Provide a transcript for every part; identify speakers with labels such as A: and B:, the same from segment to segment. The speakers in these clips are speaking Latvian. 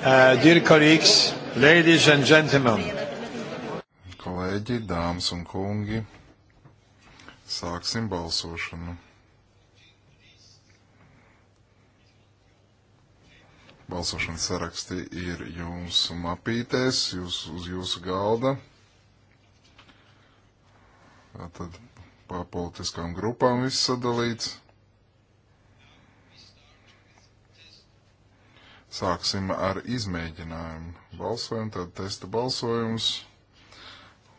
A: Uh, dear colleagues, ladies and gentlemen. Kolēģi, dāmas un kungi, sāksim balsošanu. Balsošanas saraksti ir jūsu mapītēs, jūs, uz jūsu galda. Tātad pa politiskām grupām viss sadalīts. Sāksim ar izmēģinājumu balsojumu, tad testa balsojums.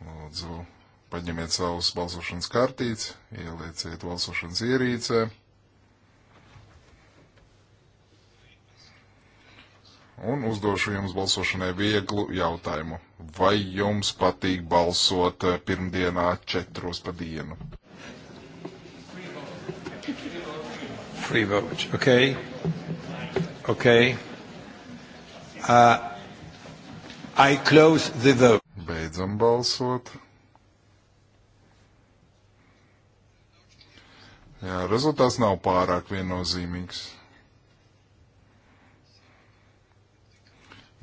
A: Lūdzu, paņemiet savus balsošanas kartītes, ielieciet balsošanas ierīcē. un uzdošu jums balsošanai vieglu jautājumu. Vai jums patīk balsot eh, pirmdienā četros pa dienu? Free vote. Okay. Okay. Uh, I close the vote. Beidzam balsot. Jā, rezultāts nav pārāk viennozīmīgs.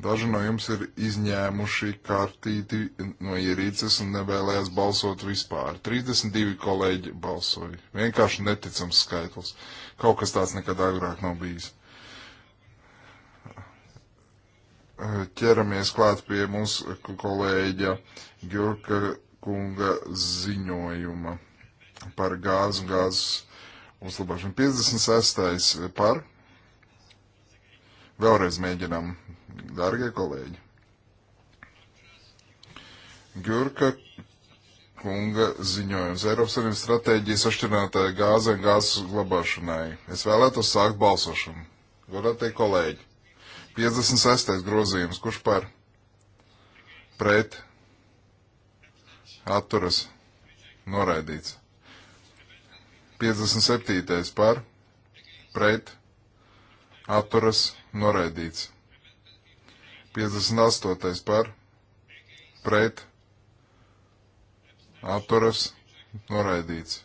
A: Daži no jums ir izņēmuši kartīti no ierīces un nevēlējās balsot vispār. 32 kolēģi balsoja. Vienkārši neticams skaitlis. Kaut kas tāds nekad agrāk nav bijis. ķeramies klāt pie mūsu kolēģa Gjurka kunga ziņojuma par gāzu un gāzes uzlabošanu. 56. par. Vēlreiz mēģinām, dārgie kolēģi. Gjurka kunga ziņojums Eiropas Savienības stratēģijas ašķirinātāja gāze un gāzes glabāšanai. Es vēlētos sākt balsošanu. Godātie kolēģi! 56. grozījums, kurš par pret atturas noraidīts. 57. par pret atturas noraidīts. 58. par pret atturas noraidīts.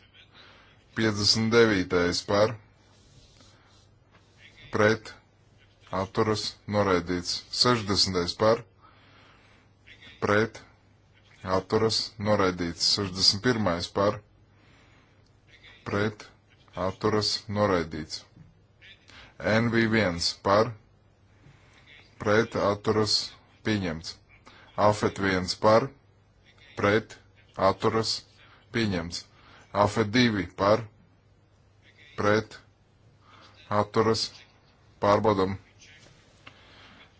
A: 59. par pret atturas noraidīts. 60. par pret atturas noraidīts. 61. par pret atturas noraidīts. NV1 par pret atturas pieņemts. Afet 1 par pret atturas pieņemts. Afet 2 par pret atturas pārbaudam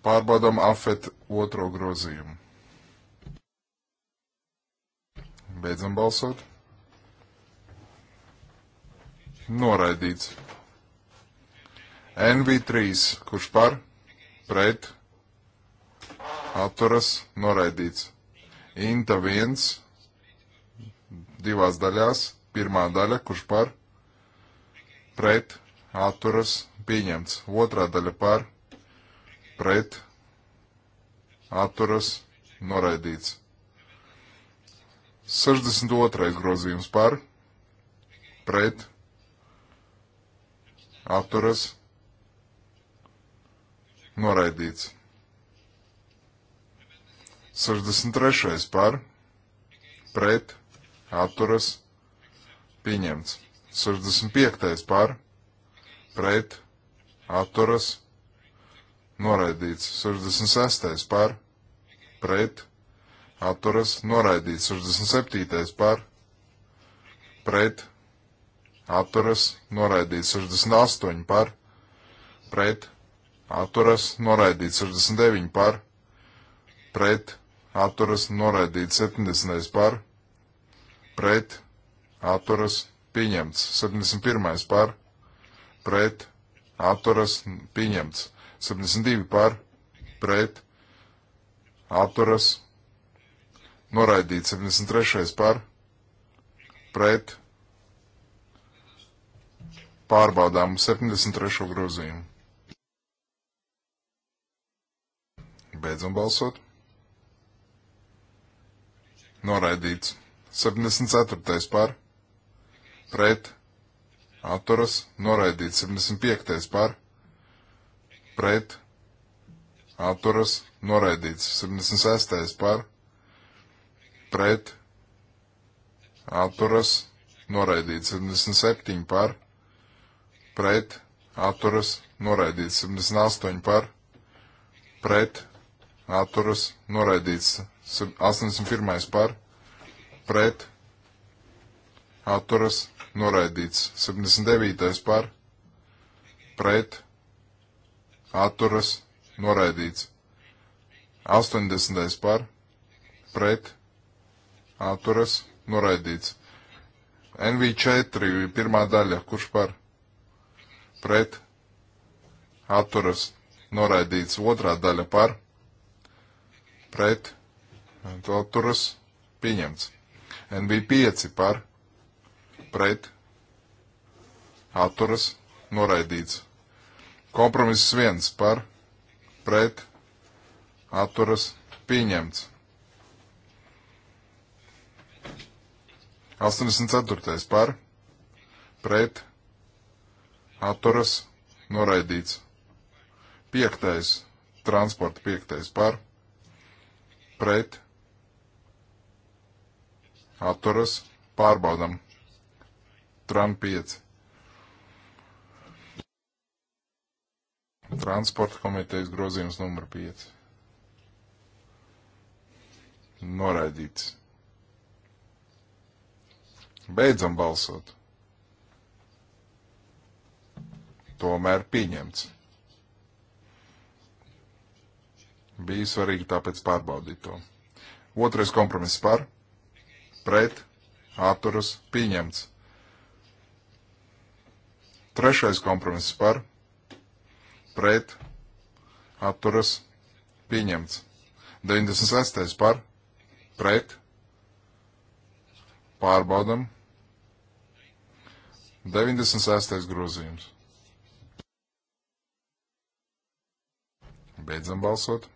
A: Pārbaudām afet otro grozījumu. Beidzam balsot. Noraidīts. NV3, kurš par, pret, atturas, noraidīts. Inta 1, divās daļās, pirmā daļa, kurš par, pret, atturas, pieņemts. Otrā daļa par, pret pret, atturas, noraidīts. 62. grozījums par, pret, atturas, noraidīts. 63. par, pret, atturas, pieņemts. 65. par, pret, atturas, noraidīts 66. par, pret, atturas, noraidīts 67. par, pret, atturas, noraidīts 68. par, pret, atturas, noraidīts 69. par, pret, atturas, noraidīts 70. par, pret, atturas, pieņemts 71. par, pret, atturas, pieņemts 72 par, pret, atturas, noraidīts 73 par, pret, pārbaudām 73 grozījumu. Beidzam balsot. Noraidīts. 74. par. Pret. Atturas. Noraidīts. 75. par pret, atturas, noraidīts. 76. par, pret, atturas, noraidīts. 77. par, pret, atturas, noraidīts. 78. par, pret, atturas, noraidīts. 81. par, pret, atturas, noraidīts. 79. par, pret, atturas, noraidīts pret, atturas noraidīts. 80. par pret atturas noraidīts. NV4 pirmā daļa, kurš par pret atturas noraidīts. Otrā daļa par pret atturas pieņemts. NV5 par pret atturas noraidīts. Kompromiss viens par pret atturas pieņemts. 84. par pret atturas noraidīts. 5. transporta 5. par pret atturas pārbaudam. Tran 5. Transporta komitejas grozījums numur 5. Noraidīts. Beidzam balsot. Tomēr pieņemts. Bija svarīgi tāpēc pārbaudīt to. Otrais kompromiss par, pret, atturas, pieņemts. Trešais kompromiss par, pret, atturas, pieņemts. 96. par, pret, pārbaudam. 96. grozījums. Beidzam balsot.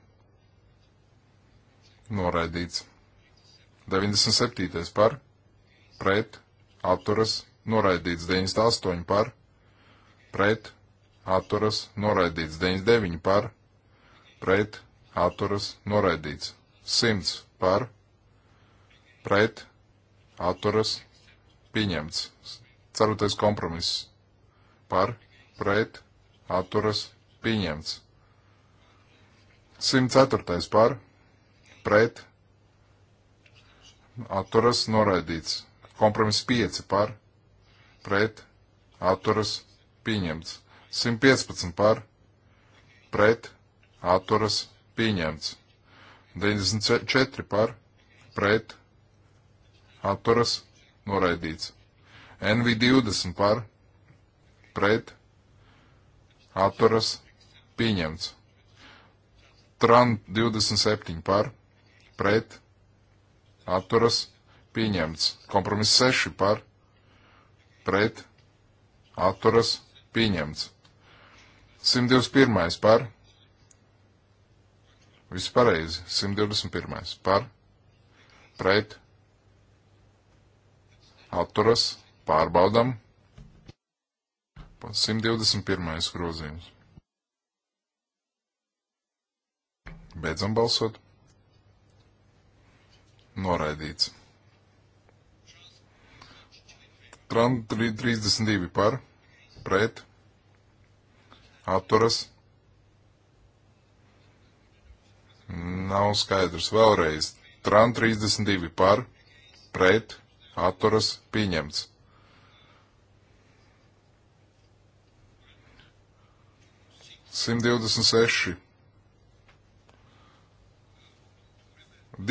A: Noraidīts. 97. par, pret, atturas, noraidīts. 98. par, pret, atturas noraidīts. 99 par pret atturas noraidīts. 100 par pret atturas pieņemts. Ceturtais kompromiss par pret atturas pieņemts. 104. par pret atturas noraidīts. Kompromiss 5 par pret atturas pieņemts. 115 par, pret, atturas, pieņemts. 94 par, pret, atturas, noraidīts. NV20 par, pret, atturas, pieņemts. TRAN 27 par, pret, atturas, pieņemts. Kompromiss 6 par, pret, atturas, pieņemts. 121. par. Viss pareizi. 121. par. Pret. Atturas. Pārbaudam. 121. grozījums. Beidzam balsot. Noraidīts. Tran 32 par, pret, atturas. Nav skaidrs vēlreiz. Tran 32 par, pret, atturas, pieņemts. Simt divdesmit seši.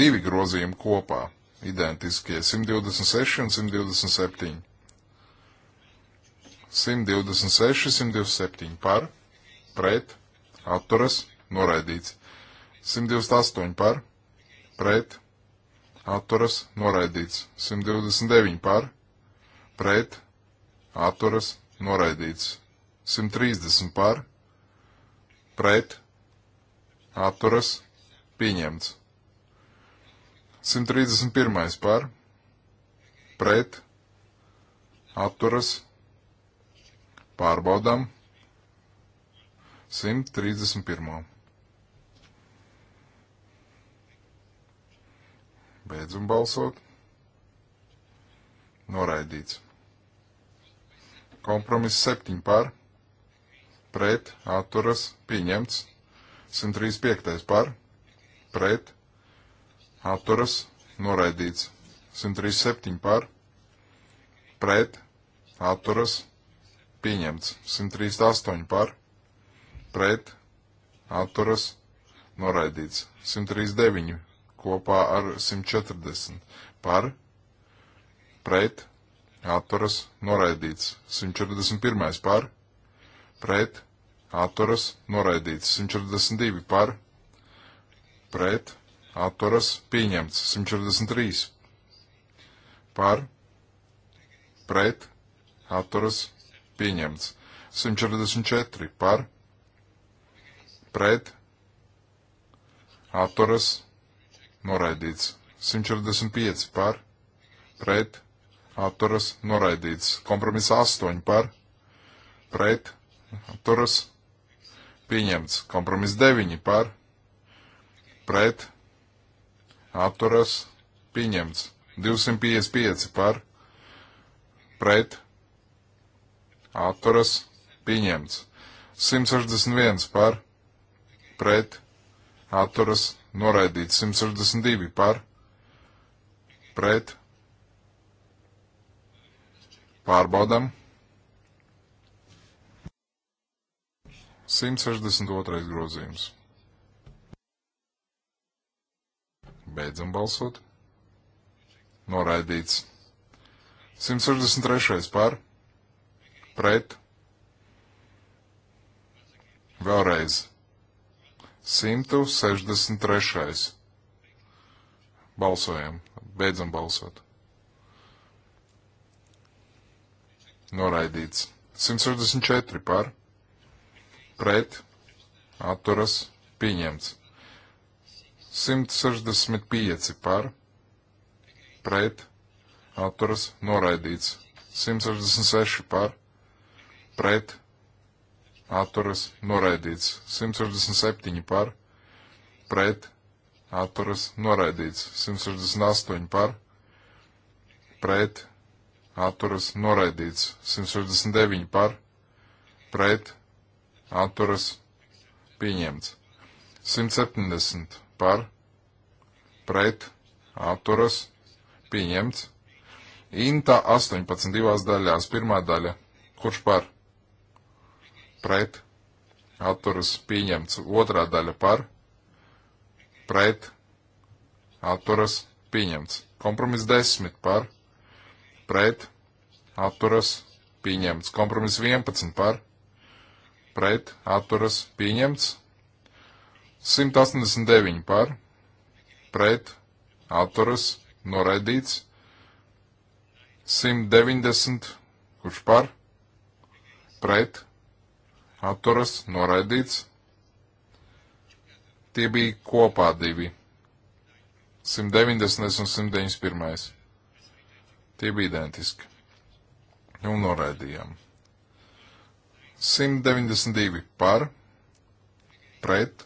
A: Divi grozījumi kopā, identiskie, 126 un 127. 126, 127 par, pret, atturas, noraidīts. 128 par, pret, atturas, noraidīts. 129 par, pret, atturas, noraidīts. 130 par, pret, atturas, pieņemts. 131 par, pret, atturas, pārbaudām, 131. Beidzam balsot. Noraidīts. Kompromiss 7 par. Pret. Atturas. Pieņemts. 135 par. Pret. Atturas. Noraidīts. 137 par. Pret. Atturas. Pieņemts. 138 par pret, atturas, noraidīts. 139 kopā ar 140 par, pret, atturas, noraidīts. 141 par, pret, atturas, noraidīts. 142 par, pret, atturas, pieņemts. 143 par, pret, atturas, pieņemts. 144 par, pret, atturas, noraidīts. 145 par, pret, atturas, noraidīts. Kompromiss 8 par, pret, atturas, pieņemts. Kompromiss 9 par, pret, atturas, pieņemts. 255 par, pret, atturas, pieņemts. 161 par, pret atturas noraidīts. 162 par pret pārbaudam. 162. grozījums. Beidzam balsot. Noraidīts. 163. par. Pret. Vēlreiz. 163. Balsojam. Beidzam balsot. Noraidīts. 164 par. Pret. Atturas. Pieņemts. 165 par. Pret. Atturas. Noraidīts. 166 par. Pret atturas noraidīts. 167 par, pret, atturas noraidīts. 168 par, pret, atturas noraidīts. 169 par, pret, atturas pieņemts. 170 par, pret, atturas pieņemts. Inta 18 divās daļās, pirmā daļa, kurš par? pret, atturas pieņemts. Otrā daļa par, pret, atturas pieņemts. Kompromiss 10 par, pret, atturas pieņemts. Kompromiss 11 par, pret, atturas pieņemts. 189 par, pret, atturas noraidīts. 190 kurš par, pret, atturas noraidīts. Tie bija kopā divi. 190 un 191. Tie bija identiski. Un noraidījām. 192 par, pret,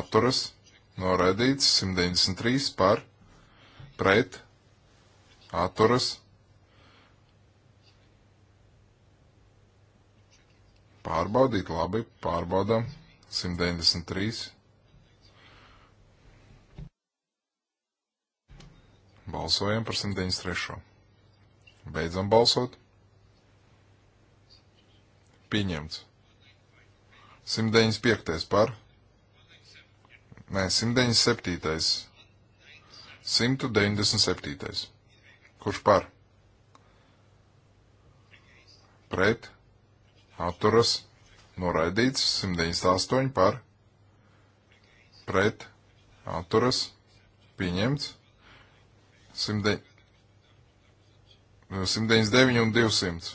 A: atturas, noraidīts, 193 par, pret, atturas, Pārbaudīt, labi, pārbaudām. 193. Balsojam par 193. Beidzam balsot. Pieņemts. 195. par. Nē, 197. 197. Kurš par? Pret atturas noraidīts 198 par pret atturas pieņemts 199 un 200.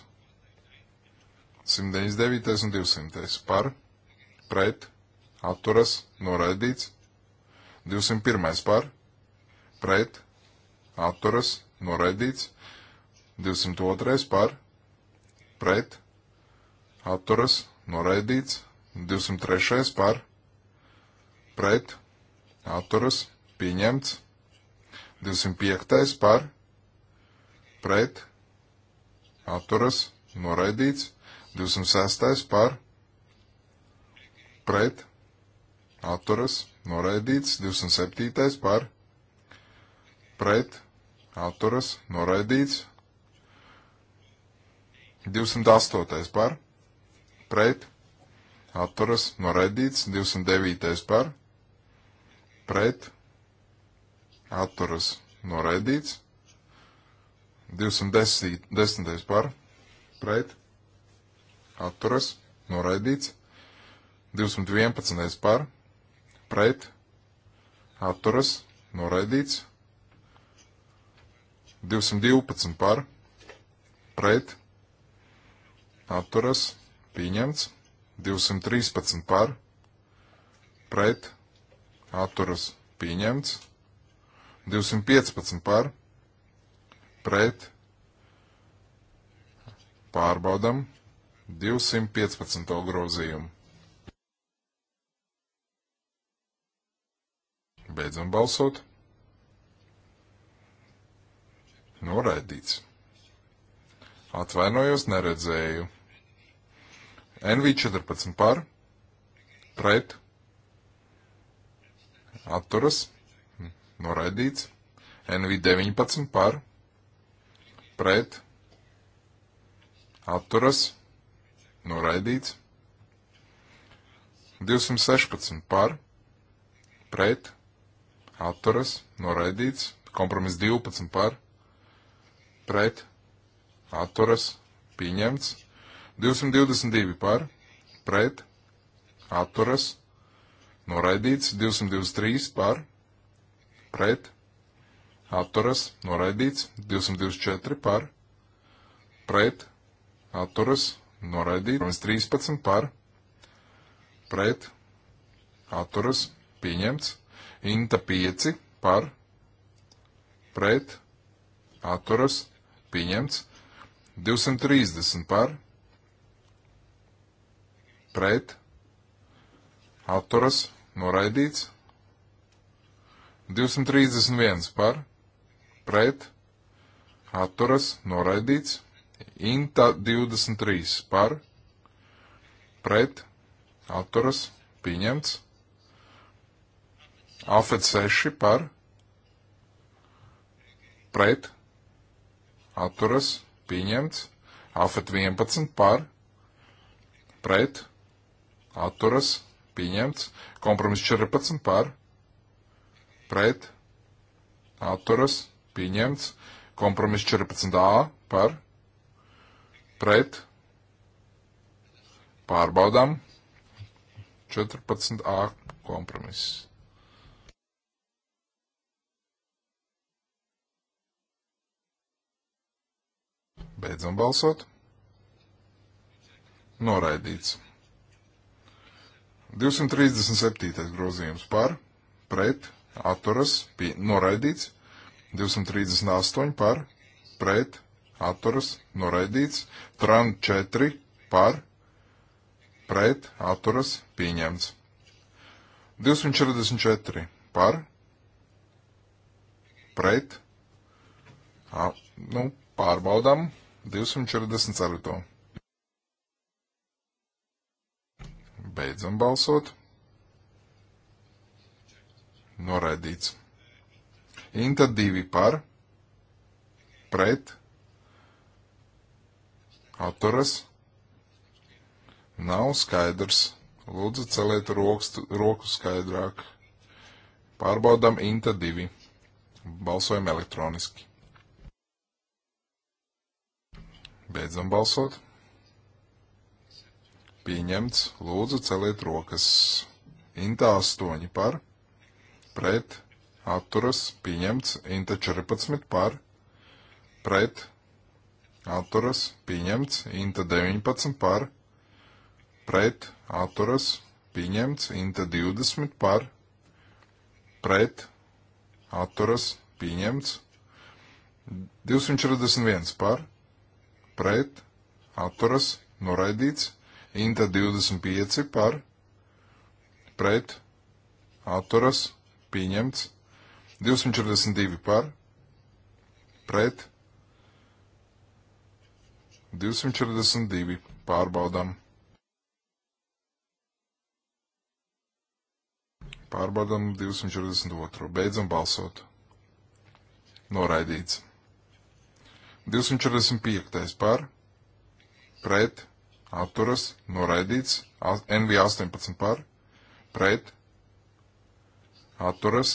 A: 199 un 200 par pret atturas noraidīts 201 par pret atturas noraidīts 202 par pret atturas, noraidīts. 203. par, pret, atturas, pieņemts. 205. par, pret, atturas, noraidīts. 206. par, pret, atturas, noraidīts. 207. par, pret, atturas, noraidīts. 208. par, pret, atturas, noraidīts, 209. par, pret, atturas, noraidīts, 210. par, pret, atturas, noraidīts, 211. par, pret, atturas, noraidīts, 212 par, pret, atturas, noraidīts, pieņemts, 213 par, pret, atturas pieņemts, 215 par, pret, pārbaudam 215. grozījumu. Beidzam balsot. Noraidīts. Atvainojos, neredzēju. NV14 par, pret, atturas, noraidīts. NV19 par, pret, atturas, noraidīts. 216 par, pret, atturas, noraidīts. Kompromiss 12 par, pret, atturas, pieņemts. 222 par, pret, atturas, noraidīts. 223 par, pret, atturas, noraidīts. 224 par, pret, atturas, noraidīts. 13 par, pret, atturas, pieņemts. Inta 5 par, pret, atturas, pieņemts. 230 par, pret, atturas, noraidīts. 231 par, pret, atturas, noraidīts. Inta 23 par, pret, atturas, pieņemts. Afet 6 par, pret, atturas, pieņemts. Afet 11 par, pret, atturas, pieņemts. Kompromis 14 par, pret, atturas, pieņemts. Kompromis 14a par, pret, pārbaudām. 14a kompromiss. Beidzam balsot. Noraidīts. 237. grozījums par, pret, atturas, pie, noraidīts. 238 par, pret, atturas, noraidīts. Tran 4 par, pret, atturas, pieņemts. 244 par, pret, a, nu, pārbaudām 244. Beidzam balsot. Noraidīts. Inta divi par, pret, atturas, nav skaidrs. Lūdzu, celiet rokstu, roku skaidrāk. Pārbaudām Inta divi. Balsojam elektroniski. Beidzam balsot pieņemts. Lūdzu, celiet rokas. Intā 8 par, pret, atturas, pieņemts. Intā 14 par, pret, atturas, pieņemts. Intā 19 par, pret, atturas, pieņemts. Intā 20 par, pret, atturas, pieņemts. 241 par, pret, atturas, noraidīts. Inta 25 par pret atturas pieņemts. 242 par pret 242 pārbaudām. Pārbaudām 242. Beidzam balsot. Noraidīts. 245. par pret atturas, noraidīts, NV 18 par, pret, atturas,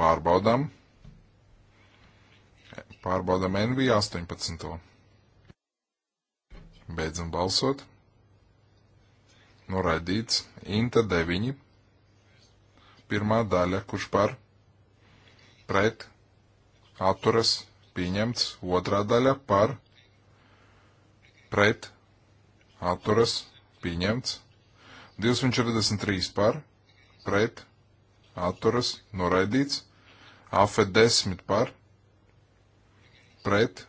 A: pārbaudām, pārbaudām NV 18. Beidzam balsot, noraidīts, INTA 9, pirmā daļa, kurš par, pret, atturas, pieņemts, otrā daļa par, pret, pret, atturas, pieņemts. 243 par, pret, atturas, noraidīts. AFED 10 par, pret,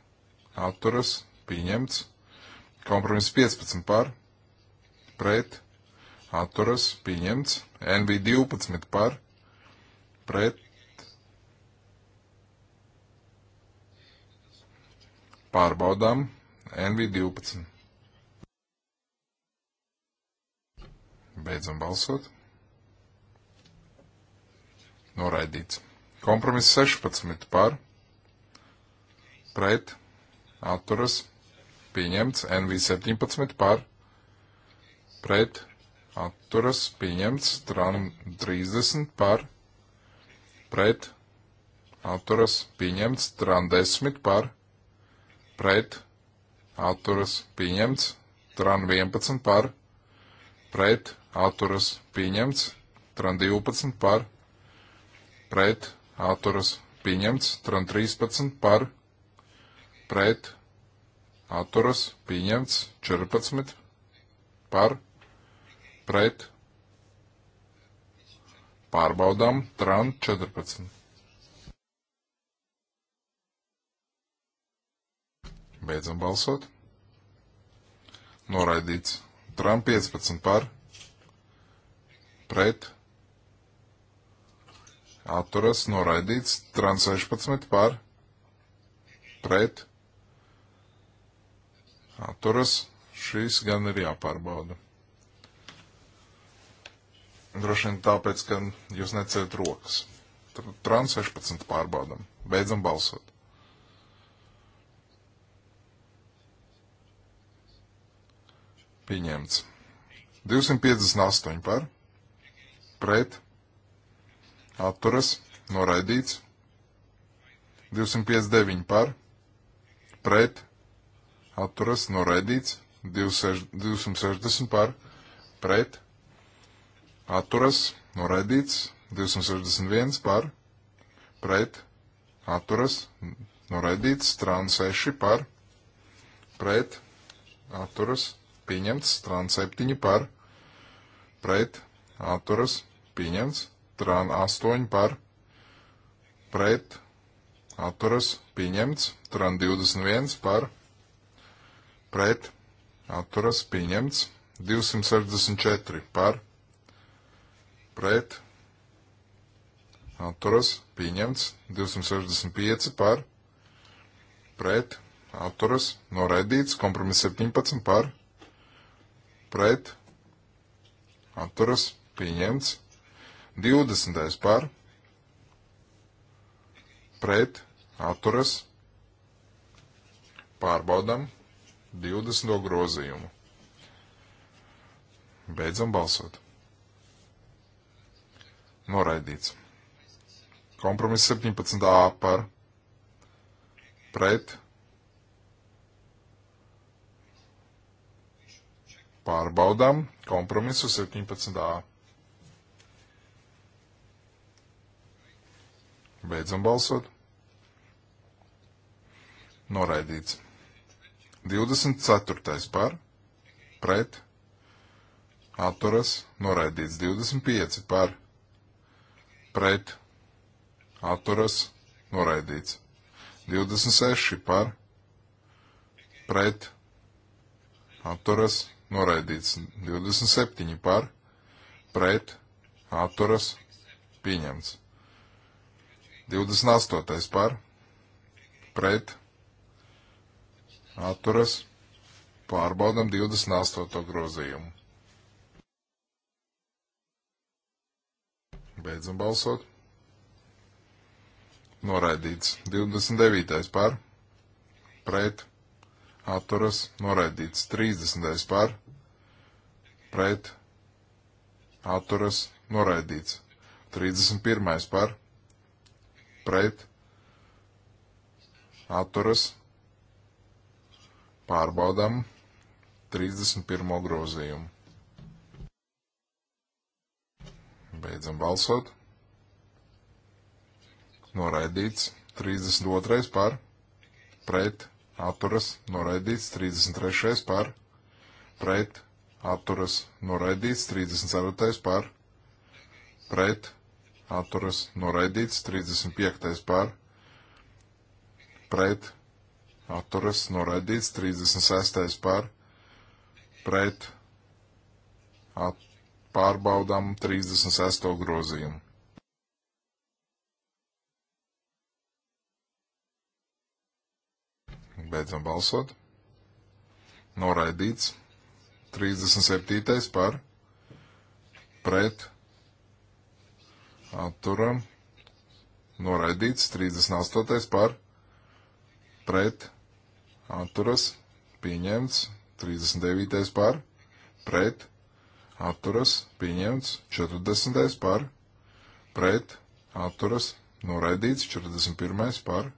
A: atturas, pieņemts. Kompromiss 15 par, pret, atturas, pieņemts. NV 12 par, pret, pārbaudām. NV12. Beidzam balsot. Noraidīts. Kompromiss 16 par, pret, atturas, pieņemts, NV17 par, pret, atturas, pieņemts, tran 30 par, pret, atturas, pieņemts, tran 10 par, pret, atturas pieņemts, tran 11 par, pret atturas pieņemts, tran 12 par, pret atturas pieņemts, tran 13 par, pret atturas pieņemts, 14 par, pret pārbaudām tran 14. Beidzam balsot. Noraidīts. Tram 15 par. Pret. Atturas. Noraidīts. Tram 16 par. Pret. Atturas. Šīs gan ir jāpārbauda. Droši vien tāpēc, ka jūs neceļat rokas. Trans 16 pārbaudam. Beidzam balsot. pieņemts. 258 par, pret, atturas, noraidīts. 259 par, pret, atturas, noraidīts. 260 par, pret, atturas, noraidīts. 261 par, pret, atturas, noraidīts. Trāns 6 par, pret, atturas, noraidīts pieņemts, tran 7 par, pret, atturas, pieņemts, tran 8 par, pret, atturas, pieņemts, tran 21 par, pret, atturas, pieņemts, 264 par, pret, atturas, pieņemts, 265 par, pret, atturas, noraidīts, kompromiss 17 par, pret, atturas, pieņemts. 20. par, pret, atturas, pārbaudam 20. grozījumu. Beidzam balsot. Noraidīts. Kompromiss 17a par, pret, Pārbaudām kompromisu 17a. Beidzam balsot. Noraidīts. 24. par, pret, atturas, noraidīts. 25. par, pret, atturas, noraidīts. 26. par, pret, atturas, noraidīts noraidīts 27 par, pret, atturas, pieņemts. 28 par, pret, atturas, pārbaudam 28 grozījumu. Beidzam balsot. Noraidīts 29. par, pret, atturas noraidīts. 30. par pret atturas noraidīts. 31. par pret atturas pārbaudam 31. grozījumu. Beidzam balsot. Noraidīts 32. par pret atturas noraidīts 33. par pret atturas noraidīts 34. par pret atturas noraidīts 35. par pret atturas noraidīts 36. par pret at, pārbaudām 36. grozījumu. Beidzam balsot. Noraidīts. 37. par. Pret. Atturam. Noraidīts. 38. par. Pret. Atturas. Pieņemts. 39. par. Pret. Atturas. Pieņemts. 40. par. Pret. Atturas. Noraidīts. 41. par.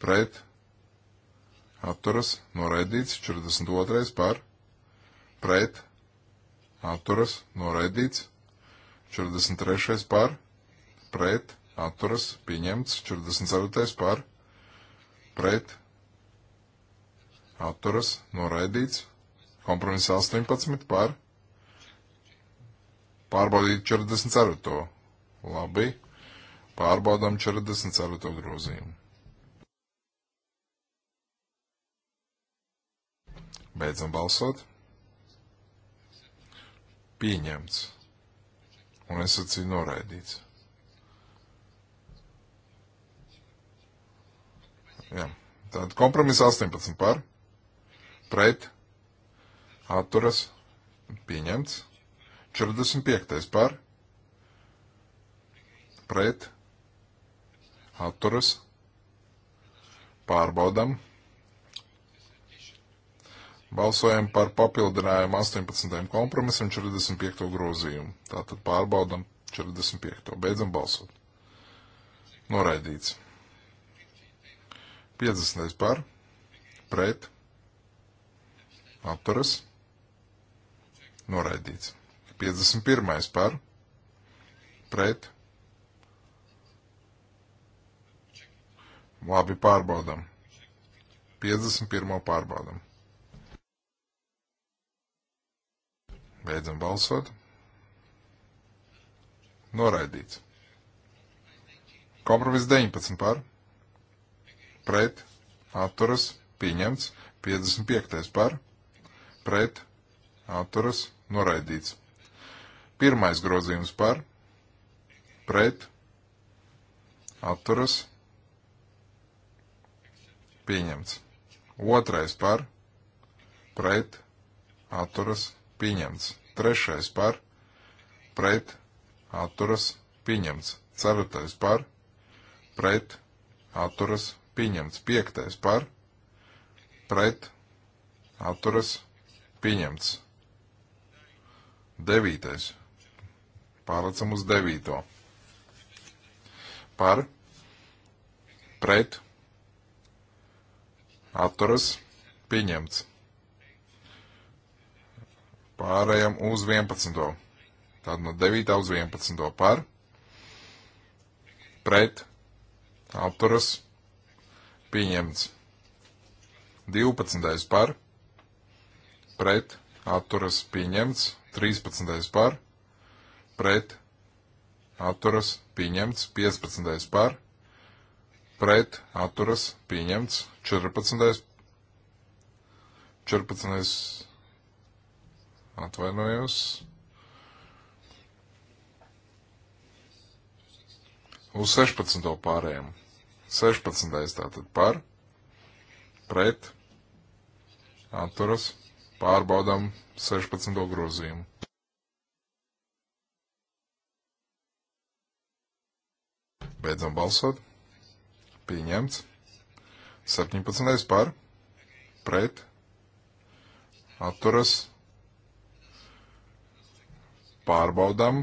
A: Pret atturas, noraidīts, 42. par, pret, atturas, noraidīts, 43. par, pret, atturas, pieņemts, 44. par, pret, atturas, noraidīts, kompromiss 18 par, pārbaudīt 44. Labi, pārbaudām 44. grozījumu. Beidzam balsot. Pieņemts. Un es atsīju noraidīts. Jā. Tātad kompromiss 18 par. Pret. Atturas. Pieņemts. 45 par. Pret. Atturas. Pārbaudam. Balsojam par papildinājumu 18. kompromisam 45. grozījumu. Tātad pārbaudam 45. Beidzam balsot. Noraidīts. 50. par, pret, atturas, noraidīts. 51. par, pret, labi pārbaudam. 51. pārbaudam. Beidzam balsot. Noraidīts. Kompromiss 19 par. Pret. Atturas. Pieņemts. 55 par. Pret. Atturas. Noraidīts. Pirmais grozījums par. Pret. Atturas. Pieņemts. Otrais par. Pret. Atturas pieņemts. Trešais par, pret, atturas, pieņemts. Ceturtais par, pret, atturas, pieņemts. Piektais par, pret, atturas, pieņemts. Devītais. Pārlecam uz devīto. Par, pret, atturas, pieņemts. Pārējām uz 11. Tad no 9. uz 11. par, pret, apturas, pieņemts. 12. par, pret, atturas, pieņemts. 13. par, pret, atturas, pieņemts. 15. par, pret, atturas, pieņemts. 14. 14. Atvainojos. Uz 16. pārējiem. 16. tātad par, pret, atturas, pārbaudām 16. grozījumu. Beidzam balsot. Pieņemts. 17. par, pret, atturas, pārbaudām.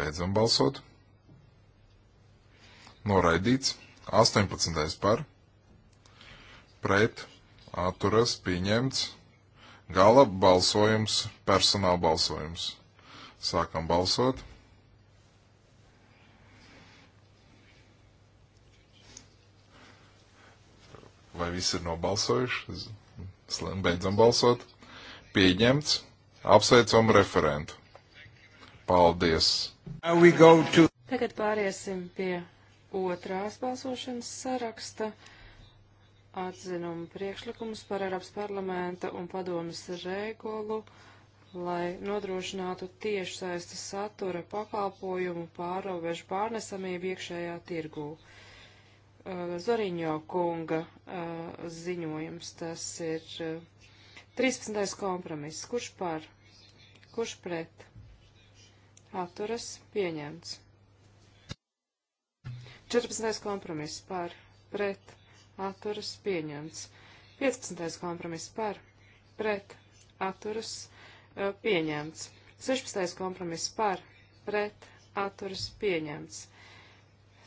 A: Beidzam balsot. Noraidīts. 18. par. Pret. Atturas. Pieņemts. Gala balsojums. Personāla balsojums. Sākam balsot. Vai visi ir nobalsojuši? Beidzam balsot. Pieņemts. Apsveicam referentu. Paldies. To...
B: Tagad pāriesim pie
C: otrās balsošanas saraksta atzinumu priekšlikumus par Eiropas parlamenta un padomas regulu, lai nodrošinātu tiešsaistes satura pakalpojumu pārobežu pārnesamību iekšējā tirgū. Eh, Zoriņo kunga eh, ziņojums. Tas ir 13. Eh, kompromiss. Kurš par? Kurš pret? Atturas pieņemts. 14. kompromiss par, pret, atturas pieņemts. 15. kompromiss par, pret, atturas pieņemts. 16. kompromiss par, pret, atturas pieņemts.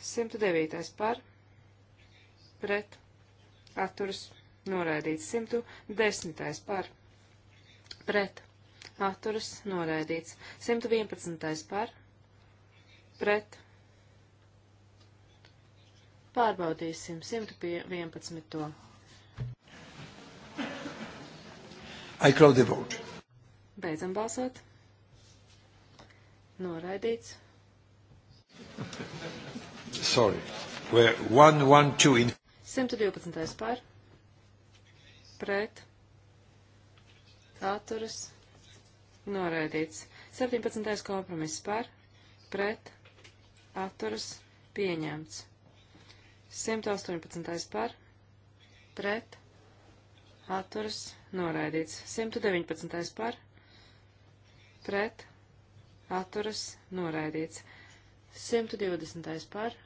C: 109. par, pret pret atturas noraidīts. 110. par pret atturas noraidīts. 111. par pret pārbaudīsim 111.
A: I close the vote.
C: Beidzam balsot. Noraidīts.
A: Sorry. We're one, one, two in.
C: 112. par pret atturas noraidīts. 17. kompromiss par pret atturas pieņemts. 118. par pret atturas noraidīts. 119. par pret atturas noraidīts. 120. par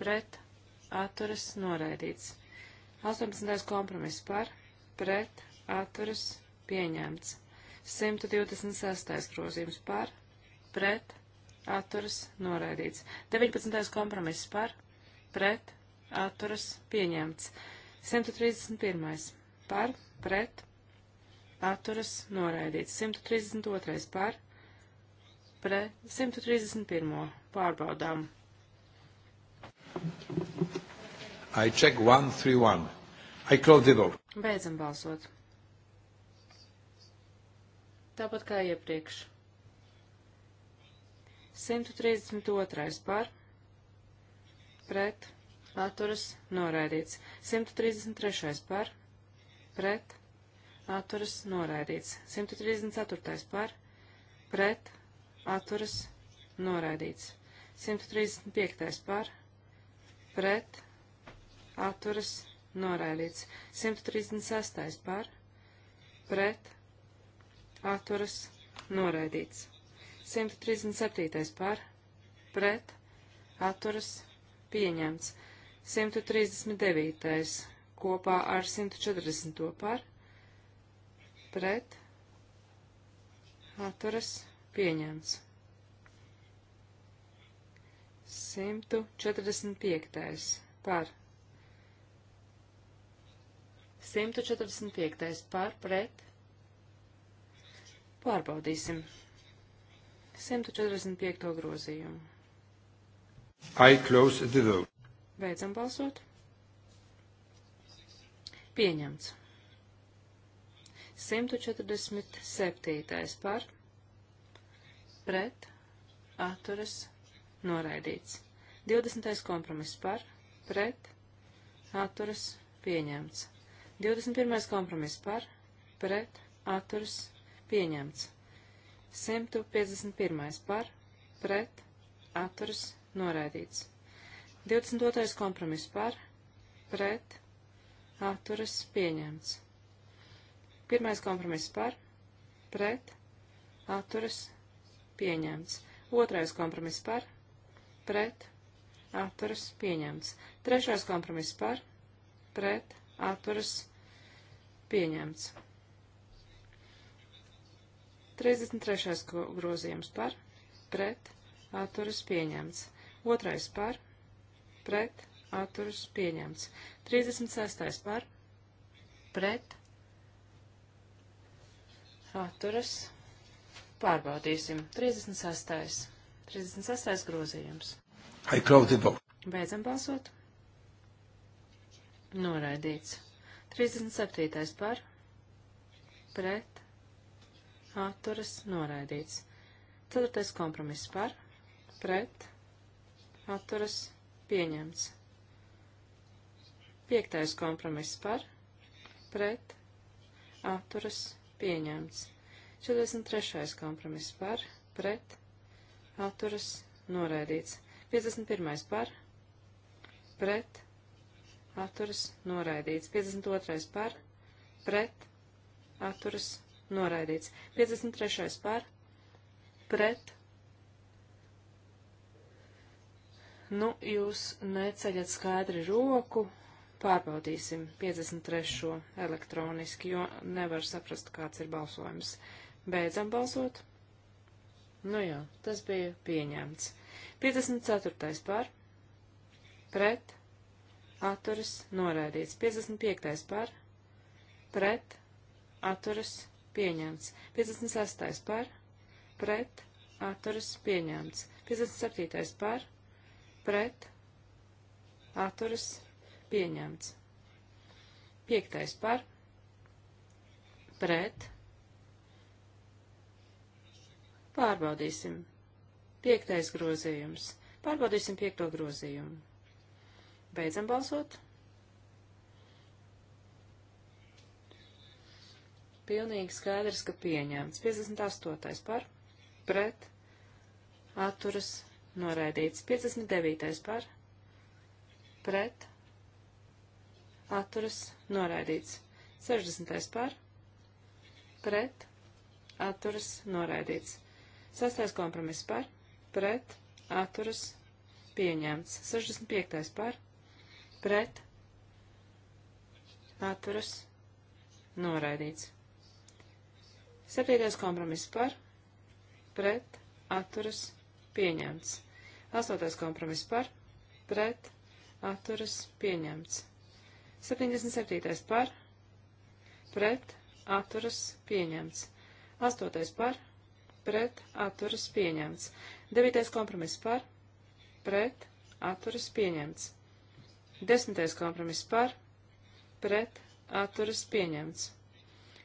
C: pret atturas noraidīts atturas noraidīts. 18. kompromiss par, pret, atturas pieņemts. 126. grozījums par, pret, atturas noraidīts. 19. kompromiss par, pret, atturas pieņemts. 131. par, pret, atturas noraidīts. 132. par, pret, 131. pārbaudām.
A: Thank you. I check 131. I close the vote.
C: Beidzam balsot. Tāpat kā iepriekš. 132. par, pret, atturas, noraidīts. 133. par, pret, atturas, noraidīts. 134. par, pret, atturas, noraidīts. 135. par, pret, atturas noraidīts. 136. par pret atturas noraidīts. 137. par pret atturas pieņemts. 139. kopā ar 140. par pret atturas pieņemts. 145. par pret 145. par pret. Pārbaudīsim. 145. grozījumu.
A: I close the vote.
C: Beidzam balsot. Pieņemts. 147. par pret atturas noraidīts. 20. kompromiss par pret atturas pieņemts. 21. kompromiss par, pret, atturas, pieņemts. 151. par, pret, atturas, noraidīts. 22. kompromiss par, pret, atturas, pieņemts. 1. kompromiss par, pret, atturas, pieņemts. 2. kompromiss par, pret, atturas, pieņemts. 3. kompromiss par, pret, atturas pieņemts. 33. grozījums par, pret, atturas pieņemts. Otrais par, pret, atturas pieņemts. 36. par, pret, atturas pārbaudīsim. 36. 36. grozījums. Beidzam balsot. Noraidīts. 37. par. Pret. Atturas. Noraidīts. 4. kompromiss par. Pret. Atturas. Pieņemts. 5. kompromiss par. Pret. Atturas. Pieņemts. 43. kompromiss par. Pret. Atturas. Noraidīts. 51. par. Pret atturas noraidīts. 52. par pret atturas noraidīts. 53. par pret. Nu, jūs neceļat skaidri roku, pārbaudīsim 53. elektroniski, jo nevar saprast, kāds ir balsojums. Beidzam balsot. Nu jā, tas bija pieņemts. 54. par, pret, atturas noraidīts. 55. par pret atturas pieņemts. 56. par pret atturas pieņemts. 57. par pret atturas pieņemts. 5. par pret pārbaudīsim. 5. grozījums. Pārbaudīsim 5. grozījumu. Beidzam balsot. Pilnīgi skaidrs, ka pieņēmts. 58. par, pret, atturas, noraidīts. 59. par, pret, atturas, noraidīts. 60. par, pret, atturas, noraidīts. 6. kompromiss par, pret, atturas, pieņemts. 65. par, pret, atturas, noraidīts. Septītais kompromiss par, pret, atturas, pieņemts. Astotais kompromiss par, pret, atturas, pieņemts. 77. par, pret, atturas, pieņemts. 8. par, pret, atturas, pieņemts. 9. kompromiss par, pret, atturas, pieņemts. Desmitais kompromiss par, pret, atturas pieņemts.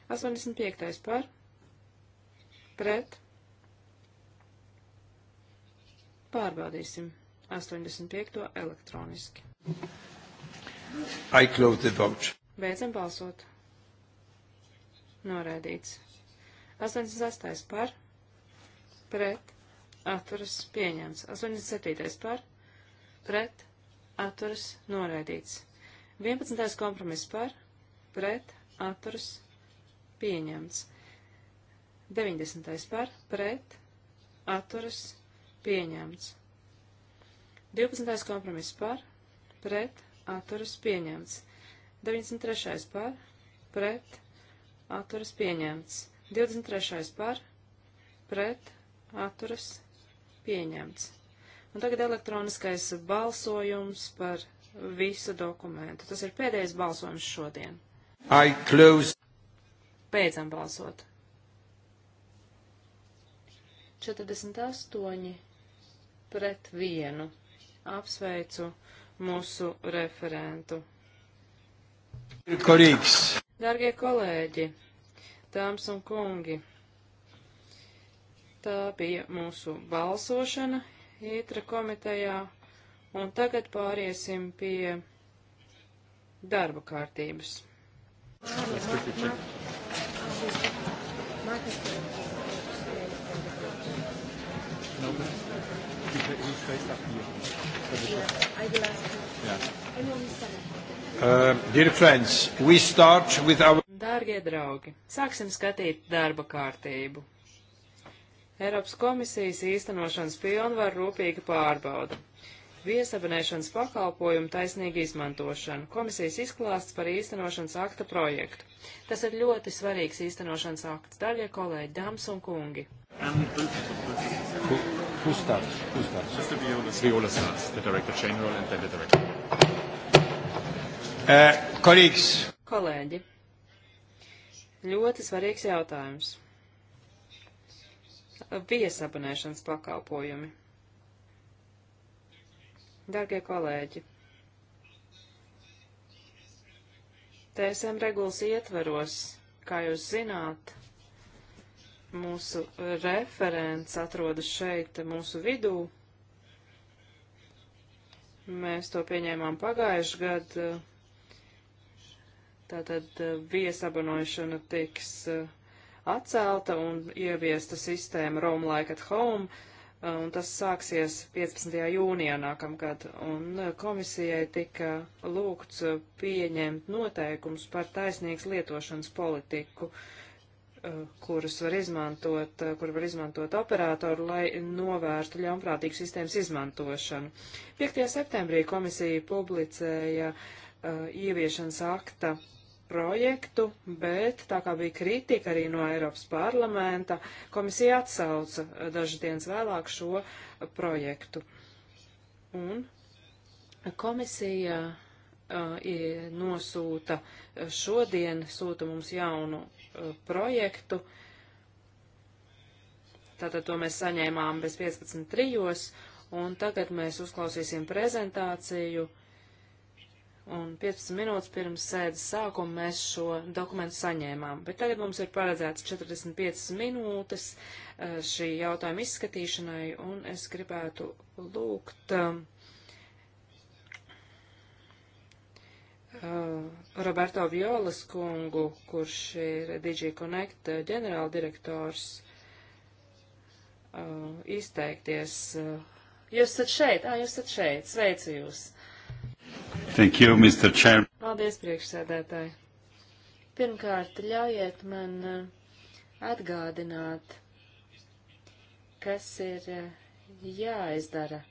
C: 85. par, pret, pārbaudīsim. 85. elektroniski.
A: I close the vote.
C: Beidzam balsot. Norēdīts. 86. par, pret, atturas pieņemts. 87. par, pret, atturas noraidīts. 11. kompromiss par, pret, atturas pieņemts. 90. par, pret, atturas pieņemts. 12. kompromiss par, pret, atturas pieņemts. 93. par, pret, atturas pieņemts. 23. par, pret, atturas pieņemts. Un tagad elektroniskais balsojums par visu dokumentu. Tas ir pēdējais balsojums šodien.
B: I close.
C: Beidzam balsot. 48 pret 1. Apsveicu mūsu referentu. Kolīgs. Dargie kolēģi, dāmas un kungi, tā bija mūsu balsošana. Itra komitejā. Un tagad pāriesim pie darba kārtības. Uh, Dārgie draugi, sāksim skatīt darba kārtību. Eiropas komisijas īstenošanas pilnvaru rūpīgi pārbauda. Viesabinēšanas pakalpojumu taisnīgi izmantošanu. Komisijas izklāsts par īstenošanas akta projektu. Tas ir ļoti svarīgs īstenošanas akts. Daļie kolēģi, dāmas un kungi.
B: Who starts? Who starts? Mr. Viola starts. Viola starts, the Director General and then the Director. Uh, colleagues.
C: Kolēģi. Ļoti svarīgs jautājums viesabunēšanas pakalpojumi. Dargie kolēģi, TSM regulas ietveros, kā jūs zināt, mūsu referents atrodas šeit mūsu vidū. Mēs to pieņēmām pagājuši gadu. Tātad viesabanošana tiks uh, atcelta un ieviesta sistēma Rome Like at Home, un tas sāksies 15. jūnijā nākamgad, un eh, komisijai tika lūgts eh, pieņemt noteikums par taisnīgas lietošanas politiku, eh, kuras var izmantot, kur var izmantot operātoru, lai novērstu ļaunprātīgu sistēmas izmantošanu. 5. septembrī komisija publicēja uh, ieviešanas akta projektu, bet tā kā bija kritika arī no Eiropas parlamenta, komisija atsauca dažas dienas vēlāk šo projektu. Un komisija uh, nosūta šodien, sūta mums jaunu uh, projektu. Tātad to mēs saņēmām bez 15.3. un tagad mēs uzklausīsim prezentāciju uh, un 15 minūtes pirms sēdes sākuma mēs šo dokumentu saņēmām, bet tagad mums ir paredzēts 45 minūtes uh, šī jautājuma izskatīšanai, un es gribētu lūgt um, uh, Roberto Violas kungu, kurš ir DG Connect uh, ģenerāldirektors, uh, izteikties. Uh, jūs esat šeit, ā, jūs esat šeit, sveicu
A: jūs! Thank you, Mr. Chair.
C: Paldies, priekšsēdētāji. Pirmkārt, ļaujiet man uh, atgādināt, kas ir uh, jāizdara,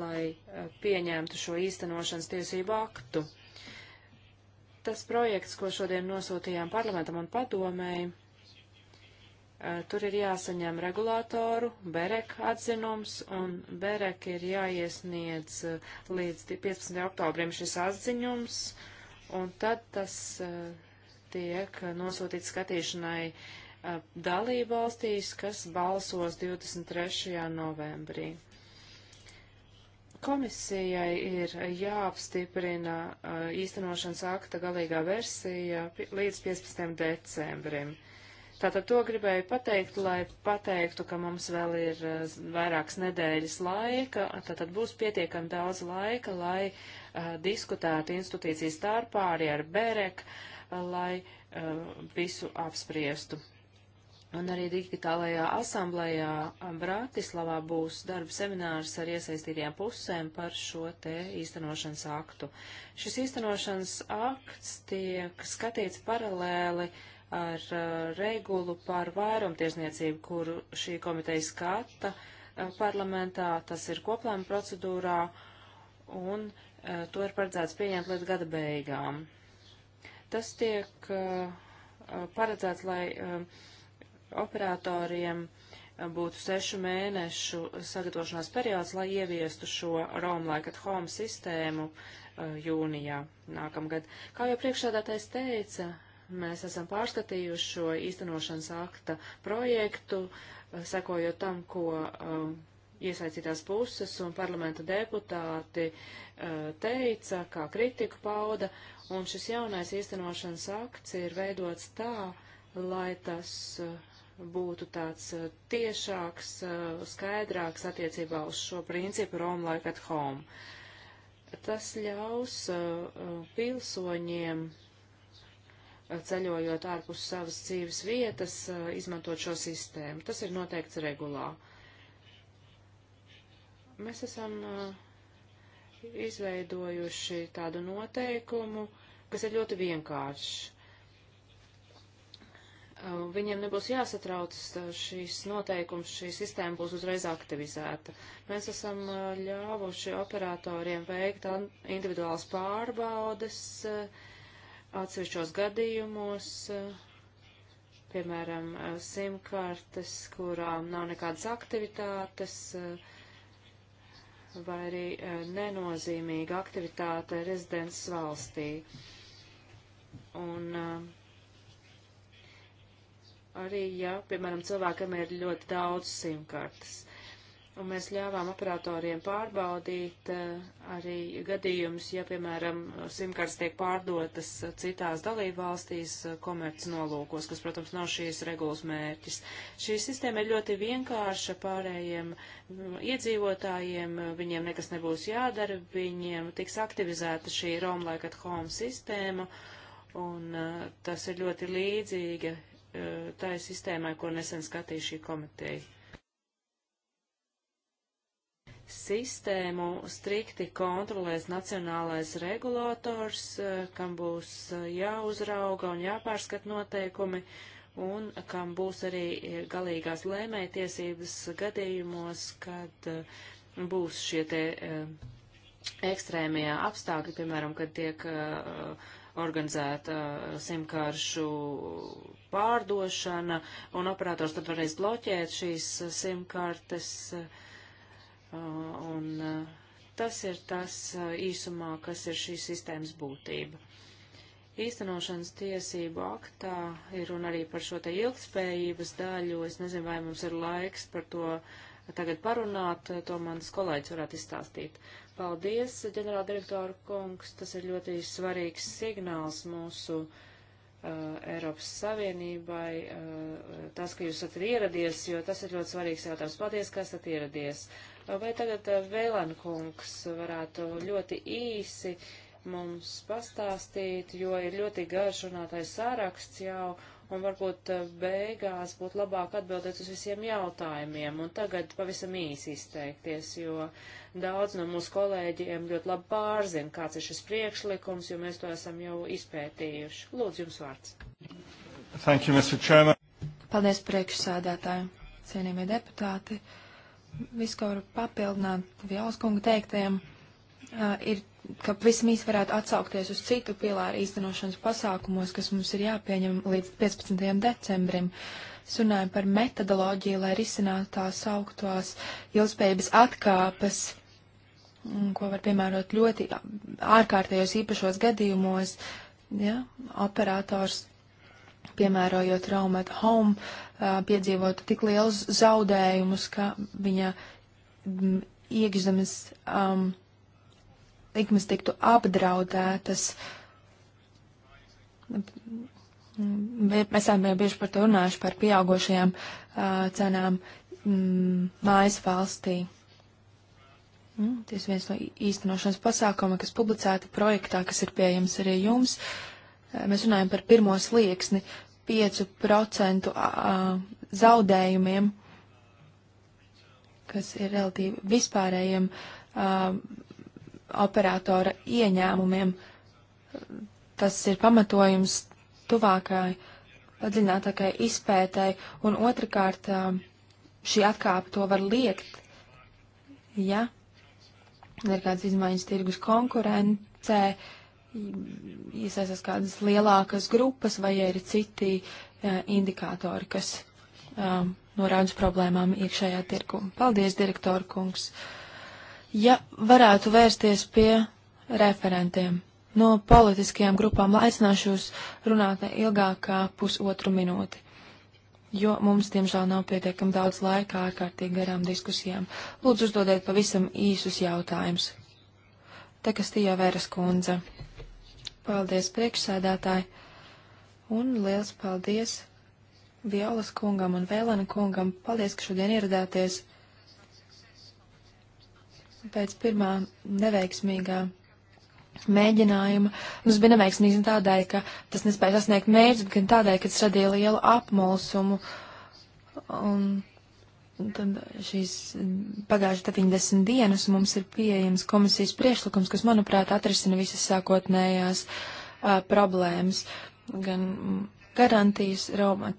C: lai uh, pieņemtu šo īstenošanas tiesību aktu. Tas projekts, ko šodien nosūtījām parlamentam un padomēji, Eh, tur ir jāsaņem regulātoru, BEREK atzinums, un BEREK ir jāiesniedz eh, līdz 15. oktobrim šis atziņums, un tad tas eh, tiek nosūtīts skatīšanai dalību valstīs, kas balsos 23. novembrī. Komisijai ir jāapstiprina īstenošanas akta galīgā versija līdz 15. decembrim. Tātad to gribēju pateikt, lai pateiktu, ka mums vēl ir eh, vairākas nedēļas laika, tātad būs pietiekami daudz laika, lai uh, diskutētu institūciju starpā arī ar BEREK, lai uh, visu apspriestu. Un arī digitālajā asamblējā Bratislavā būs darba seminārs ar iesaistītajām pusēm par šo te īstenošanas aktu. Šis īstenošanas akts tiek skatīts paralēli uh, ar uh, regulu par vairumtiesniecību, kuru šī komiteja skata uh, parlamentā, tas ir koplēma procedūrā, un uh, to ir paredzēts pieņemt līdz gada beigām. Tas tiek paredzēts, lai operatoriem būtu sešu mēnešu sagatavošanās periods, lai ieviestu šo Rome Like at Home sistēmu jūnijā nākamgad. Kā jau priekšādātais teica, mēs esam pārskatījuši šo īstenošanas akta projektu, eh, sekojot tam, ko um, iesaistītās puses un parlamenta deputāti eh, teica, kā kritiku pauda, un šis jaunais īstenošanas akts ir veidots tā, lai tas eh, būtu tāds tiešāks, skaidrāks attiecībā uz šo principu Rome like at home. Tas ļaus pilsoņiem ceļojot ārpus savas dzīves vietas, izmantot šo sistēmu. Tas ir noteikts regulā. Mēs esam izveidojuši tādu noteikumu, kas ir ļoti vienkāršs. Viņiem nebūs jāsatrauc šīs noteikums, šī sistēma būs uzreiz aktivizēta. Mēs esam ļāvuši operatoriem veikt individuāls pārbaudes, uh, Atsevišķos gadījumos, eh, piemēram, eh, simkartes, kurām nav nekādas aktivitātes, eh, vai arī nenozīmīga aktivitāte rezidents valstī. Un uh, arī, ja, piemēram, cilvēkam ir ļoti daudz simkartes un mēs ļāvām operatoriem pārbaudīt eh, arī gadījumus, ja, piemēram, simkartes tiek pārdotas citās dalībvalstīs eh, komerc nolūkos, kas, protams, nav šīs regulas mērķis. Šī sistēma ir ļoti vienkārša pārējiem mm, iedzīvotājiem, viņiem nekas nebūs jādara, viņiem tiks aktivizēta šī Roam Like at Home sistēma, un eh, tas ir ļoti līdzīga tai sistēmai, ko nesen skatīja šī komiteja sistēmu strikti kontrolēs nacionālais regulators, eh, kam būs eh, jāuzrauga un jāpārskat noteikumi, un kam būs arī eh, galīgās lēmētiesības gadījumos, kad būs šie te ekstrēmie apstākļi, piemēram, kad tiek organizēta simkāršu pārdošana, un operators tad varēs bloķēt šīs simkartes. Uh, Un tas ir tas īsumā, kas ir šīs sistēmas būtība. Īstenošanas tiesību aktā ir un arī par šo te ilgspējības daļu. Es nezinu, vai mums ir laiks par to tagad parunāt, to mans kolēģis varētu izstāstīt. Paldies, ģenerāldirektora kungs, tas ir ļoti svarīgs signāls mūsu uh, Eiropas Savienībai, uh, tas, ka jūs esat ieradies, jo tas ir ļoti svarīgs jautājums. Paldies, ka esat ieradies. Uh, Vai tagad eh, Vēlenkungs varētu ļoti īsi mums pastāstīt, jo ir ļoti garš runātais sāraksts jau, un varbūt eh, beigās būtu labāk atbildēt uz visiem jautājumiem, un tagad pavisam īsi izteikties, jo daudz no mūsu kolēģiem ļoti labi pārzina, kāds ir šis priekšlikums, jo mēs to esam jau izpētījuši. Lūdzu, jums vārds.
A: Thank you, Mr. Chairman.
B: Paldies priekšsēdētājiem, cienījamie deputāti. Uh, visu, ko varu papildināt Vielas kungu teiktajam, uh, ir, ka pavisam īsti varētu atsaukties uz citu pilāru īstenošanas pasākumos, kas mums ir jāpieņem līdz 15. decembrim. Es runāju par metodoloģiju, lai risinātu tās augtās ilgspējības atkāpes, ko var piemērot ļoti ārkārtējos īpašos gadījumos, ja, operators piemērojot Roam at Home piedzīvotu tik lielus zaudējumus, ka viņa iekšzemes um, likmes tiktu apdraudētas. Mēs esam jau bieži par to runājuši, par pieaugošajām uh, cenām mm, mājas valstī. Mm, tas viens no īstenošanas pasākuma, kas publicēta projektā, kas ir pieejams arī jums. Mēs runājam par pirmo slieksni, 5% zaudējumiem, kas ir relatīvi vispārējiem operatora ieņēmumiem. Tas ir pamatojums tuvākai, padziļinātākai izpētēji, un otrkārt šī atkāpe to var liekt, ja ir kādas izmaiņas tirgus konkurencē, uh, iesaistās kādas lielākas grupas, vai ja ir citi uh, indikātori, kas um, norāda uz problēmām iekšējā tirku. Paldies, direktor kungs! Ja varētu vērsties pie referentiem no politiskajām grupām, lai aicināšu jūs runāt ne ilgāk kā pusotru minūti, jo mums, diemžēl, nav pietiekam daudz laika ārkārtīgi garām diskusijām. Lūdzu, uzdodiet pavisam īsus jautājumus. Te, kas tie vēras kundze. Paldies priekšsēdētāji un liels paldies Violas kungam un Vēlena kungam. Paldies, ka šodien ieradāties pēc pirmā neveiksmīgā mēģinājuma. Tas bija neveiksmīgs ne tādēļ, ka tas nespēja sasniegt mērķus, bet gan tādēļ, ka tas radīja lielu apmulsumu. Un tad šīs mm, pagājušas 90 dienas mums ir pieejams komisijas priešlikums, kas, manuprāt, atrisina visas sākotnējās uh, problēmas, gan mm, garantijas Roma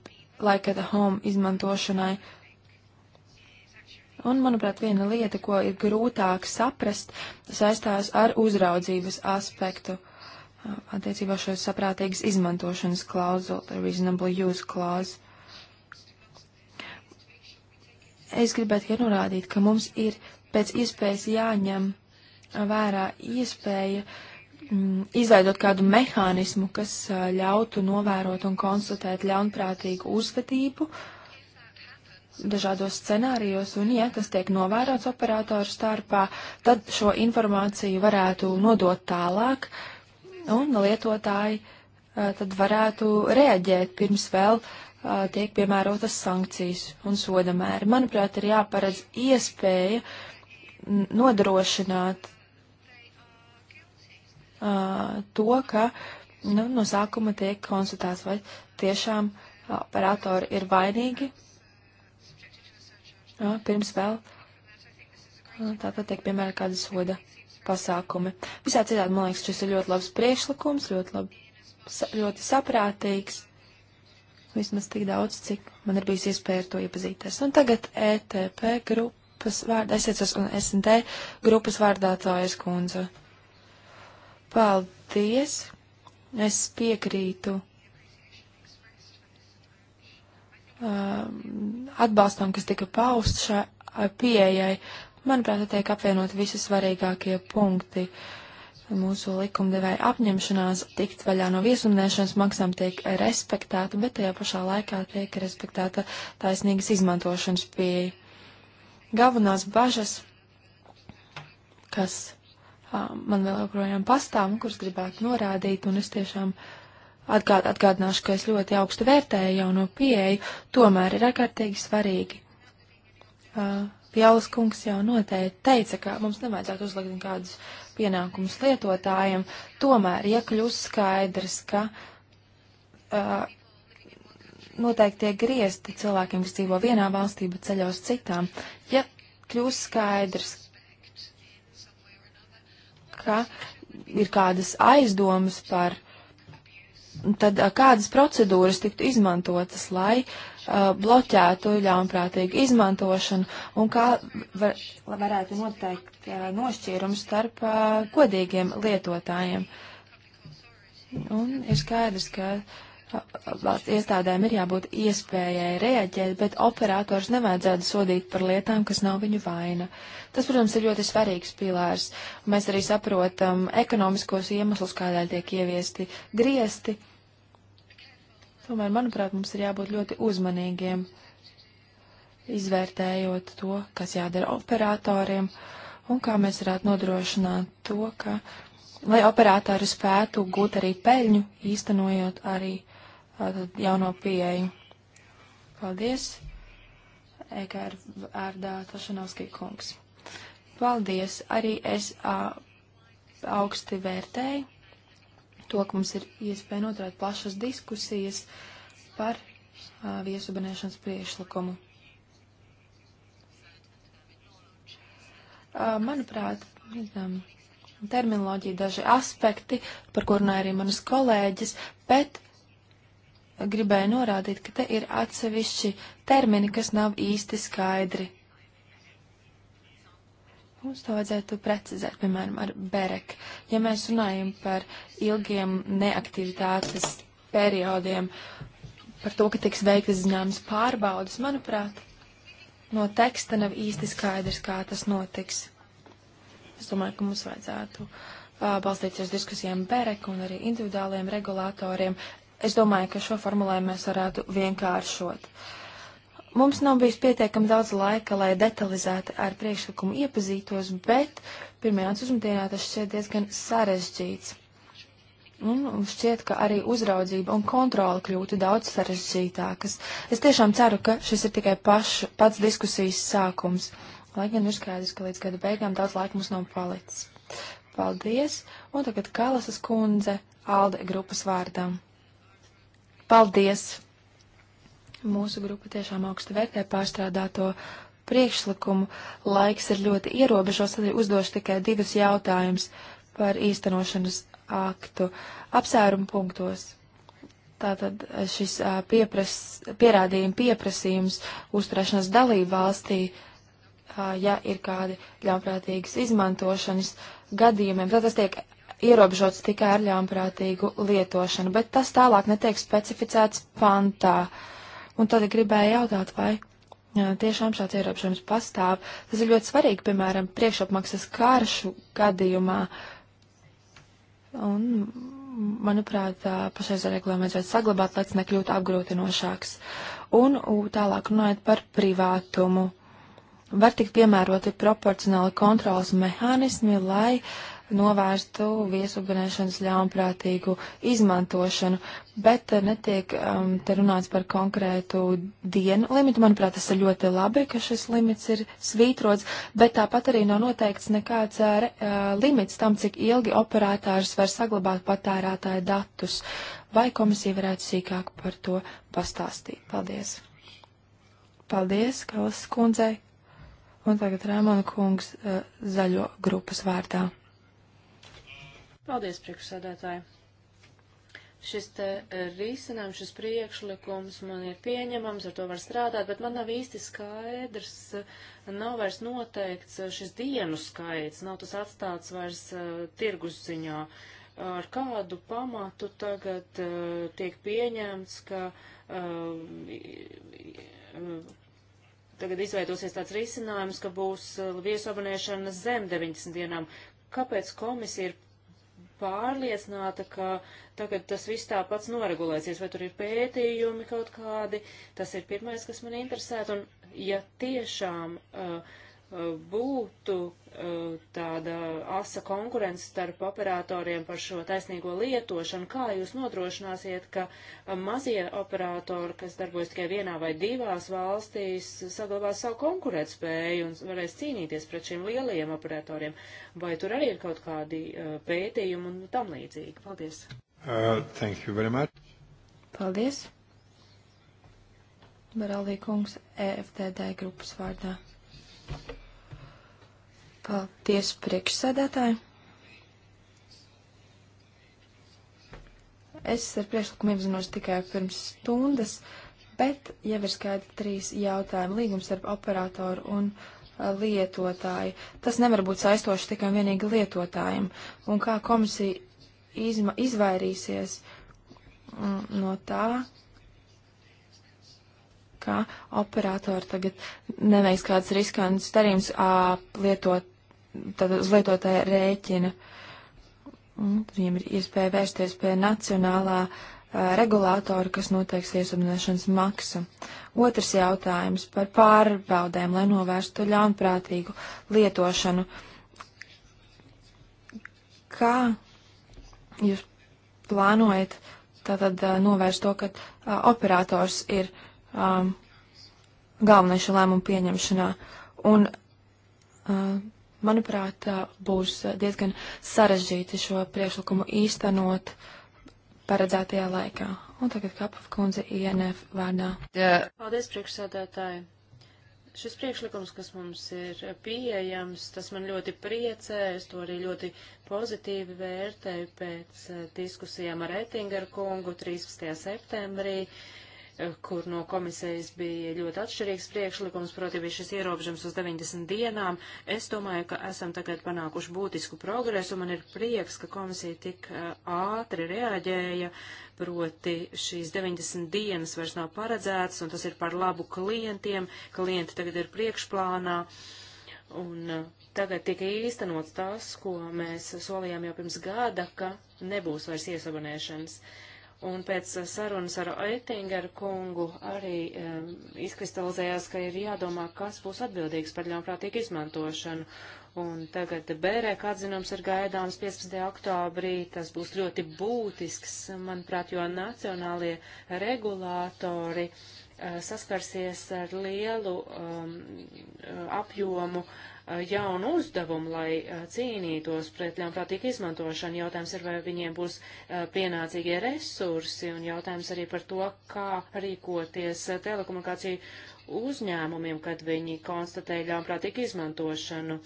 B: laika at home izmantošanai. Un, manuprāt, viena lieta, ko ir grūtāk saprast, saistās ar uzraudzības aspektu uh, attiecībā šo saprātīgas izmantošanas klauzulu, reasonable use klauzulu. Es gribētu tikai norādīt, ka mums ir pēc iespējas jāņem vērā iespēja m, mm, izveidot kādu mehānismu, kas ļautu novērot un konstatēt ļaunprātīgu uzvedību dažādos scenārijos, un, ja tas tiek novērots operatoru starpā, tad šo informāciju varētu nodot tālāk, un lietotāji tad varētu reaģēt pirms vēl uh, tiek piemērotas sankcijas un soda mēri. Manuprāt, ir jāparedz iespēja nodrošināt uh, to, ka nu, no sākuma tiek konstatēts, vai tiešām operatori ir vainīgi, uh, pirms vēl uh, tātad tiek piemēram kāda soda pasākumi. Visā citādi, man liekas, šis ir ļoti labs priekšlikums, ļoti, labi, sa ļoti saprātīgs vismaz tik daudz, cik man ir bijis iespēja ar to iepazīties. Un tagad ETP grupas vārdā, es iecos un SNT grupas vārdā tājas kundze. Paldies! Es piekrītu um, atbalstam, kas tika pausts šai pieejai. Manuprāt, tiek apvienot visi svarīgākie punkti. Uh, mūsu likumdevēja apņemšanās tikt vaļā no viesundēšanas maksām tiek respektēta, bet tajā pašā laikā tiek respektēta taisnīgas izmantošanas pieeja. Galvenās bažas, kas a, man vēl joprojām pastāv un kuras gribētu norādīt, un es tiešām atgād, atgādināšu, ka es ļoti augstu vērtēju jauno pieeju, tomēr ir ārkārtīgi svarīgi. Uh, Pjaulas kungs jau noteikti teica, ka mums nevajadzētu uzlikt nekādus pienākumus lietotājiem, tomēr iekļūst skaidrs, ka uh, noteikti tiek griezti cilvēkiem, kas dzīvo vienā valstī, bet ceļā uz citām. Ja kļūst skaidrs, ka ir kādas aizdomas par, tad kādas procedūras tiktu izmantotas, lai uh, bloķētu ļaunprātīgu izmantošanu un kā var, varētu noteikt uh, nošķīrumu starp uh, godīgiem lietotājiem. Un ir skaidrs, ka uh, valsts iestādēm ir jābūt iespējai reaģēt, bet operators nevajadzētu sodīt par lietām, kas nav viņu vaina. Tas, protams, ir ļoti svarīgs pilārs. Mēs arī saprotam ekonomiskos iemeslus, kādēļ tiek ieviesti griesti. Uh, Tomēr, manuprāt, mums ir jābūt ļoti uzmanīgiem, izvērtējot to, kas jādara operatoriem un kā mēs varētu nodrošināt to, ka, lai operatori spētu gūt arī peļņu, īstenojot arī tātad, uh, jauno pieeju. Paldies! EKR ārdā Tošanovskī kungs. Paldies! Arī es a, uh, augsti vērtēju to, ka mums ir iespēja noturēt plašas diskusijas par uh, viesubanēšanas priešlikumu. Uh, manuprāt, um, terminoloģija, daži aspekti, par kur runāja arī manas kolēģis, bet gribēju norādīt, ka te ir atsevišķi termini, kas nav īsti skaidri. Mums to vajadzētu precizēt, piemēram, ar BEREK. Ja mēs runājam par ilgiem neaktivitātes periodiem, par to, ka tiks veiktas zināmas pārbaudas, manuprāt, no teksta nav īsti skaidrs, kā tas notiks. Es domāju, ka mums vajadzētu uh, balstīties uz diskusijām BEREK un arī individuāliem regulātoriem. Es domāju, ka šo formulējumu mēs varētu vienkāršot. Uh, Mums nav bijis pietiekami daudz laika, lai detalizēti ar priekšlikumu iepazītos, bet pirmajā uzmetienā tas šķiet diezgan sarežģīts. Un šķiet, ka arī uzraudzība un kontrola kļūtu daudz sarežģītākas. Es tiešām ceru, ka šis ir tikai pašu, pats diskusijas sākums, lai gan ir skaidrs, ka līdz gada beigām daudz laika mums nav palicis. Paldies, un tagad Kalasas kundze Alde grupas vārdām. Paldies! Mūsu grupa tiešām augstu vērtē pārstrādāto priekšlikumu. Laiks ir ļoti ierobežots, tad uzdošu tikai divus jautājumus par īstenošanas aktu apsērumu punktos. Tātad šis piepras, pierādījuma pieprasījums uzturēšanas dalību valstī, ja ir kādi ļaunprātīgas izmantošanas gadījumiem, tad tas tiek ierobežots tikai ar ļaunprātīgu lietošanu, bet tas tālāk netiek specificēts pantā. Uh, Un tad gribēju jautāt, vai jā, tiešām šāds ierobežojums pastāv. Tas ir ļoti svarīgi, piemēram, priekšapmaksas karšu gadījumā. Un, manuprāt, pašreiz regulējumu vajadzētu saglabāt, lai tas nekļūtu apgrūtinošāks. Un tālāk runājot par privātumu. Var tikt piemēroti proporcionāli kontrolas mehānismi, lai uh, novērstu viesugunēšanas ļaunprātīgu izmantošanu, bet eh, netiek um, te runāts par konkrētu dienu limitu. Manuprāt, tas ir ļoti labi, ka šis limits ir svītrots, bet tāpat arī nav noteikts nekāds uh, limits tam, cik ilgi operētājs var saglabāt patērētāju datus. Vai komisija varētu sīkāk par to pastāstīt? Paldies! Paldies, Kalas kundzei! Un tagad Rēmona kungs uh, zaļo grupas vārdā.
C: Paldies, priekšsēdētāji! Šis te e, risinājums, šis priekšlikums man ir pieņemams, ar to var strādāt, bet man nav īsti skaidrs, e, nav vairs noteikts e, šis dienu skaits, nav tas atstāts vairs uh, tirgus ziņā. Ar kādu pamatu tagad uh, tiek pieņemts, ka uh, tagad izveidosies tāds risinājums, ka būs viesabonēšana zem 90 dienām. Kāpēc komisija ir pārliecināta, ka tagad tas viss tāpats noregulēsies, vai tur ir pētījumi kaut kādi. Tas ir pirmais, kas man interesē. Un ja tiešām uh, būtu eh, tāda asa konkurence starp operatoriem par šo taisnīgo lietošanu, kā jūs nodrošināsiet, ka eh, mazie operatori, kas darbojas tikai vienā vai divās valstīs, saglabās savu konkurētspēju un varēs cīnīties pret šiem lielajiem operatoriem? Vai tur arī ir kaut kādi eh, pētījumi un tam līdzīgi? Paldies!
A: Uh, thank you very much.
B: Paldies! Baralī kungs EFTD grupas vārdā. Paldies, priekšsēdētāji. Es ar priekšlikumu iepazinos tikai pirms stundas, bet jau ir skaidri trīs jautājumi līgums starp operatoru un lietotāju. Tas nevar būt saistoši tikai un vienīgi lietotājiem. Un kā komisija izma, izvairīsies mm, no tā, ka operatori tagad neveiks kādas riskantas darījums lietot, uz lietotāja rēķina. Viņiem ir iespēja vērsties pie nacionālā regulātora, kas noteiks iesabināšanas maksu. Otrs jautājums par pārbaudēm, lai novērstu ļaunprātīgu lietošanu. Kā jūs plānojat tātad novērst to, ka a, operators ir um, galvenais šo lēmumu pieņemšanā. Un, uh, manuprāt, uh, būs diezgan sarežģīti šo priekšlikumu īstenot paredzētajā laikā. Un tagad Kapava kundze INF vārdā. Yeah.
C: Paldies, priekšsēdētāji! Šis priekšlikums, kas mums ir pieejams, tas man ļoti priecē, es to arī ļoti pozitīvi vērtēju pēc uh, diskusijām ar Ettingeru kungu 13. septembrī. Uh, kur no komisijas bija ļoti atšķirīgs priekšlikums, proti bija šis ierobežams uz 90 dienām. Es domāju, ka esam tagad panākuši būtisku progresu, un man ir prieks, ka komisija tik ātri reaģēja, proti šīs 90 dienas vairs nav paredzētas, un tas ir par labu klientiem, klienti tagad ir priekšplānā. Un tagad tika īstenots tas, ko mēs solījām jau pirms gada, ka nebūs vairs iesabanēšanas. Uh, Un pēc sarunas ar Oettingeru kungu arī um, izkristalizējās, ka ir jādomā, kas būs atbildīgs par ļaunprātīgu izmantošanu. Un tagad Bērēk atzinums ir gaidāms 15. oktobrī. Tas būs ļoti būtisks, manuprāt, jo nacionālie regulātori uh, saskarsies ar lielu um, apjomu uh, jaunu uzdevumu, lai eh, cīnītos pret ļaunprātīgu izmantošanu. Jautājums ir, vai viņiem būs eh, pienācīgie resursi, un jautājums arī par to, kā rīkoties eh, telekomunikāciju uzņēmumiem, kad viņi konstatē ļaunprātīgu izmantošanu.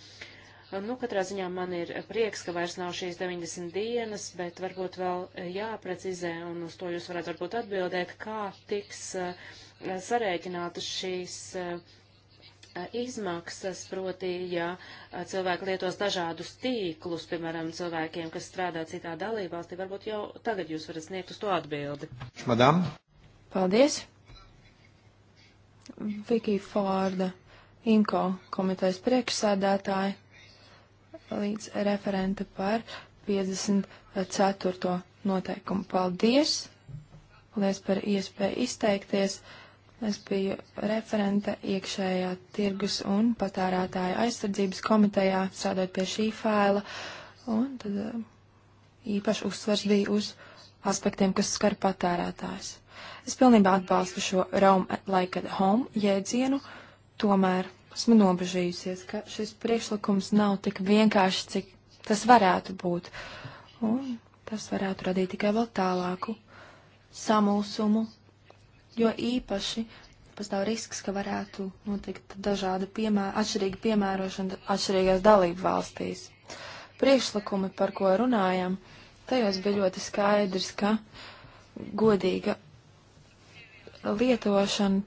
C: Nu, katrā ziņā man ir prieks, ka vairs nav šīs 90 dienas, bet varbūt vēl jāprecizē, un uz to jūs varētu varbūt atbildēt, kā tiks sarēķinātas šīs uh, izmaksas, proti, ja cilvēki lietos dažādus tīklus, piemēram, cilvēkiem, kas strādā citā dalībvalstī, varbūt jau tagad jūs varat sniegt uz to atbildi.
A: Madam.
B: Paldies. Viki Fārda, Inko komitejas priekšsēdētāja, līdz referente par 54. noteikumu. Paldies! Paldies par iespēju izteikties. Es biju referente iekšējā tirgus un patērētāja aizsardzības komitejā, strādājot pie šī faila, un tad eh, īpaši uzsvars bija uz aspektiem, kas skar patērētājs. Es pilnībā atbalstu šo Rome like at home jēdzienu, tomēr esmu nobežījusies, ka šis priekšlikums nav tik vienkāršs, cik tas varētu būt, un tas varētu radīt tikai vēl tālāku samulsumu jo īpaši pastāv risks, ka varētu notikt dažāda piemēra, atšķirīga piemērošana atšķirīgās dalību valstīs. Priekšlikumi, par ko runājam, tajos bija ļoti skaidrs, ka godīga lietošana,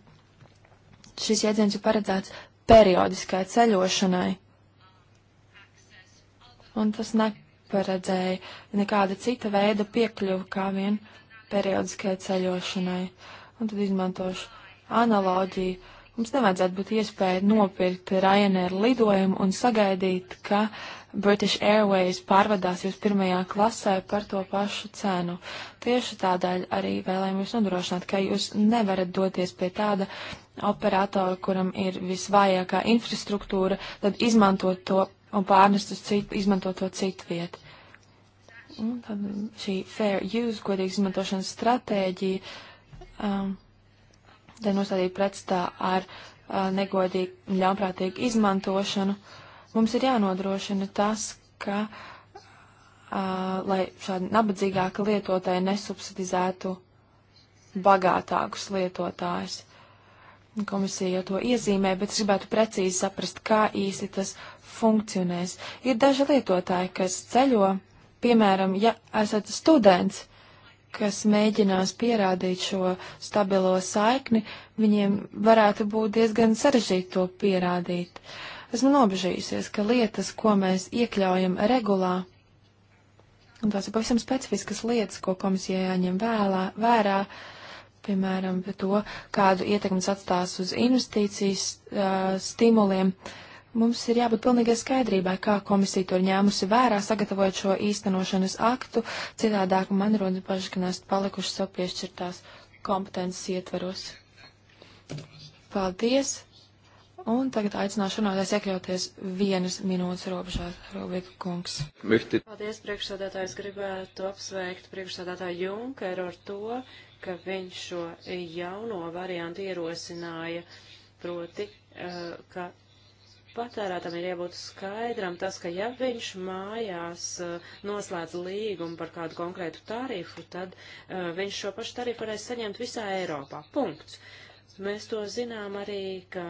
B: šis jēdziens ir paredzēts periodiskai ceļošanai. Un tas neparedzēja nekāda cita veida piekļuvu kā vien periodiskai ceļošanai. Uh, un tad izmantošu analoģiju. Mums nevajadzētu būt iespēja nopirkt Ryanair lidojumu un sagaidīt, ka British Airways pārvadās jūs pirmajā klasē par to pašu cenu. Tieši tādēļ arī vēlējamies nodrošināt, ka jūs nevarat doties pie tāda operatora, kuram ir visvājākā infrastruktūra, tad izmantot to un pārnest uz citu, izmantot to citu vietu. Un tad šī fair use, godīgas izmantošanas stratēģija um, te nostādīt pretstā ar uh, negodīgu, ļaunprātīgu izmantošanu. Mums ir jānodrošina tas, ka, uh, lai šādi nabadzīgāki lietotāji nesubsidizētu bagātākus lietotājus. Komisija jau to iezīmē, bet es gribētu precīzi saprast, kā īsti tas funkcionēs. Ir daži lietotāji, kas ceļo, piemēram, ja esat students, kas mēģinās pierādīt šo stabilo saikni, viņiem varētu būt diezgan sarežģīti to pierādīt. Esmu nobežījusies, ka lietas, ko mēs iekļaujam regulā, un tās ir pavisam specifiskas lietas, ko komisija jāņem vēlā, vērā, piemēram, par to, kādu ietekmes atstās uz investīcijas uh, stimuliem, uh, Mums ir jābūt pilnīgai skaidrībai, kā komisija to ir ņēmusi vērā, sagatavojot šo īstenošanas aktu, citādāk man runa paši, ka neesat palikuši savu piešķirtās kompetences ietveros. Paldies! Un tagad aicināšu runātājs iekļauties vienas minūtes robežā, Robika kungs.
A: Mihti.
C: Paldies, priekšsādātājs. Gribētu apsveikt priekšsādātāju Junkeru ar to, ka viņš šo jauno variantu ierosināja, proti, eh, ka Patērētam ir jābūt skaidram tas, ka ja viņš mājās eh, noslēdz līgumu par kādu konkrētu tarifu, tad uh, viņš šo pašu tarifu varēs saņemt visā Eiropā. Punkts. Mēs to zinām arī, ka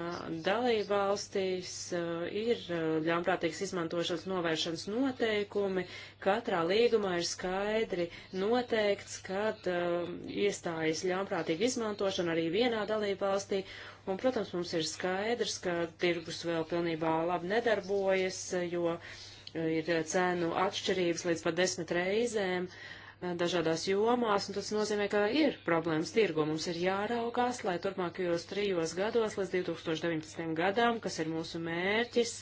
C: dalībvalstīs uh, ir ļaunprātīgas izmantošanas novēršanas noteikumi. Katrā līgumā ir skaidri noteikts, kad uh, iestājas ļaunprātīga izmantošana arī vienā dalībvalstī, Un, protams, mums ir skaidrs, ka tirgus vēl pilnībā labi nedarbojas, jo e, ir cēnu atšķirības līdz pat desmit reizēm e, dažādās jomās, un tas nozīmē, ka ir problēmas tirgo. Mums ir jāraugās, lai turpmākajos trijos gados līdz 2019. gadam, kas ir mūsu mērķis,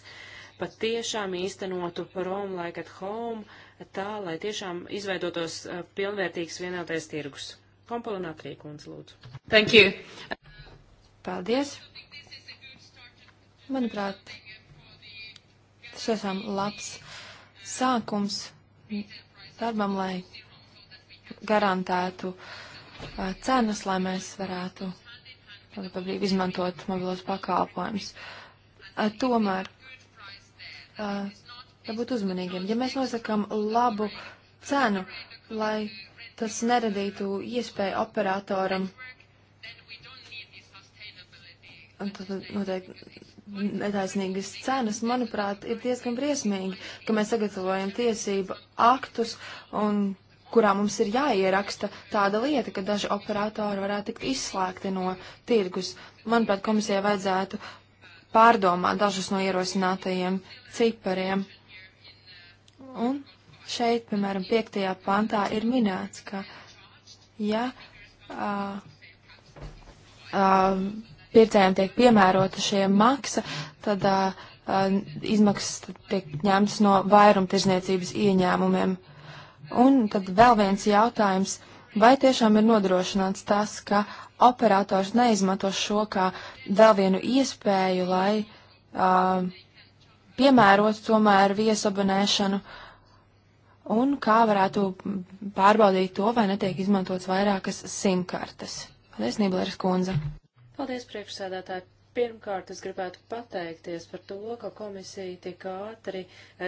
C: pat tiešām īstenotu Rome like at home, tā, lai tiešām izveidotos e, pilnvērtīgs vienotais tirgus. Kompolinātrī, kundze, lūdzu. Thank you.
B: Paldies! Manuprāt, tas esam labs sākums darbam, lai garantētu uh, cenas, lai mēs varētu brīvi izmantot mobilos pakalpojumus. Uh, tomēr, uh, jābūt uzmanīgiem, ja mēs nosakam labu cenu, lai tas neradītu iespēju operatoram noteikti netaisnīgas cenas, manuprāt, ir diezgan briesmīgi, ka mēs sagatavojam tiesību aktus un kurā mums ir jāieraksta tāda lieta, ka daži operatori varētu tikt izslēgti no tirgus. Manuprāt, komisijai vajadzētu pārdomāt dažus no ierosinātajiem cipariem. Un šeit, piemēram, piektajā pantā ir minēts, ka, ja uh, uh, pircējiem tiek piemērota šie maksa, tad uh, izmaksas tad tiek ņemtas no vairumtirdzniecības ieņēmumiem. Un tad vēl viens jautājums. Vai tiešām ir nodrošināts tas, ka operators neizmanto šo kā vēl vienu iespēju, lai uh, piemērot tomēr viesabonēšanu, un kā varētu pārbaudīt to, vai netiek izmantots vairākas simkartes? Paldies, Nībleris Kunze!
C: Paldies, priekšsēdētāji! Pirmkārt, es gribētu pateikties par to, ka komisija tik ātri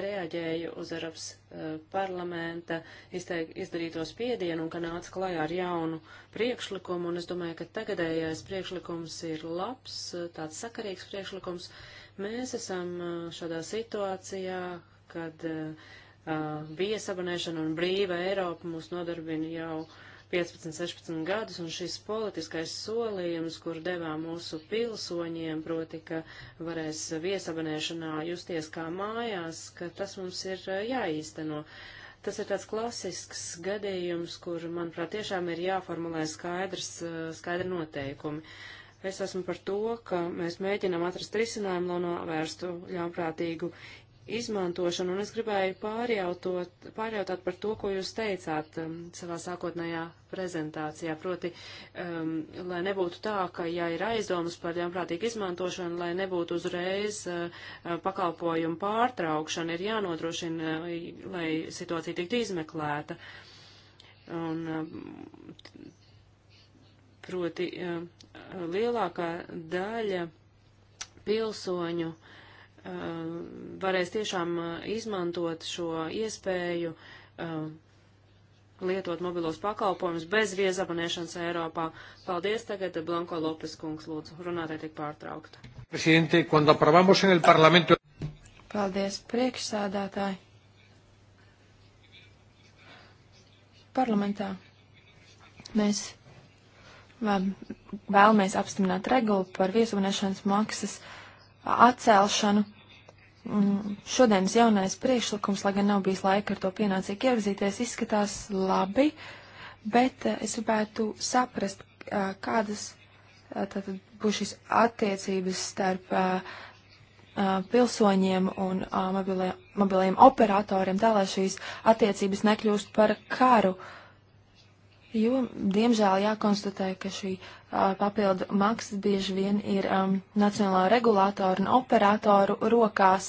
C: reaģēja uz Eiropas uh, parlamenta izteik, izdarīto spiedienu un ka nāca klajā ar jaunu priekšlikumu. Un es domāju, ka tagadējais priekšlikums ir labs, tāds sakarīgs priekšlikums. Mēs esam eh, šādā situācijā, kad uh, viesabonēšana un brīva Eiropa mūs nodarbina jau uh, 15, 16 gadus, un šis politiskais solījums, kur devām mūsu pilsoņiem, proti, ka varēs viesabanēšanā justies kā mājās, ka tas mums ir eh, jāīsteno. Tas ir tāds klasisks gadījums, kur, manuprāt, tiešām ir jāformulē skaidrs, eh, skaidri noteikumi. Es esmu par to, ka mēs mēģinām atrast risinājumu, lai novērstu ļaunprātīgu izmantošanu, un es gribēju pārjautāt par to, ko jūs teicāt um, savā sākotnējā prezentācijā, proti, um, lai nebūtu tā, ka, ja ir aizdomas par ļaunprātīgu izmantošanu, lai nebūtu uzreiz uh, pakalpojumu pārtraukšana, ir jānodrošina, uh, lai situācija tiktu izmeklēta. Un, uh, proti, uh, lielākā daļa pilsoņu uh, varēs tiešām uh, izmantot šo iespēju uh, lietot mobilos pakalpojumus bez viezabanēšanas Eiropā. Paldies tagad, Blanko Lopes kungs, lūdzu, runātē tik pārtraukta.
B: Parlamento... Paldies, priekšsādātāji. Parlamentā mēs vēlamies apstiprināt regulu par viesabanēšanas maksas atcelšanu šodienas jaunais priekšlikums, lai gan nav bijis laika ar to pienācīgi iepazīties, izskatās labi, bet eh, es gribētu saprast, eh, kādas eh, tātad būs šīs attiecības starp pilsoņiem un mobilajiem operatoriem, tā lai šīs attiecības nekļūst par karu. Uh, Jo, diemžēl, jākonstatē, ka šī uh, papildu maksa bieži vien ir um, nacionālā regulātora un operātoru rokās.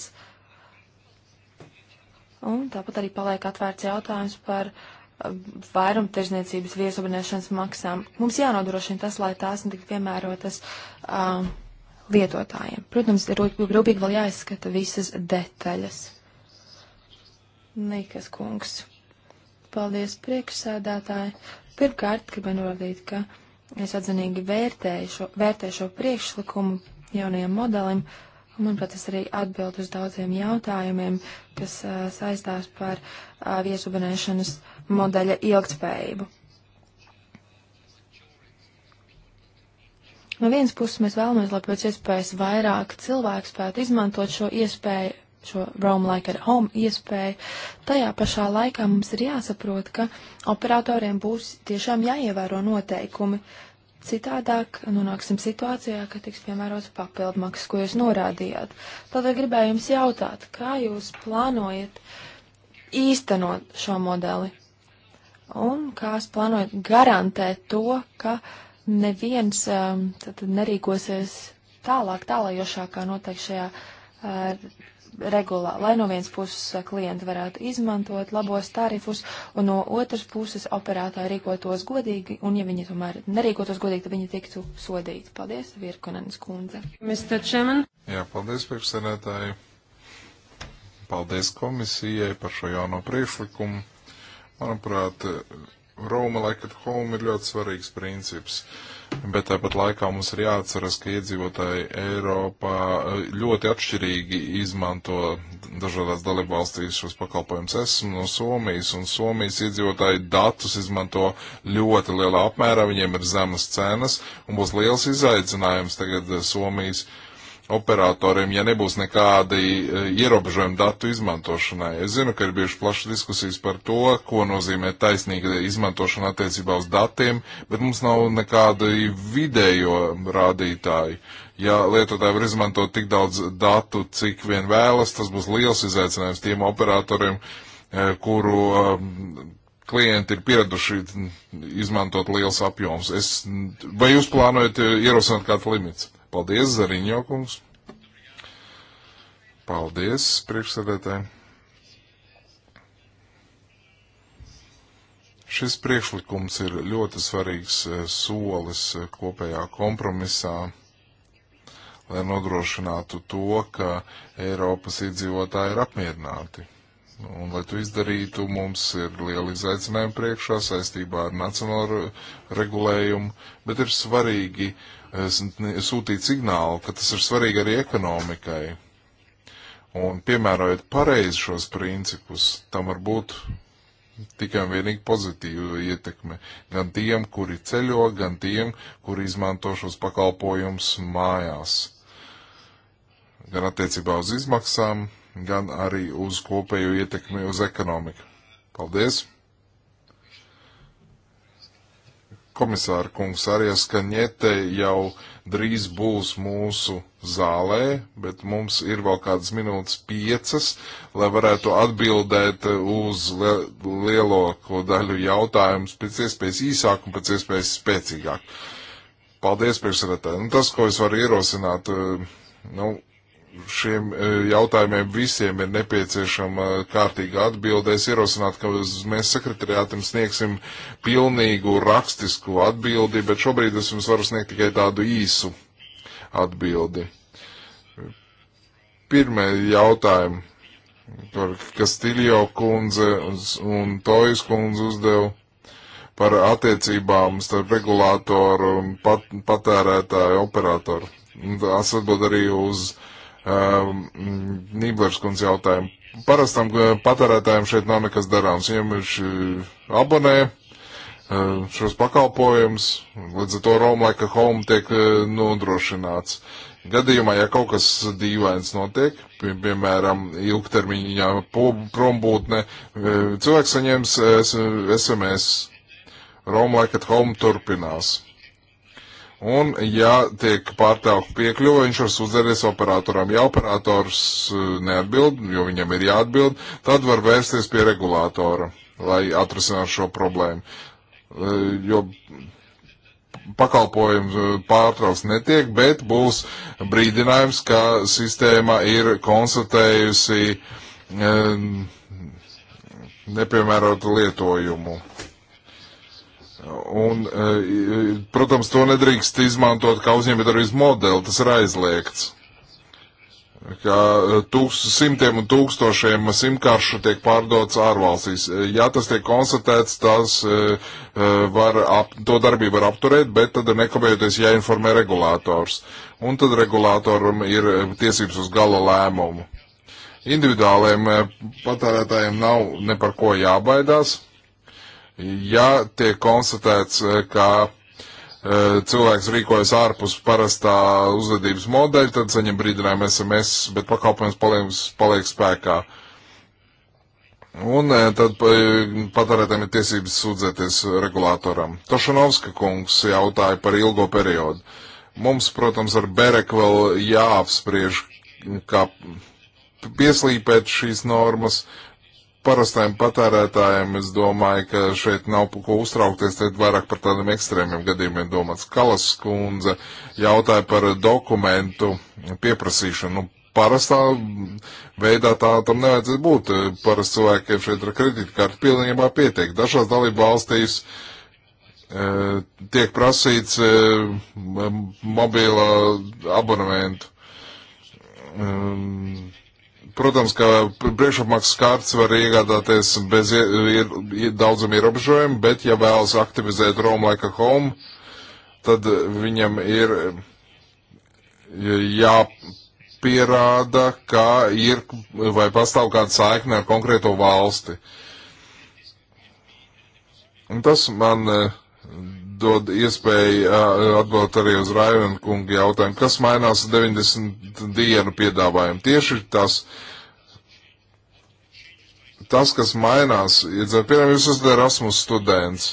B: Un tāpat arī paliek atvērts jautājums par uh, vairumtirdzniecības viesabunēšanas maksām. Mums jānodrošina tas, lai tās netiktu piemērotas um, lietotājiem. Protams, ir rūpīgi vēl jāizskata visas detaļas. Nikas kungs. Paldies priekšsēdētāji. Pirmkārt, gribu norādīt, ka es atzinīgi vērtēju šo, vērtēju šo priekšlikumu jaunajam modelim, un, manuprāt, tas arī atbild uz daudziem jautājumiem, kas uh, saistās par uh, viesubanēšanas modeļa ilgtspējību. No vienas puses mēs vēlamies, lai pēc iespējas vairāk cilvēku spētu izmantot šo iespēju šo roam like at home iespēju. Tajā pašā laikā mums ir jāsaprot, ka operatoriem būs tiešām jāievēro noteikumi. Citādāk nonāksim situācijā, ka tiks piemērots papildmaksas, ko jūs norādījāt. Tādēļ gribēju jums jautāt, kā jūs plānojat īstenot šo modeli un kā jūs plānojat garantēt to, ka neviens um, nerīkosies tālāk, tālajošākā noteikšajā uh, regulā, lai no vienas puses eh, klienti varētu izmantot labos tarifus, un no otras puses operātāji rīkotos godīgi, un ja viņi tomēr nerīkotos godīgi, tad viņi tiktu sodīti. Paldies, Virkunenes kundze. Mr. Chairman.
A: Jā, paldies, priekšsēdētāji. Paldies komisijai par šo jauno priekšlikumu. Manuprāt, Roma like at home ir ļoti svarīgs princips. Uh, bet tāpat laikā mums ir jāatceras, ka iedzīvotāji Eiropā eh, ļoti atšķirīgi izmanto dažādās dalībvalstīs šos pakalpojumus. Esmu no Somijas, un Somijas iedzīvotāji datus izmanto ļoti lielā apmērā, viņiem ir zemas cenas, un būs liels izaicinājums tagad eh, Somijas uh, operatoriem, ja nebūs nekādi e, ierobežojumi datu izmantošanai. Es zinu, ka ir bijušas plašas diskusijas par to, ko nozīmē taisnīga izmantošana attiecībā uz datiem, bet mums nav nekādi vidējo rādītāji. Ja lietotāji var izmantot tik daudz datu, cik vien vēlas, tas būs liels izaicinājums tiem operatoriem, e, kuru um, klienti ir pieraduši izmantot liels apjoms. Es, vai jūs plānojat ierosināt kāds limits? Paldies, Zariņo kungs. Paldies, priekšsēdētāji. Šis priekšlikums ir ļoti svarīgs eh, solis eh, kopējā kompromisā, lai nodrošinātu to, ka Eiropas iedzīvotāji ir apmierināti. Un, lai to izdarītu, mums ir liela izaicinājuma priekšā saistībā ar nacionālo regulējumu, bet ir svarīgi sūtīt signālu, ka tas ir svarīgi arī ekonomikai. Un piemērojot pareizi šos principus, tam var būt tikai un vienīgi pozitīva ietekme gan tiem, kuri ceļo, gan tiem, kuri izmanto šos pakalpojumus mājās. Gan attiecībā uz izmaksām, gan arī uz kopējo ietekmi uz ekonomiku. Paldies! komisāra kungs arī skaņete jau drīz būs mūsu zālē, bet mums ir vēl kādas minūtes piecas, lai varētu atbildēt uz li lielāko daļu jautājumus pēc iespējas īsāk un pēc iespējas spēcīgāk. Paldies, priekšsēdētāji. Nu, tas, ko es varu ierosināt, eh, nu, šiem e, jautājumiem visiem ir nepieciešama kārtīga atbilde. Es ierosinātu, ka mēs sekretariātam sniegsim pilnīgu rakstisku atbildi, bet šobrīd es jums varu sniegt tikai tādu īsu atbildi. Pirmie jautājumi, kas Tiljo kundze un, un Tojas kundze uzdeva par attiecībām starp regulātoru un pat, patērētāju operatoru. Un tas atbild arī uz uh, um, Nīblers kundze jautājumu. Parastam patērētājiem šeit nav nekas darāms. Viņiem viņš abonē šos pakalpojumus, līdz ar to Rome like a home tiek nodrošināts. Gadījumā, ja kaut kas dīvains notiek, pie, piemēram, ilgtermiņā prombūtne, cilvēks saņems SMS. Rome like at home turpinās. Un, ja tiek pārtraukta piekļuve, viņš var sūdzēties operatoram. Ja operators e, neatbild, jo viņam ir jāatbild, tad var vērsties pie regulātora, lai atrisinātu šo problēmu. E, jo pakalpojums e, pārtrauks netiek, bet būs brīdinājums, ka sistēma ir konstatējusi nepiemērotu lietojumu. Un, eh, protams, to nedrīkst izmantot kā uzņēmējdarbības modeli, tas ir aizliegts. Kā eh, tūks, simtiem un tūkstošiem simkaršu tiek pārdots ārvalstīs. Eh, ja tas tiek konstatēts, tas var, ap, to darbību var apturēt, bet tad nekavējoties jāinformē regulātors. Un tad regulātoram ir tiesības uz gala lēmumu. Individuāliem patērētājiem nav ne par ko jābaidās Ja tiek konstatēts, eh, ka eh, cilvēks rīkojas ārpus parastā uzvedības modeļa, tad saņem brīdinājumu SMS, bet pakalpojums paliek, paliek spēkā. Un eh, tad patērētājiem ir tiesības sūdzēties regulātoram. Tošanovska kungs jautāja par ilgo periodu. Mums, protams, ar Berek vēl jāapspriež, kā pieslīpēt šīs normas, parastajiem patērētājiem es domāju, ka šeit nav ko uztraukties, te vairāk par tādiem ekstrēmiem gadījumiem domāts. Kalas skundze jautāja par dokumentu pieprasīšanu. Nu, parastā veidā tā tam nevajadzētu būt. Parasti cilvēkiem šeit ar kredītkarti pilnībā pietiek. Dažās dalību valstīs e, tiek prasīts e, mobila abonementu. E, Protams, ka priekšapmaksas kārtas var iegādāties bez ir, ir, daudzam ierobežojumu, bet ja vēlas aktivizēt Rome like a home, tad viņam ir jāpierāda, ka ir vai pastāv kāda saikne ar konkrēto valsti. Un tas man eh, dod iespēju atbildēt arī uz Raivena kunga jautājumu, kas mainās 90 dienu piedāvājumu. Tieši tas, tas kas mainās, ja, piemēram, jūs esat Erasmus students,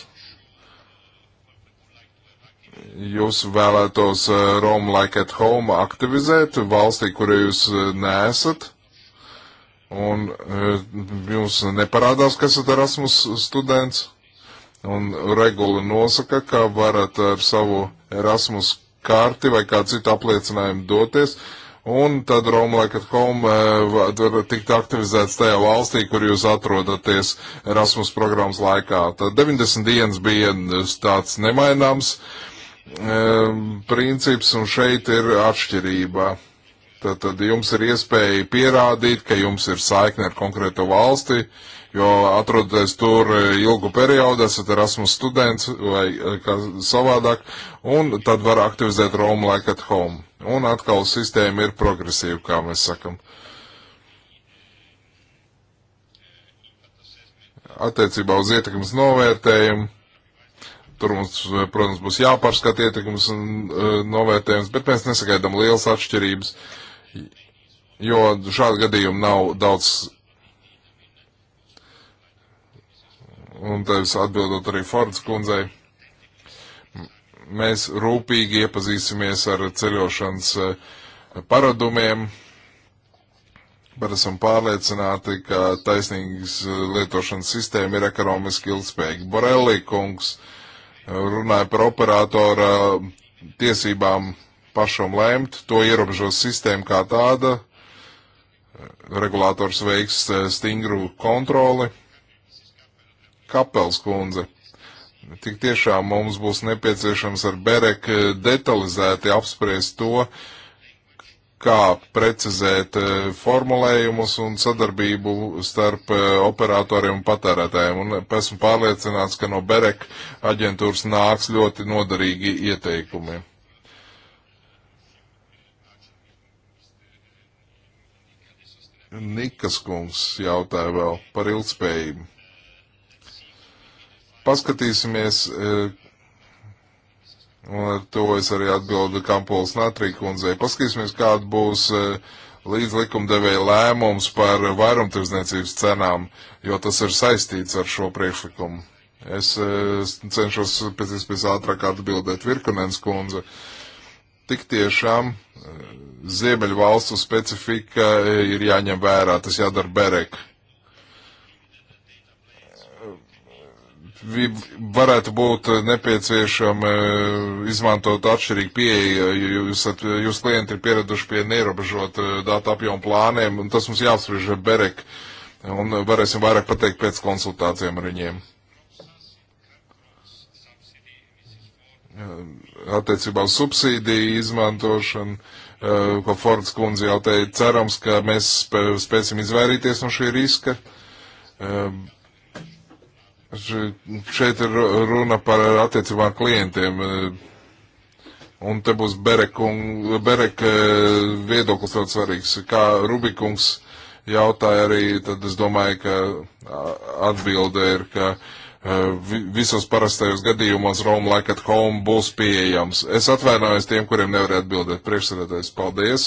A: jūs vēlētos Rome Like at Home aktivizēt valstī, kur jūs nesat, un jums neparādās, kas esat Erasmus students Un regula nosaka, ka varat ar savu Erasmus karti vai kādu citu apliecinājumu doties, un tad Roma Like at Home eh, var tikt aktivizēts tajā valstī, kur jūs atrodaties Erasmus programmas laikā. Tad 90 dienas bija tāds nemaināms eh, princips, un šeit ir atšķirība. Tad, tad jums ir iespēja pierādīt, ka jums ir saikne ar konkrēto valsti, uh, jo atrodaties tur ilgu periodu, esat Erasmus students vai eh, kā savādāk, un tad var aktivizēt Rome like at home. Un atkal sistēma ir progresīva, kā mēs sakam. Attiecībā uz ietekmes novērtējumu. Tur mums, eh, protams, būs jāpārskata ietekmes eh, novērtējums, bet mēs nesagaidām lielas atšķirības, jo šādu gadījumu nav daudz un tas atbildot arī Fordas kundzei, mēs rūpīgi iepazīsimies ar ceļošanas eh, paradumiem. Bet esam pārliecināti, ka taisnīgas eh, lietošanas sistēma ir ekonomiski ilgspējīga. Borelli kungs eh, runāja par operatora tiesībām pašam lemt, to ierobežos sistēma kā tāda, regulators veiks stingru kontroli Kapels kundze. Tik tiešām mums būs nepieciešams ar Berek eh, detalizēti apspriest to, kā precizēt eh, formulējumus un sadarbību starp eh, operatoriem un patērētājiem. Un esmu pārliecināts, ka no Berek aģentūras nāks ļoti noderīgi ieteikumi. Nikas kungs jautāja vēl par ilgspējību. Paskatīsimies, e, un ar to es arī atbildu Kampols Natrī kundzei, paskatīsimies, kāda būs e, līdz likumdevēja lēmums par vairumtirdzniecības cenām, jo tas ir saistīts ar šo priekšlikumu. Es, es cenšos pēc iespējas ātrāk atbildēt Virkunens kundze. Tik tiešām e, Ziemeļvalstu specifika ir jāņem vērā, tas jādara Berek. varētu būt nepieciešama eh, izmantot atšķirīgu pieeju, jo jūs, jūs klienti ir pieraduši pie neierobežot eh, datu apjomu plāniem, un tas mums jāapspriež ar Berek, un varēsim vairāk pateikt pēc konsultācijām ar viņiem. Eh, attiecībā uz subsīdiju izmantošanu, ko Fords kundze jau teica, cerams, ka mēs spēsim izvairīties no šī riska. Uh, Šeit ir runa par attiecībām ar klientiem. Un te būs Bereka Berek e, viedoklis ļoti svarīgs. Kā Rubikungs jautāja arī, tad es domāju, ka atbilde ir, ka e, visos parastajos gadījumos Rome Like at Home būs pieejams. Es atvainojos tiem, kuriem nevarēja atbildēt. Priekšsēdētājs, paldies!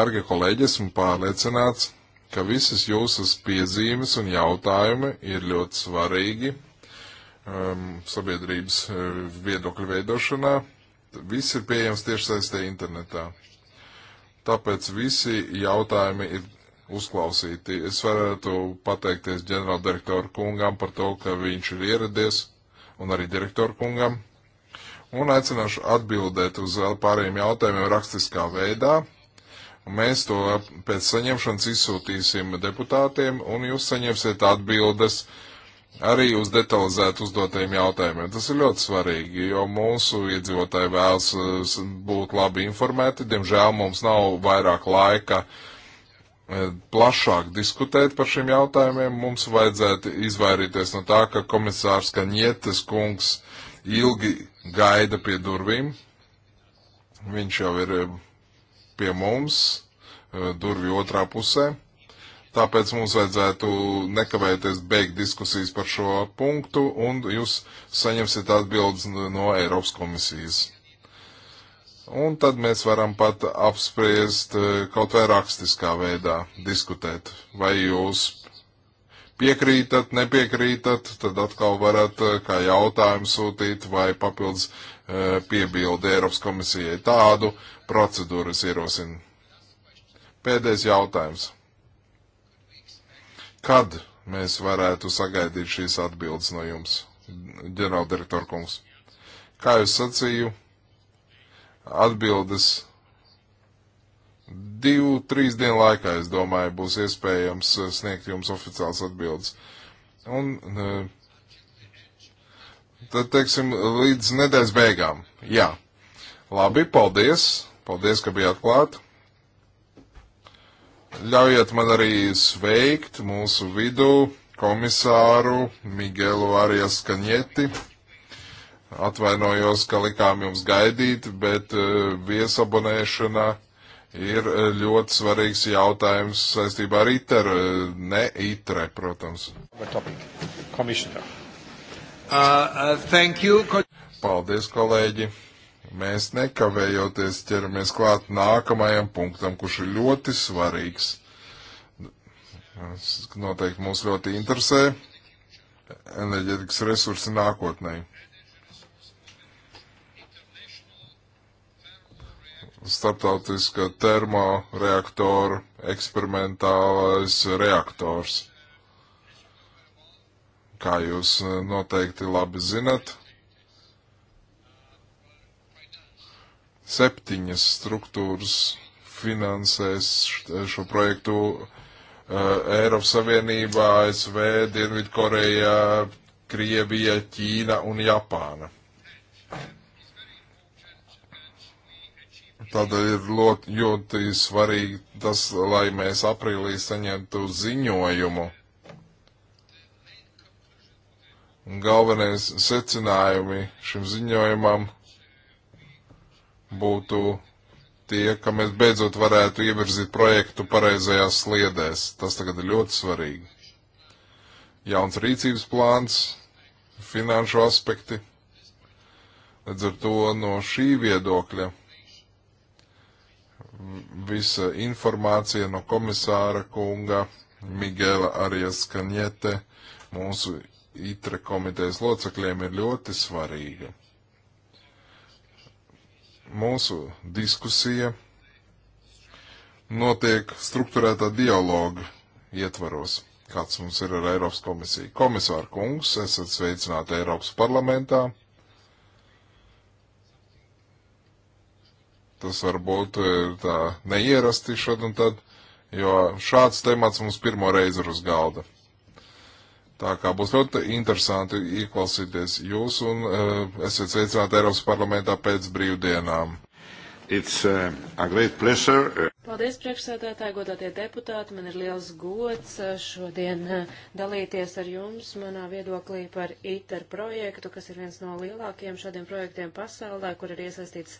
A: Dargie kolēģi, esmu pārliecināts ka visas jūsas piezīmes un jautājumi ir ļoti svarīgi um, sabiedrības uh, viedokļu veidošanā. Viss ir pieejams tiešsaistē internetā. Tāpēc visi jautājumi ir uzklausīti. Es varētu pateikties ģenerāldirektoru kungam par to, ka viņš ir ieradies, un arī direktoru kungam. Un aicināšu atbildēt uz pārējiem jautājumiem rakstiskā veidā. Un mēs to pēc saņemšanas izsūtīsim deputātiem, un jūs saņemsiet atbildes arī uz detalizēt uzdotajiem jautājumiem. Tas ir ļoti svarīgi, jo mūsu iedzīvotāji vēlas būt labi informēti. Diemžēl mums nav vairāk laika e, plašāk diskutēt par šiem jautājumiem. Mums vajadzētu izvairīties no tā, ka komisārs Kaņietes kungs ilgi gaida pie durvīm. Viņš jau ir e, pie mums, eh, durvju otrā pusē. Tāpēc mums vajadzētu nekavēties beigt diskusijas par šo punktu, un jūs saņemsiet atbildes no Eiropas komisijas. Un tad mēs varam pat apspriest eh, kaut vai rakstiskā veidā diskutēt, vai jūs piekrītat, nepiekrītat, tad atkal varat eh, kā jautājumu sūtīt vai papildus Eh, piebildi Eiropas komisijai. Tādu procedūru es ierosinu. Pēdējais jautājums. Kad mēs varētu sagaidīt šīs atbildes no jums, ģenerāldirektor kungs? Kā jūs sacīju, atbildes divu, trīs dienu laikā, es domāju, būs iespējams sniegt jums oficiāls atbildes. Un uh, Tad, teiksim, līdz nedēļas beigām. Jā. Labi, paldies. Paldies, ka bijāt klāt. Ļaujiet man arī sveikt mūsu vidū komisāru Migelu Arijas Kaņeti. Atvainojos, ka likām jums gaidīt, bet eh, viesabonēšana ir eh, ļoti svarīgs jautājums saistībā ar ITER, eh, ne ITRE, protams. Topic, Uh, uh, thank you. Paldies, kolēģi. Mēs nekavējoties ķeramies klāt nākamajam punktam, kurš ir ļoti svarīgs. Tas noteikti mūs ļoti interesē. Enerģetikas resursi nākotnē. Startautiska termoreaktora eksperimentālais reaktors kā jūs eh, noteikti labi zinat, septiņas struktūras finansēs šo projektu uh, Eiropas Savienībā, ASV, Dienvidkorejā, Krievija, Ķīna un Japāna. Tādēļ ir ļoti, ļoti svarīgi tas, lai mēs aprīlī saņemtu ziņojumu galvenais secinājumi šim ziņojumam būtu tie, ka mēs beidzot varētu ievirzīt projektu pareizajās sliedēs. Tas tagad ir ļoti svarīgi. Jauns rīcības plāns, finanšu aspekti. Līdz ar to no šī viedokļa visa informācija no komisāra kunga Migela Arias Kaņete, mūsu ITRE komitejas locekļiem ir ļoti svarīga. Mūsu diskusija notiek struktūrētā dialoga ietvaros, kāds mums ir ar Eiropas komisiju. Komisāra kungs, esat sveicināti Eiropas parlamentā. Tas varbūt ir tā neierasti šad un tad, jo šāds temats mums pirmo reizi ir uz galda. Tā kā būs ļoti interesanti ieklausīties jūs un uh, eh, esat sveicināti Eiropas parlamentā pēc brīvdienām. It's uh, a great pleasure. Eh.
C: Paldies, priekšsēdētāji, godātie deputāti. Man ir liels gods šodien dalīties ar jums manā viedoklī par ITER projektu, kas ir viens no lielākajiem šādiem projektiem pasaulē, kur ir iesaistīts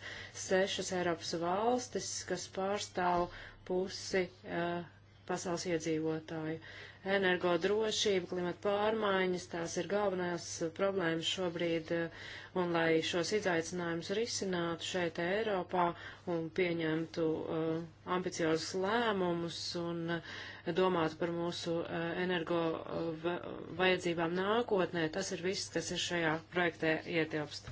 C: sešas Eiropas valstis, kas pārstāv pusi uh, pasaules iedzīvotāju. Uh, energodrošība, klimata pārmaiņas, tās ir galvenās problēmas šobrīd, eh, un lai šos izaicinājumus risinātu šeit Eiropā un pieņemtu uh, ambiciozus lēmumus un uh, domātu par mūsu uh, energo vajadzībām nākotnē, tas ir viss, kas ir šajā projektē ietilpst.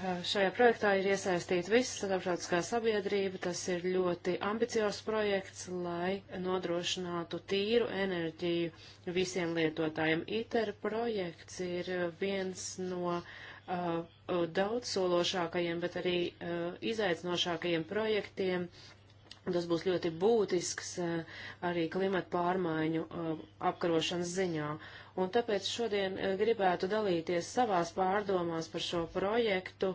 C: Eh, šajā projektā ir iesaistīta visa starptautiskā sabiedrība. Tas ir ļoti ambiciozs projekts, lai nodrošinātu tīru enerģiju visiem lietotājiem. ITER projekts ir viens no uh, eh, daudzsološākajiem, bet arī uh, izaicinošākajiem projektiem Tas būs ļoti būtisks eh, arī klimata pārmaiņu eh, apkarošanas ziņā. Un tāpēc šodien eh, gribētu dalīties savās pārdomās par šo projektu,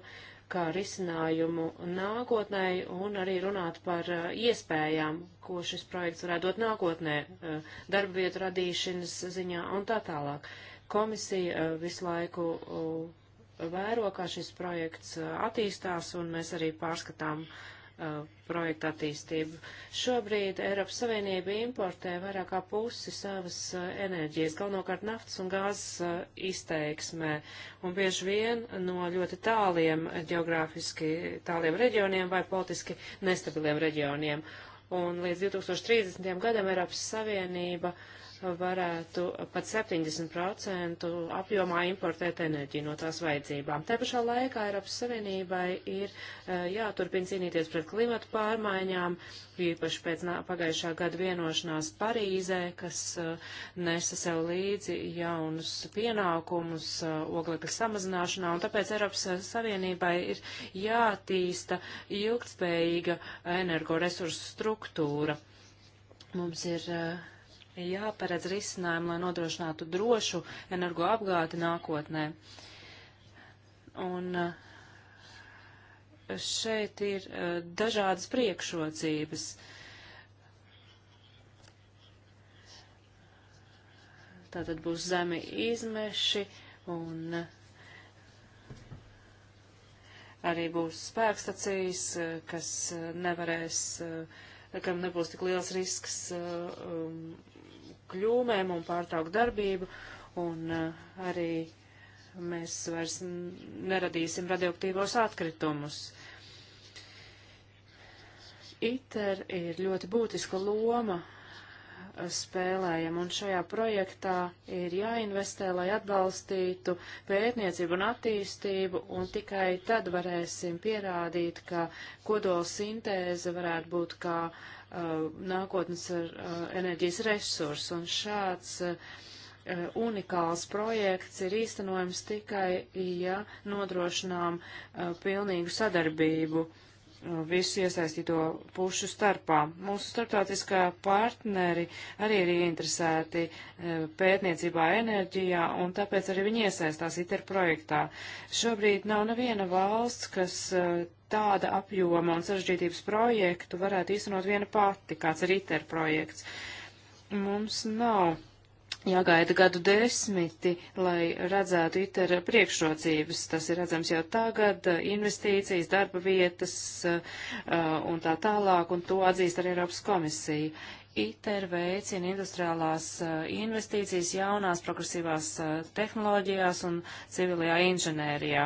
C: kā risinājumu nākotnē un arī runāt par iespējām, ko šis projekts varētu dot nākotnē, darba vietu radīšanas ziņā un tā tālāk. Komisija visu laiku vēro, kā šis projekts attīstās, un mēs arī pārskatām uh, Uh, projektu attīstību. Šobrīd Eiropas Savienība importē vairāk kā pusi savas uh, enerģijas, galvenokārt naftas un gāzes uh, izteiksmē, un bieži vien no ļoti tāliem geogrāfiski tāliem reģioniem vai politiski nestabiliem reģioniem. Un līdz 2030. gadam Eiropas Savienība uh, varētu pat 70% apjomā importēt enerģiju no tās vajadzībām. Te pašā laikā Eiropas Savienībai ir eh, jāturpina cīnīties pret klimatu pārmaiņām, īpaši pēc pagājušā gada vienošanās Parīzē, kas eh, nesa sev līdzi jaunus pienākumus eh, oglekļa samazināšanā, un tāpēc Eiropas Savienībai ir jātīsta ilgtspējīga energoresursu struktūra. Mums ir uh, jāparedz risinājumu, lai nodrošinātu drošu energoapgādi nākotnē. Un eh, šeit ir eh, dažādas priekšrocības. Tātad būs zemi izmeši un eh, arī būs spēkstacijas, kas nevarēs, kam nebūs tik liels risks um, kļūmēm un pārtraukt darbību, un eh, arī mēs vairs neradīsim radioaktīvos atkritumus. ITER ir ļoti būtiska loma eh, spēlējam, un šajā projektā ir jāinvestē, lai atbalstītu pētniecību un attīstību, un tikai tad varēsim pierādīt, ka kodola sintēze varētu būt kā uh, Uh, nākotnes uh, enerģijas resursus. Un šāds uh, unikāls projekts ir īstenojams tikai, ja nodrošinām pilnīgu sadarbību visu iesaistīto pušu starpā. Mūsu starptautiskā partneri arī ir ieinteresēti e, pētniecībā enerģijā, un tāpēc arī viņi iesaistās ITER projektā. Šobrīd nav neviena valsts, kas e, tāda apjoma un sarežģītības projektu varētu īstenot viena pati, kāds ir ITER projekts. Mums nav jāgaida gadu desmiti, lai redzētu ITER priekšrocības. Tas ir redzams jau tagad, investīcijas, darba vietas uh, uh, un tā tālāk, un to atzīst arī Eiropas komisija. ITER veicina industriālās uh, investīcijas jaunās progresīvās tehnoloģijās un civilajā inženērijā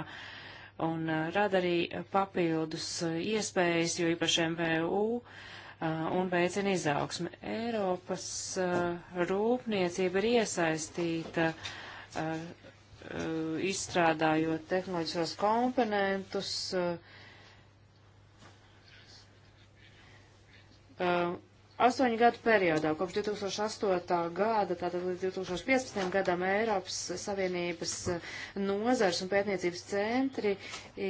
C: un rada arī papildus iespējas, jo īpaši MVU uh, Uh, un veicina izaugsmi. Eiropas uh, rūpniecība ir iesaistīta uh, izstrādājot tehnoloģiskos komponentus, Astoņu gadu periodā, kopš 2008. gada, tātad līdz 2015. gadam, Eiropas Savienības eh, nozars un pētniecības centri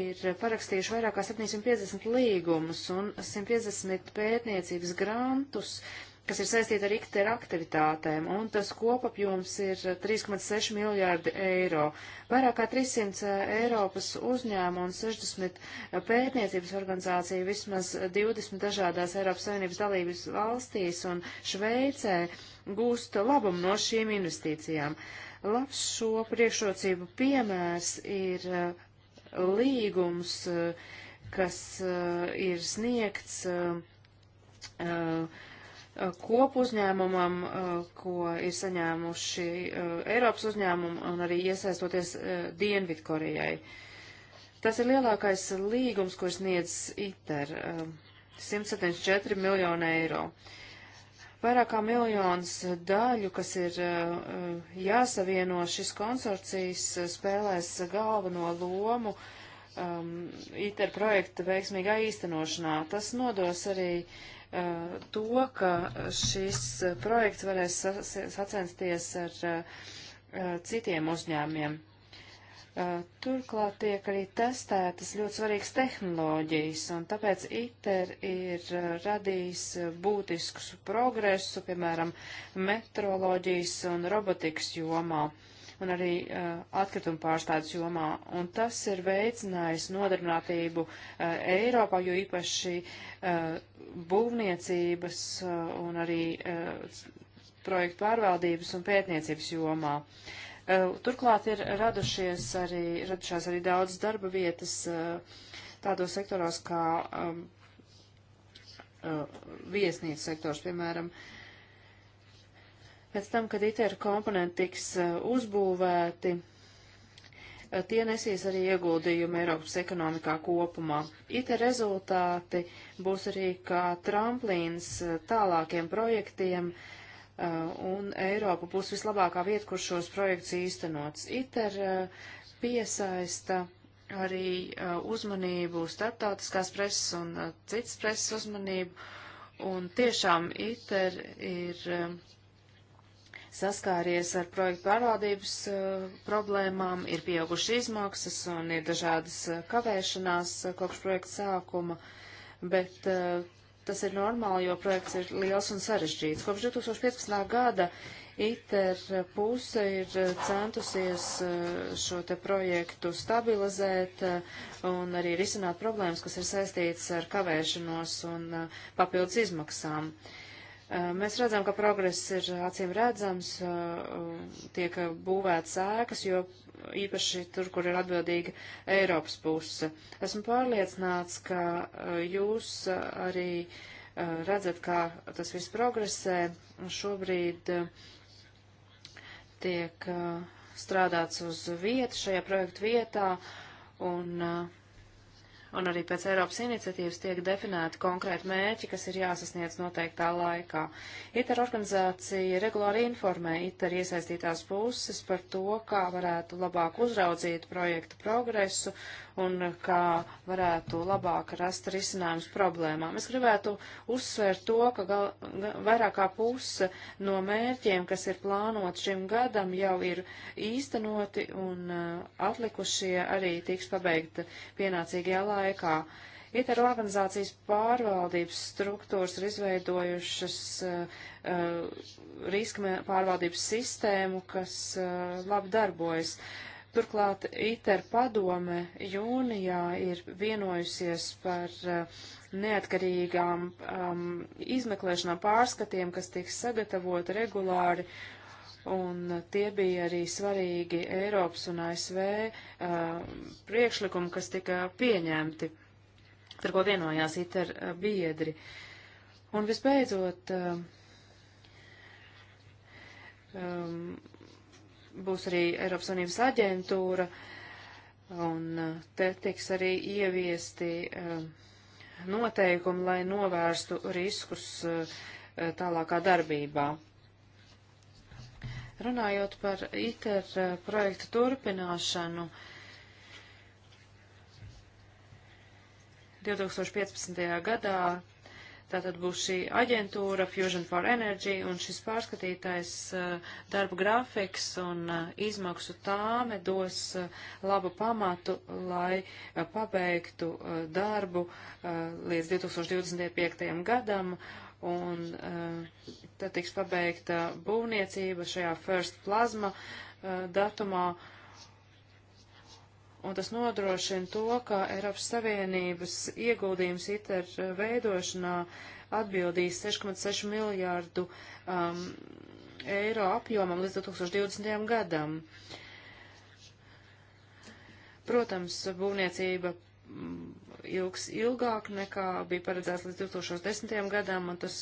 C: ir parakstījuši vairāk kā 750 līgumus un 150 pētniecības grantus, uh, kas ir saistīta ar IKTER aktivitātēm, un tas kopapjoms ir 3,6 miljārdi eiro. Vairāk kā 300 eh, Eiropas uzņēmu un 60 eh, pētniecības organizāciju vismaz 20 dažādās Eiropas Savienības dalības valstīs un Šveicē gūst labumu no šīm investīcijām. Labs šo priekšrocību piemērs ir eh, līgums, kas ir sniegts uh, kopu uzņēmumam, eh, ko ir saņēmuši eh, Eiropas uzņēmumi un arī iesaistoties eh, Dienvidkorejai. Tas ir lielākais līgums, ko sniedz ITER - 174 miljonu eiro. Vairāk kā miljons daļu, kas ir jāsavieno, šis konsorcijs spēlēs galveno lomu um, ITER projekta veiksmīgā īstenošanā. Tas nodos arī uh, to, ka šis projekts varēs sacensties ar eh, citiem uzņēmiem. Eh, turklāt tiek arī testētas ļoti svarīgas tehnoloģijas, un tāpēc ITER ir eh, radījis būtiskus progresu, piemēram, metroloģijas un robotikas jomā. Uh, un arī uh, atkrituma pārstādes jomā. Un tas ir veicinājis nodarbinātību uh, Eiropā, jo īpaši uh, būvniecības uh, un arī uh, projektu pārvaldības un pētniecības jomā. Uh, turklāt ir radušies arī, radušās arī daudz darba vietas uh, tādos sektoros kā um, uh, viesnīca sektors, piemēram, uh, Pēc tam, kad ITER komponenti tiks eh, uzbūvēti, eh, tie nesīs arī ieguldījumu Eiropas ekonomikā kopumā. ITER rezultāti būs arī kā tramplīns eh, tālākiem projektiem, un Eiropa būs vislabākā vieta, kur šos projektus īstenots. ITER piesaista arī uzmanību starptautiskās preses un citas preses uzmanību, un tiešām ITER ir saskāries ar projektu pārvaldības uh, problēmām, ir pieauguši izmaksas un ir dažādas eh, kavēšanās eh, kopš projekta sākuma, bet uh, tas ir normāli, jo projekts ir liels un sarežģīts. Kopš 2015. gada ITER puse ir centusies šo te projektu stabilizēt un arī risināt problēmas, kas ir saistītas ar kavēšanos un papildus izmaksām. Uh, Uh, mēs redzam, ka progress ir uh, acīm redzams, uh, tiek būvēts ēkas, jo īpaši tur, kur ir atbildīga Eiropas puse. Esmu pārliecināts, ka jūs arī redzat, kā tas viss progresē. Šobrīd tiek strādāts uz vietu, šajā projektu vietā, un uh, un arī pēc Eiropas iniciatīvas tiek definēti konkrēti mērķi, kas ir jāsasniedz noteiktā laikā. ITER organizācija regulāri informē ITER iesaistītās puses par to, kā varētu labāk uzraudzīt projektu progresu un kā varētu labāk rast risinājums problēmām. Es gribētu uzsvērt to, ka gal, gal, vairāk kā puse no mērķiem, kas ir plānot šim gadam, jau ir īstenoti un uh, atlikušie arī tiks pabeigti pienācīgajā laikā. Ietver organizācijas pārvaldības struktūras ir izveidojušas uh, uh, riska pārvaldības sistēmu, kas uh, labi darbojas. Uh, Turklāt ITER padome jūnijā ir vienojusies par uh, neatkarīgām um, izmeklēšanām pārskatiem, kas tiks sagatavoti regulāri, un tie bija arī svarīgi Eiropas un ASV uh, eh, priekšlikumi, kas tika pieņemti, par ko vienojās ITER uh, biedri. Un visbeidzot, um, būs arī Eiropas Savienības aģentūra, un uh, te tiks arī ieviesti um, noteikumi, lai novērstu riskus uh, tālākā darbībā. Runājot par ITER uh, projektu turpināšanu, 2015. gadā Tātad būs šī aģentūra Fusion for Energy un šis pārskatītais uh, darba grafiks un uh, izmaksu tāme dos uh, labu pamatu, lai pabeigtu darbu līdz 2025. gadam. Un tad tiks pabeigta būvniecība šajā First Plasma datumā. Uh, un tas nodrošina to, ka Eiropas Savienības ieguldījums ITER veidošanā atbildīs 6,6 miljārdu um, eiro apjomam līdz 2020. gadam. Protams, būvniecība mm, ilgs ilgāk nekā bija paredzēts līdz 2010. gadam, un tas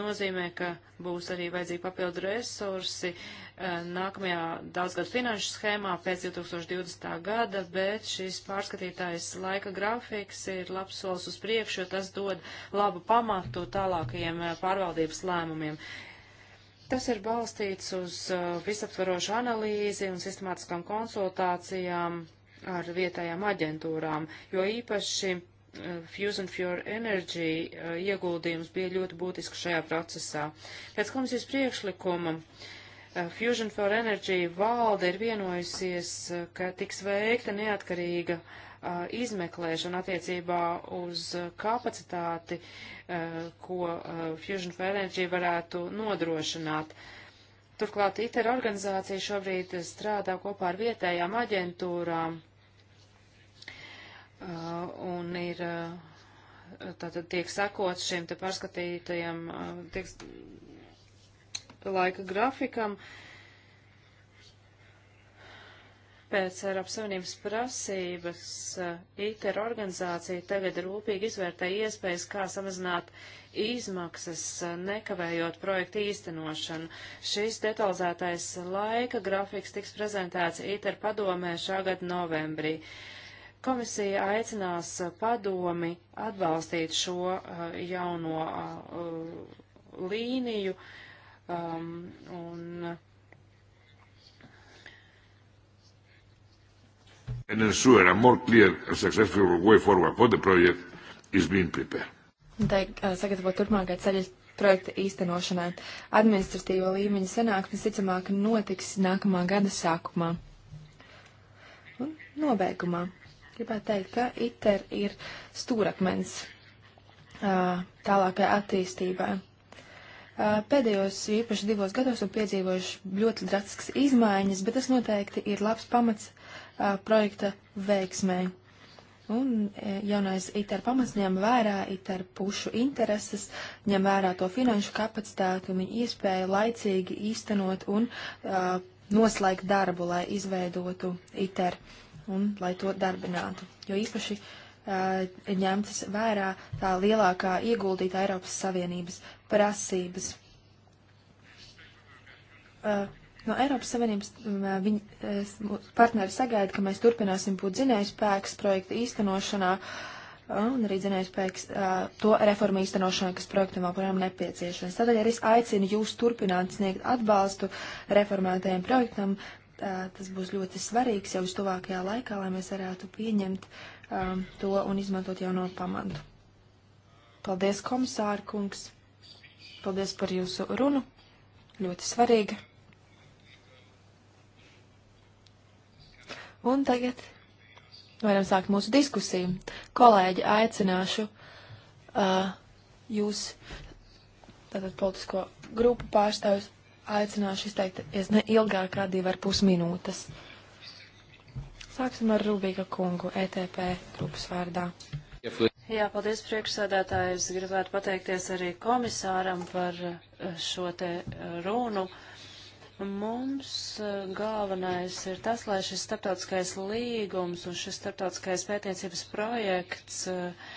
C: nozīmē, ka būs arī vajadzīgi papildu resursi Eh, nākamajā daudzgadu finanšu schēmā pēc 2020. gada, bet šis pārskatītājs laika grafiks ir labs solis uz priekšu, jo tas dod labu pamatu tālākajiem eh, pārvaldības lēmumiem. Tas ir balstīts uz eh, visaptvarošu analīzi un sistemātiskām konsultācijām ar vietējām aģentūrām, jo īpaši Fusion for Energy ieguldījums bija ļoti būtisks šajā procesā. Pēc komisijas priekšlikuma uh, Eh, Fusion for Energy valde ir vienojusies, eh, ka tiks veikta neatkarīga eh, izmeklēšana attiecībā uz kapacitāti, ko Fusion for Energy varētu nodrošināt. Turklāt ITER organizācija šobrīd strādā kopā ar vietējām aģentūrām un ir tātad tiek sakots šiem te pārskatītajiem, tiek laika grafikam. Pēc Eiropas Savienības prasības eh, ITER organizācija tagad rūpīgi izvērtē iespējas, kā samazināt izmaksas, eh, nekavējot projektu īstenošanu. Šis detalizētais laika grafiks tiks prezentēts ITER padomē šā gada novembrī. Komisija aicinās padomi atbalstīt šo uh, jauno uh, līniju, uh, Um, un,
A: and ensure a more clear and successful way forward for the project is being prepared.
B: Teik, uh, sagatavot turpmākai ceļa projekta īstenošanai. Administratīva līmeņa sanāksme sicamāk notiks nākamā gada sākumā. Un nobeigumā gribētu teikt, ka ITER ir stūrakmens uh, tālākai attīstībai. Pēdējos īpaši divos gados esmu piedzīvojuši ļoti drastiskas izmaiņas, bet tas noteikti ir labs pamats a, projekta veiksmēji. Un e, jaunais ITER pamats ņem vērā ITER pušu intereses, ņem vērā to finanšu kapacitāti un iespēju laicīgi īstenot un uh, noslēgt darbu, lai izveidotu ITER un lai to darbinātu. Jo īpaši uh, ņemtas vērā tā lielākā ieguldīta Eiropas Savienības uh, prasības. Uh, no Eiropas Savienības mm, uh, viņa partneri sagaida, ka mēs turpināsim būt zinējspēks projekta īstenošanā uh, un arī zinējspēks uh, to reformu īstenošanā, kas projektam vēl projām nepieciešams. Tādēļ arī es aicinu jūs turpināt sniegt atbalstu reformētajiem projektam. Tas būs ļoti svarīgs jau uz tuvākajā laikā, lai mēs varētu pieņemt um, to un izmantot jauno pamatu. Paldies, komisāra kungs! paldies par jūsu runu. Ļoti svarīga. Un tagad varam sākt mūsu diskusiju. Kolēģi, aicināšu uh, jūs, tātad politisko grupu pārstāvjus, aicināšu izteikties ne ilgāk kā divi ar pus minūtes. Sāksim ar Rūbīga kungu, ETP grupas vārdā.
C: Ja, Jā, paldies priekšsēdētāji. Es gribētu pateikties arī komisāram par eh, šo te eh, runu. Mums eh, galvenais ir tas, lai šis starptautiskais līgums un šis starptautiskais pētniecības projekts uh,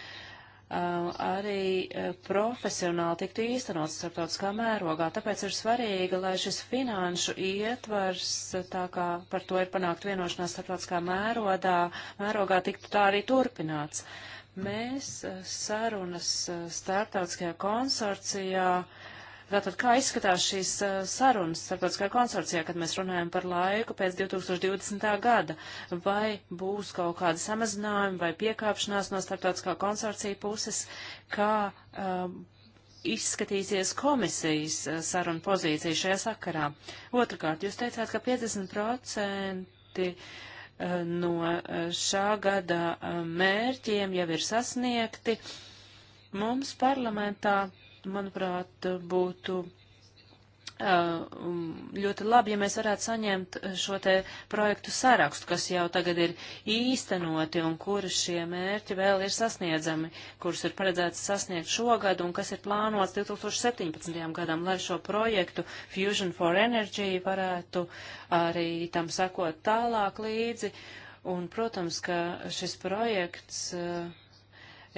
C: arī profesionāli tiktu īstenots starptautiskā mērogā. Tāpēc ir svarīgi, lai šis finanšu ietvars, tā kā par to ir panākt vienošanās starptautiskā mērodā, mērogā tiktu tā arī turpināts. Uh, Mēs eh, sarunas eh, starptautiskajā konsorcijā. Tātad, kā izskatās šīs eh, sarunas starptautiskajā konsorcijā, kad mēs runājam par laiku pēc 2020. gada? Vai būs kaut kādi samazinājumi vai piekāpšanās no starptautiskā konsorcija puses? Kā um, izskatīsies komisijas saruna pozīcija šajā sakarā? Otrakārt, jūs teicāt, ka 50% no eh, šā gada eh, mērķiem jau ir sasniegti. Mums parlamentā, manuprāt, būtu Uh, um, ļoti labi, ja mēs varētu saņemt uh, šo te projektu sarakstu, kas jau tagad ir īstenoti un kuri šie mērķi vēl ir sasniedzami, kurus ir paredzēts sasniegt šogad un kas ir plānots 2017. gadam, lai šo projektu Fusion for Energy varētu arī tam sakot tālāk līdzi. Un, protams, ka šis projekts uh,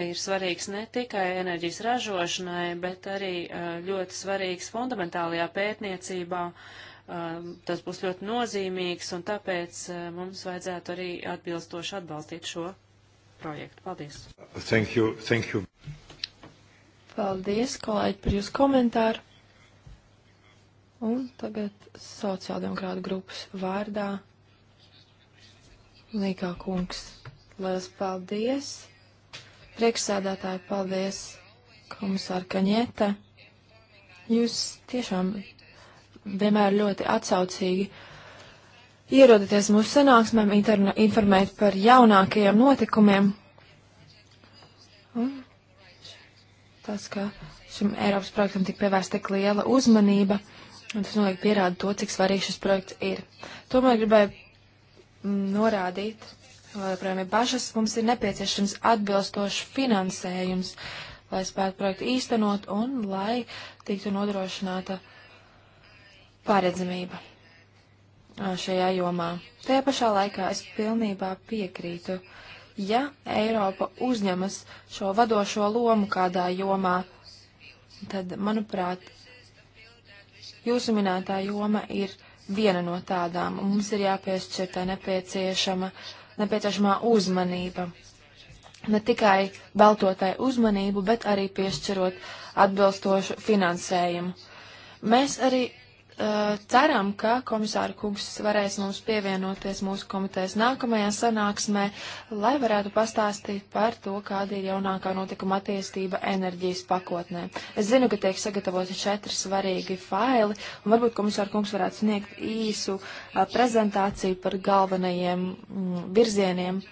C: ir svarīgs ne tikai enerģijas ražošanai, bet arī eh, ļoti svarīgs fundamentālajā pētniecībā. Eh, tas būs ļoti nozīmīgs, un tāpēc eh, mums vajadzētu arī atbilstoši atbalstīt šo projektu. Paldies!
A: Thank you, thank you.
B: Paldies, kolēģi, par jūsu komentāru. Un tagad sociāldemokrāta grupas vārdā Līkā kungs. Lielas paldies! Priekšsēdētāji, paldies, komisāra Kaņieta. Jūs tiešām vienmēr ļoti atsaucīgi ierodaties mūsu sanāksmēm, informēt par jaunākajiem notikumiem. Un tas, ka šim Eiropas projektam tik pievērsta tik liela uzmanība, un tas noteikti pierāda to, cik svarīgs šis projekts ir. Tomēr gribēju mm, norādīt vēl joprojām ir bažas, mums ir nepieciešams atbilstošs finansējums, lai spētu projektu īstenot un lai tiktu nodrošināta paredzamība šajā jomā. Tajā pašā laikā es pilnībā piekrītu, ja Eiropa uzņemas šo vadošo lomu kādā jomā, tad, manuprāt, jūsu minētā joma ir viena no tādām. Mums ir jāpiešķirta nepieciešama uh, nepieciešamā uzmanība. Ne tikai veltotai uzmanību, bet arī piešķirot atbilstošu finansējumu. Mēs arī Eh, ceram, ka komisāra kungs varēs mums pievienoties mūsu komitejas nākamajā sanāksmē, lai varētu pastāstīt par to, kāda ir jaunākā notikuma attīstība enerģijas pakotnē. Es zinu, ka tiek sagatavoti četri svarīgi faili, un varbūt komisāra kungs varētu sniegt īsu a, eh, prezentāciju par galvenajiem m, mm, virzieniem a,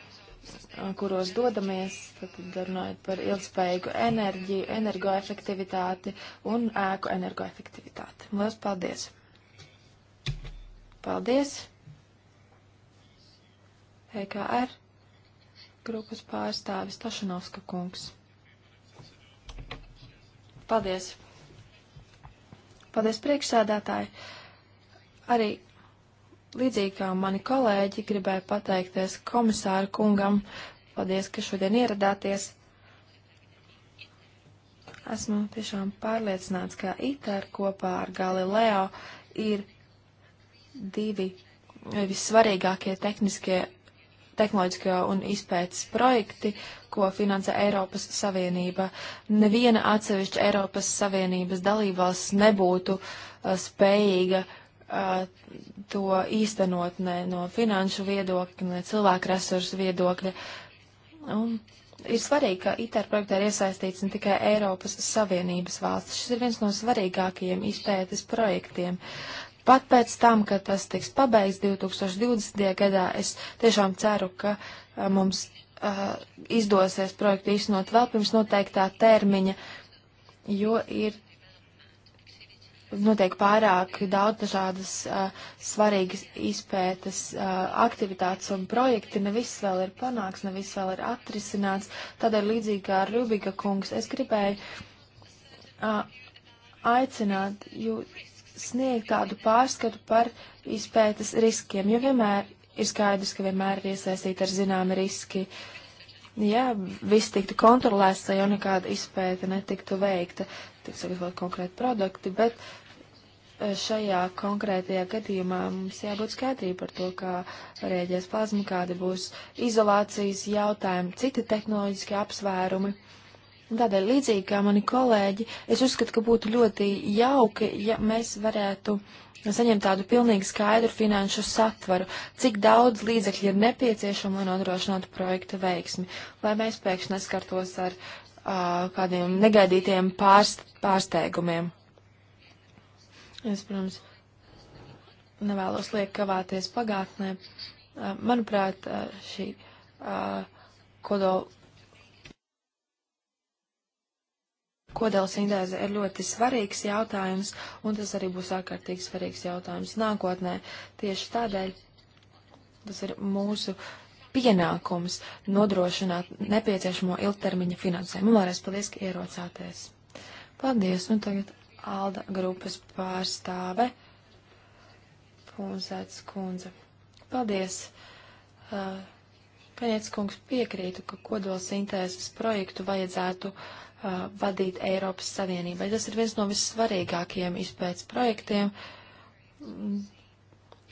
B: eh, kuros dodamies, tad runājot par ilgspējīgu enerģiju, energoefektivitāti un ēku energoefektivitāti. Lielas paldies! Paldies! EKR grupas pārstāvis Tašanovska kungs. Paldies! Paldies priekšsēdētāji! Arī līdzīgi kā mani kolēģi gribēju pateikties komisāru kungam. Paldies, ka šodien ieradāties. Esmu tiešām pārliecināts, ka ITER kopā ar Galileo ir divi eh, vissvarīgākie tehniskie, tehnoloģiskie un izpētes projekti, ko finansē Eiropas Savienība. Neviena atsevišķa Eiropas Savienības dalībvalsts nebūtu uh, spējīga uh, to īstenot ne no finanšu viedokļa, ne cilvēku resursu viedokļa. Un ir svarīgi, ka ITER projektā ir iesaistīts ne tikai Eiropas Savienības valsts. Šis ir viens no svarīgākajiem izpētes projektiem. Pat pēc tam, kad tas tiks pabeigts 2020. gadā, es tiešām ceru, ka mums uh, izdosies projektu īstenot vēl pirms noteiktā termiņa, jo ir notiek pārāk daudz dažādas uh, svarīgas izpētes uh, aktivitātes un projekti, ne viss vēl ir panāks, ne viss vēl ir atrisināts. Tādēļ līdzīgi kā Rubiga kungs, es gribēju uh, aicināt jūs sniegt tādu pārskatu par izpētes riskiem, jo vienmēr ir skaidrs, ka vienmēr ir iesaistīta ar zināmi riski. Ja viss tiktu kontrolēts, tad jau nekāda izpēta netiktu veikta, tik sagatavot konkrēti produkti, bet e, šajā konkrētajā gadījumā mums jābūt skaidrība par to, kā rēģēs plazma, kādi būs izolācijas jautājumi, citi tehnoloģiski apsvērumi. Tādēļ līdzīgi kā mani kolēģi, es uzskatu, ka būtu ļoti jauki, ja mēs varētu saņemt tādu pilnīgi skaidru finanšu satvaru, cik daudz līdzekļu ir nepieciešama, lai nodrošinātu projekta veiksmi, lai mēs pēkšņi neskartos ar uh, kādiem negaidītiem pārst, pārsteigumiem. Es, protams, nevēlos liek kavēties pagātnē. Uh, manuprāt, uh, šī uh, kodola kodolsintēze ir ļoti svarīgs jautājums, un tas arī būs ārkārtīgi svarīgs jautājums nākotnē. Tieši tādēļ tas ir mūsu pienākums nodrošināt nepieciešamo ilgtermiņa finansējumu. Vēlreiz paldies, ka ierocāties. Paldies, un tagad Alda grupas pārstāve Punzēts kundze. Paldies. Uh, Pēc kungs piekrītu, ka kodolsintēzes projektu vajadzētu uh, vadīt Eiropas Savienībai. Tas ir viens no vissvarīgākajiem izpētes projektiem, mm,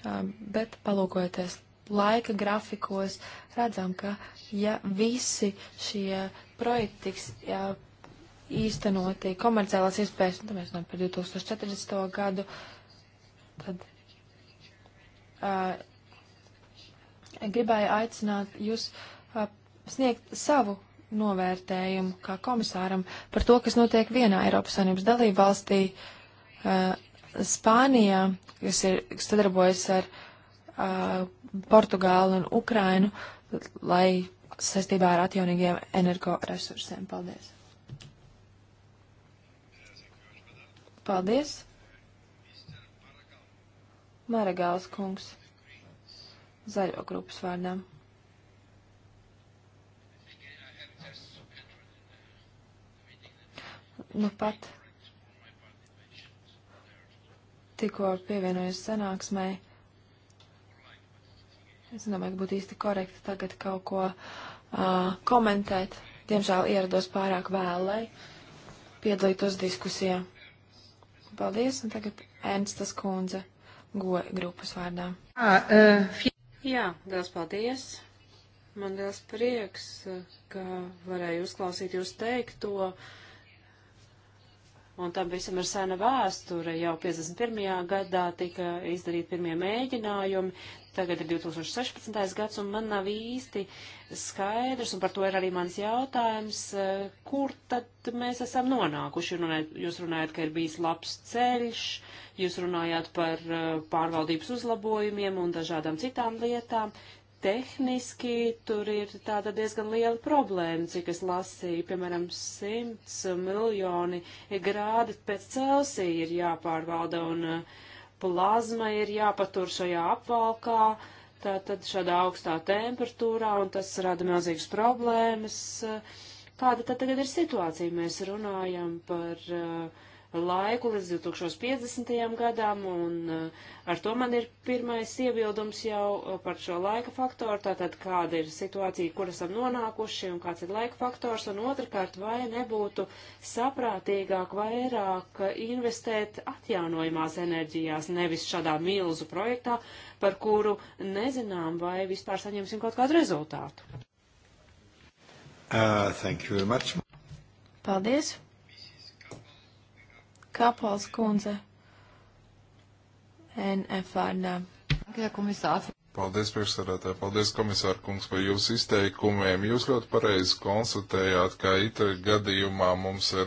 B: uh, bet palūkojoties laika grafikos, redzam, ka ja visi šie projekti tiks ja, īstenoti komerciālās izpētes, nu, mēs runājam par 2040. gadu, tad uh, gribēju aicināt jūs uh, sniegt savu novērtējumu kā komisāram par to, kas notiek vienā Eiropas Savienības dalību valstī, uh, Spānijā, kas ir kas sadarbojas ar uh, Portugālu un Ukrainu, lai saistībā ar atjaunīgiem energoresursiem. Paldies! Paldies! Maragāls kungs, zaļo grupas vārdām. nu pat tikko pievienojos sanāksmai. Es domāju, ka būtu īsti korekti tagad kaut ko uh, komentēt. Diemžēl ierados pārāk vēl, lai piedalītos diskusijā. Paldies, un tagad Ernstas kundze go grupas vārdā.
C: Jā, liels paldies. Man liels prieks, ka varēju uzklausīt jūs teikto. Uh, Un tam visam ir sena vēsture. Jau 51. gadā tika izdarīti pirmie mēģinājumi, tagad ir 2016. gads, un man nav īsti skaidrs, un par to ir arī mans jautājums, e, kur tad mēs esam nonākuši. Jūs runājat, ka ir bijis labs ceļš, jūs runājāt par e, pārvaldības uzlabojumiem un dažādām citām lietām tehniski tur ir tāda diezgan liela problēma, cik es lasīju, piemēram, 100 miljoni grādi pēc Celsija ir jāpārvalda un uh, plazma ir jāpatur šajā apvalkā, tātad šādā augstā temperatūrā un tas rada milzīgas problēmas. Kāda tad tagad ir situācija? Mēs runājam par uh, laiku līdz 2050. gadam, un eh, ar to man ir pirmais iebildums jau eh, par šo laika faktoru, tātad kāda ir situācija, kur esam nonākuši un kāds ir laika faktors, un otrkārt, vai nebūtu saprātīgāk vairāk investēt atjaunojumās enerģijās, nevis šādā milzu projektā, par kuru nezinām, vai vispār saņemsim kaut kādu rezultātu.
A: Uh, thank you very much.
B: Paldies. Kapals kundze, NFR.
A: Paldies, priekšsēdētāji, paldies, komisāra kungs, par jūsu izteikumiem. Jūs ļoti pareizi konstatējāt, ka ITRE gadījumā mums ir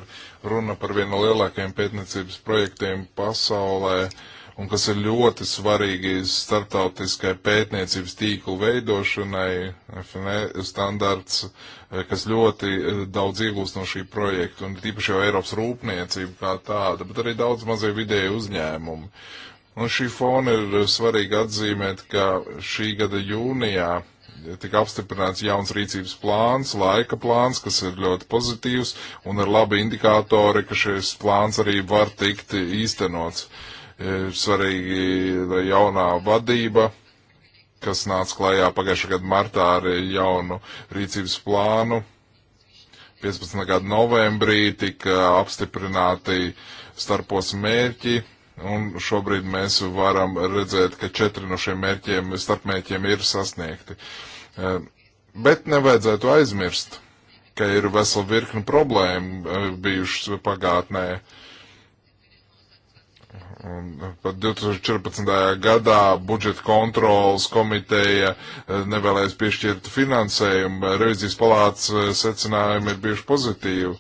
A: runa par vienu no lielākajiem pētniecības projektiem pasaulē. Uh, un kas ir ļoti svarīgi starptautiskai pētniecības tīklu veidošanai, FNE standarts, eh, kas ļoti eh, daudz iegūst no šī projekta, un tīpaši jau Eiropas rūpniecība kā tāda, bet arī daudz mazie vidēji uzņēmumi. Un šī fona ir eh, svarīgi atzīmēt, ka šī gada jūnijā tika apstiprināts jauns rīcības plāns, laika plāns, kas ir ļoti pozitīvs un ir labi indikātori, ka šis plāns arī var tikt īstenots. Uh, Ir svarīgi, lai jaunā vadība, kas nāca klajā pagājušā gada martā ar jaunu rīcības plānu, 15. gada novembrī tika apstiprināti starpos mērķi, un šobrīd mēs varam redzēt, ka četri no šiem mērķiem, starpmērķiem ir sasniegti. E, bet nevajadzētu aizmirst, ka ir vesela virkni problēmu e, bijušas pagātnē. Eh, pat 2014. gadā budžeta kontrolas komiteja eh, nevēlēs piešķirt finansējumu. Revizijas palātas eh, secinājumi ir bijuši pozitīvi.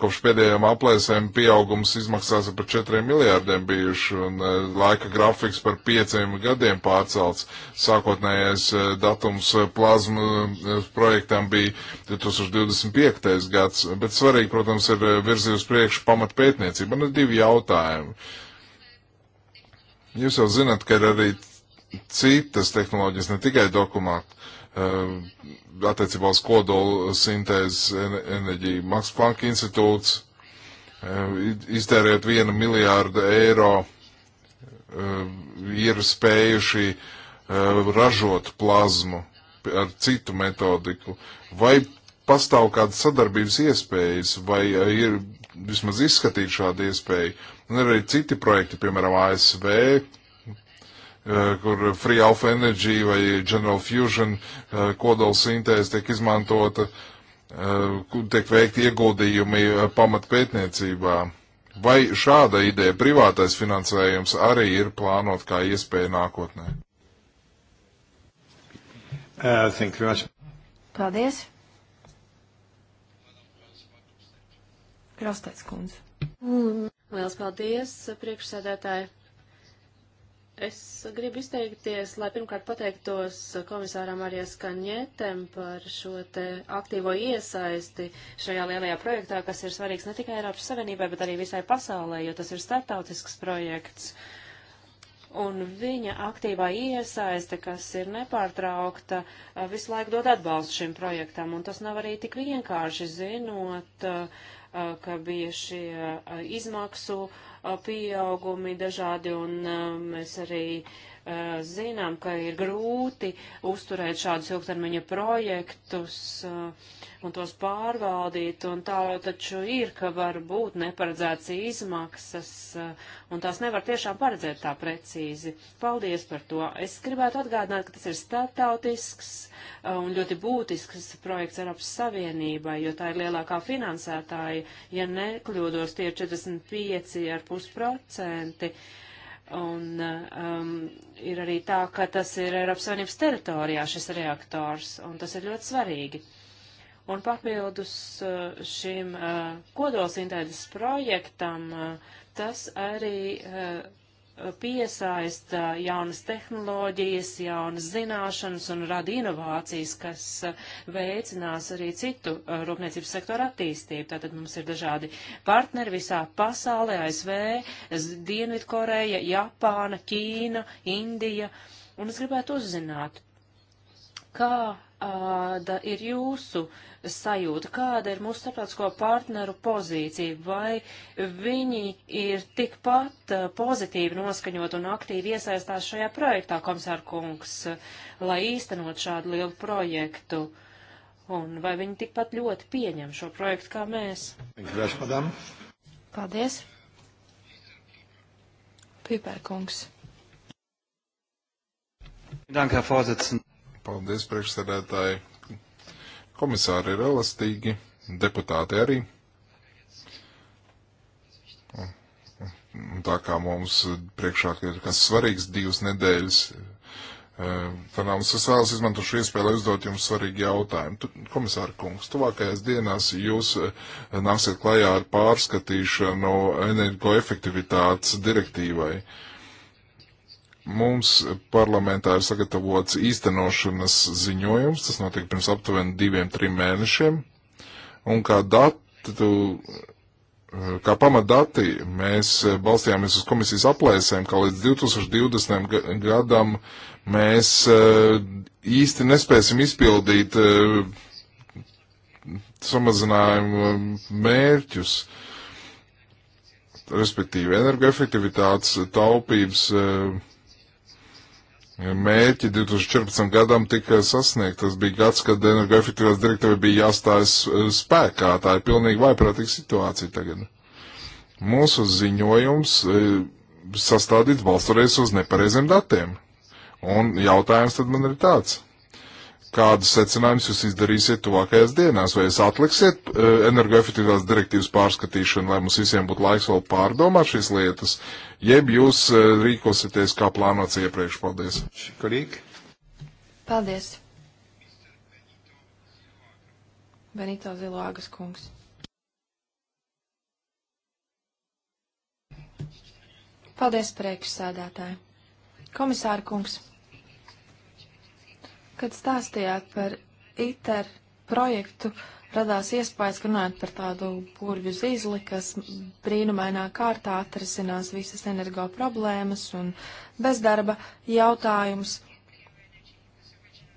A: Kopš pēdējiem aplēsēm pieaugums izmaksās par 4 miljārdiem bijuši un laika grafiks par 5 gadiem pārcelts. Sākotnējais datums plazmu projektam bija 2025. gads, bet svarīgi, protams, ir virzījusi priekšu pamatpētniecība. Man ir divi jautājumi. Uh, Jūs jau zinat, ka ir arī citas tehnoloģijas, ne tikai dokumāti, eh, attiecībā uz kodolu sintēzes enerģiju. Max Planck institūts eh, iztērēt vienu miljārdu eiro eh, ir spējuši ražot plazmu ar citu metodiku. Vai pastāv kādas sadarbības iespējas, vai ir vismaz izskatīt šādu iespēju? Un ir arī citi projekti, piemēram, ASV, eh, kur Free Alpha Energy vai General Fusion eh, kodola sintēze tiek izmantota, eh, tiek veikti ieguldījumi pamatpētniecībā. Vai šāda ideja, privātais finansējums, arī ir plānot kā iespēja nākotnē? Uh,
B: Paldies! Krastēts kundze. Mm. Liels paldies,
C: priekšsēdētāji. Es gribu izteikties, lai pirmkārt pateiktos komisāram Arijas Kaņetem par šo te aktīvo iesaisti šajā lielajā projektā, kas ir svarīgs ne tikai Eiropas Savienībai, bet arī visai pasaulē, jo tas ir startautisks projekts. Un viņa aktīvā iesaiste, kas ir nepārtraukta, visu laiku dod atbalstu šim projektam, un tas nav arī tik vienkārši zinot, uh, ka bija šie izmaksu pieaugumi dažādi, un mēs arī zinām, ka ir grūti uzturēt šādus ilgtermiņa projektus. Uh, un tos pārvaldīt, un tā jau taču ir, ka var būt neparedzēts izmaksas, eh, un tās nevar tiešām paredzēt tā precīzi. Paldies par to. Es gribētu atgādināt, ka tas ir startautisks eh, un ļoti būtisks projekts Eiropas Savienībai, jo tā ir lielākā finansētāja, ja nekļūdos, tie ir 45,5%. Un um, ir arī tā, ka tas ir Eiropas Savienības teritorijā šis reaktors, un tas ir ļoti svarīgi. Uh, Un papildus eh, šim eh, kodolsintēzes projektam eh, tas arī piesaista jaunas tehnoloģijas, jaunas zināšanas un rada inovācijas, kas veicinās arī citu rūpniecības sektoru attīstību. Tātad mums ir dažādi partneri visā pasaulē, ASV, Dienvidkoreja, Japāna, Ķīna, Indija. Un es gribētu uzzināt, kā kāda ir jūsu sajūta, kāda ir mūsu starptautisko partneru pozīcija, vai viņi ir tikpat uh, pozitīvi noskaņot un aktīvi iesaistās šajā projektā, komisāra kungs, lai īstenot šādu lielu projektu, un vai viņi tikpat ļoti pieņem šo projektu kā mēs? Paldies!
B: Pīpērkungs.
A: Danke, Herr Vorsitzender. Paldies, priekšsēdētāji. Komisāri ir elastīgi, deputāti arī. Tā kā mums priekšā ir kas svarīgs divas nedēļas, eh, Fernāns, es vēlos izmantot šo iespēju, lai uzdot jums svarīgi jautājumu. Komisāra kungs, tuvākajās dienās jūs eh, nāksiet klajā ar pārskatīšanu energoefektivitātes direktīvai. Uh, Mums parlamentā ir sagatavots īstenošanas ziņojums, tas notika pirms aptuveni diviem, trim mēnešiem, un kā datu, kā pamatdati mēs balstījāmies uz komisijas aplēsēm, ka līdz 2020. gadam mēs eh, īsti nespēsim izpildīt eh, samazinājumu eh, mērķus respektīvi energoefektivitātes, taupības, mērķi 2014. gadam tika sasniegt. Tas bija gads, kad energoefektīvās direktīva bija jāstājas eh, spēkā. Tā ir pilnīgi vaiprātīga situācija tagad. Mūsu ziņojums eh, sastādīts balstoties uz nepareiziem datiem. Un jautājums tad man ir tāds. Kādas secinājumus jūs izdarīsiet tuvākajās dienās? Vai jūs atliksiet eh, energoefektivitātes direktīvas pārskatīšanu, lai mums visiem būtu laiks vēl pārdomāt šīs lietas, jeb jūs eh, rīkosieties kā plānots iepriekš? Paldies! Korīgi!
B: Paldies! Benito Zilāgas kungs. Paldies, priekšsēdētāji! Komisāra kungs! Kad stāstījāt par ITER projektu, radās iespējas, ka runājat par tādu burvju zīzli, kas brīnumainā kārtā atrisinās visas energo problēmas un bezdarba jautājums.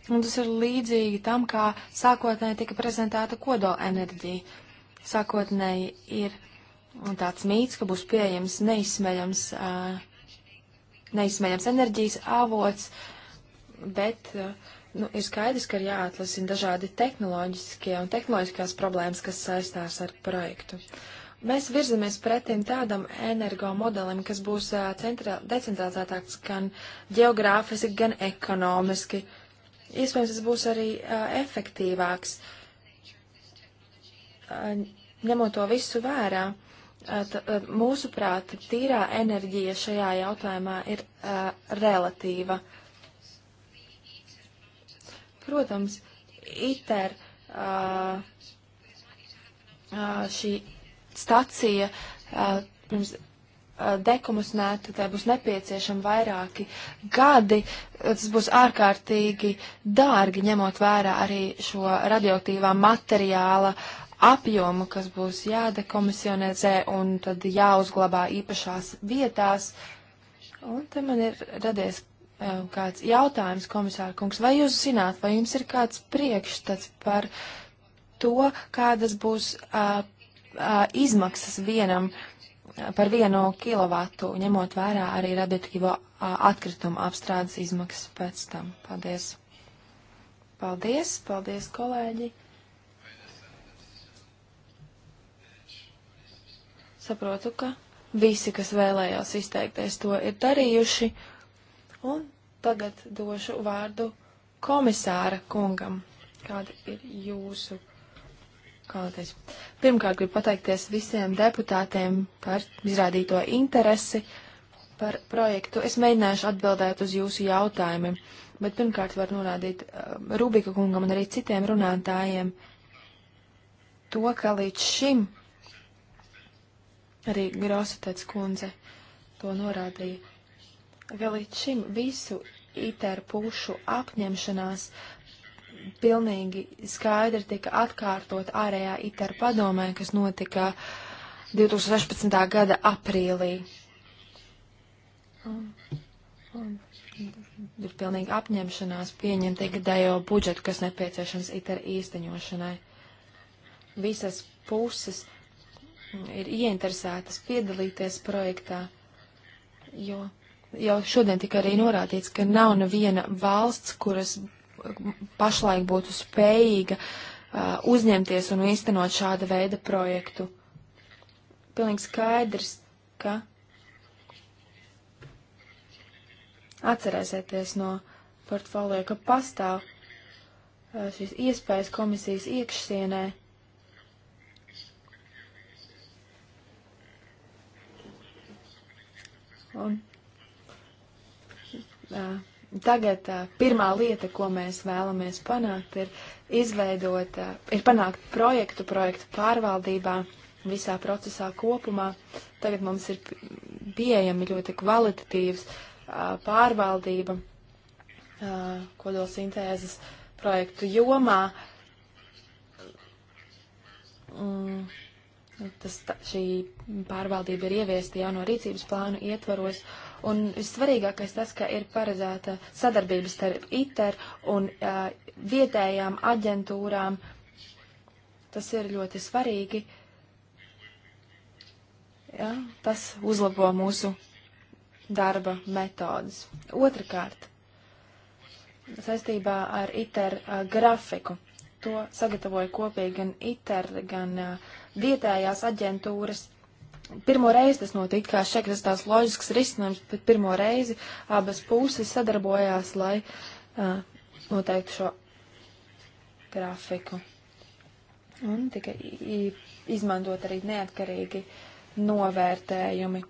B: Un tas ir līdzīgi tam, kā sākotnēji tika prezentēta kodolenerģija. Sākotnēji ir tāds mīts, ka būs pieejams neizsmeļams, uh, neizsmeļams enerģijas avots, bet uh, Nu, ir skaidrs, ka ir jāatlasina dažādi tehnoloģiskie un tehnoloģiskās problēmas, kas saistās ar projektu. Mēs virzamies pretim tādam energomodelim, kas būs decentralizētāks gan geogrāfiski, gan ekonomiski. Iespējams, tas būs arī uh, efektīvāks. Uh, ņemot to visu vērā, uh, mūsuprāt, tīrā enerģija šajā jautājumā ir relatīva. Uh, Protams, ITER uh, uh, šī stacija uh, pirms dekomisnēta, tai būs nepieciešami vairāki gadi. Tas būs ārkārtīgi dārgi, ņemot vērā arī šo radioaktīvā materiāla apjomu, kas būs jādekomisionizē un tad jāuzglabā īpašās vietās. Un te man ir radies kāds jautājums, komisāra kungs, vai jūs zināt, vai jums ir kāds priekšstats par to, kādas būs uh, uh, izmaksas vienam uh, par vienu kilovatu, ņemot vērā arī radioaktīvo atkritumu apstrādes izmaksas pēc tam. Paldies! Paldies, paldies, kolēģi! Saprotu, ka visi, kas vēlējās izteikties, to ir darījuši. Un Tagad došu vārdu komisāra kungam. Kāda ir jūsu kvalitāte? Pirmkārt, gribu pateikties visiem deputātiem par izrādīto interesi par projektu. Es mēģināšu atbildēt uz jūsu jautājumiem, bet pirmkārt var norādīt uh, Rubika kungam un arī citiem runātājiem to, ka līdz šim arī Grositets kundze to norādīja ka līdz šim visu ITER pušu apņemšanās pilnīgi skaidri tika atkārtot ārējā ITER padomē, kas notika 2016. gada aprīlī. Un, un, ir pilnīgi apņemšanās pieņemt ikgadējo budžetu, kas nepieciešams ITER īsteņošanai. Visas puses ir ieinteresētas piedalīties projektā, jo jau šodien tika arī norādīts, ka nav neviena valsts, kuras pašlaik būtu spējīga uh, uzņemties un īstenot šāda veida projektu. Pilnīgi skaidrs, ka atcerēsieties no portfolio, ka pastāv uh, šīs iespējas komisijas iekšsienē. Un Tagad pirmā lieta, ko mēs vēlamies panākt, ir izveidot, ir panākt projektu, projektu pārvaldībā, visā procesā kopumā. Tagad mums ir pieejami ļoti kvalitatīvs pārvaldība kodolsintēzes projektu jomā. Tas, šī pārvaldība ir ieviesta jauno rīcības plānu ietvaros, Un svarīgākais tas, ka ir paredzēta sadarbības starp ITER un uh, vietējām aģentūrām. Tas ir ļoti svarīgi. Ja, tas uzlabo mūsu darba metodas. Otrakārt, saistībā ar ITER uh, grafiku. To sagatavoja kopīgi gan ITER, gan uh, vietējās aģentūras. Pirmo reizi tas notika, kā šeit tas tās loģisks risinājums, bet pirmo reizi abas puses sadarbojās, lai uh, noteiktu šo grafiku. Un tika izmantot arī neatkarīgi novērtējumi.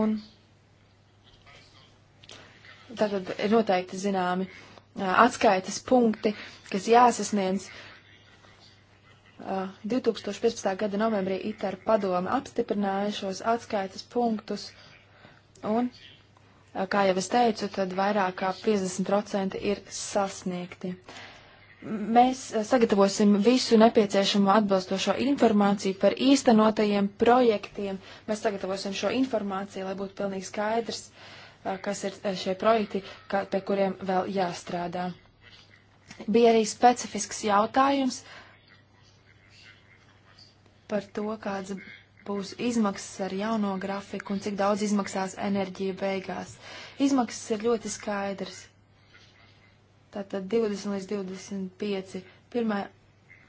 B: Un tātad ir noteikti zināmi atskaites punkti, kas jāsasniedz. 2015. gada novembrī ITER padome apstiprināja šos atskaites punktus, un, kā jau es teicu, tad vairāk kā 50% ir sasniegti. Mēs sagatavosim visu nepieciešamo atbilstošo informāciju par īstenotajiem projektiem. Mēs sagatavosim šo informāciju, lai būtu pilnīgi skaidrs, uh, kas ir šie projekti, kā, pie kuriem vēl jāstrādā. Bija arī specifisks jautājums par to, kāds būs izmaksas ar jauno grafiku un cik daudz izmaksās enerģija beigās. Izmaksas ir ļoti skaidrs. Tātad 20 līdz 25 pirmai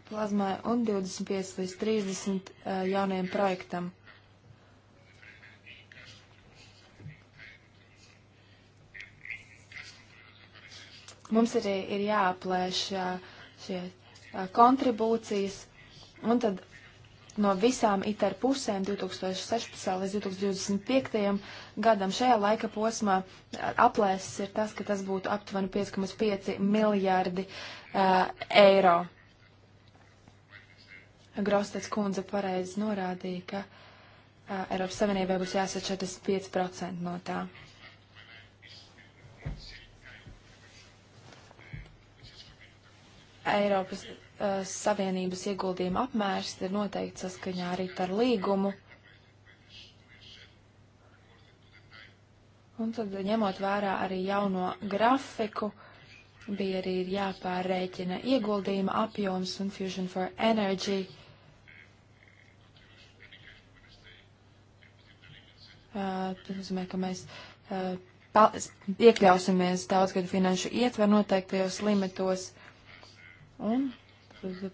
B: plazmai un 25 līdz 30 uh, jaunajam projektam. Mums arī ir jāaplēš šie kontribūcijas, un tad no visām ITER pusēm 2016. līdz 2025. gadam šajā laika posmā aplēses ir tas, ka tas būtu aptuveni 5,5 miljārdi uh, eiro. Grostets kundze pareizi norādīja, ka uh, Eiropas Savienībai būs jāsat 45% no tā. Uh, Eiropas uh, Savienības ieguldījuma apmērs ir noteikts saskaņā arī ar līgumu. Un tad, ņemot vērā arī jauno grafiku, bija arī jāpārrēķina ieguldījuma apjoms un Fusion for Energy. Uh, tas nozīmē, ka mēs uh, iekļausimies daudzgadu finanšu ietver noteiktajos limitos. Un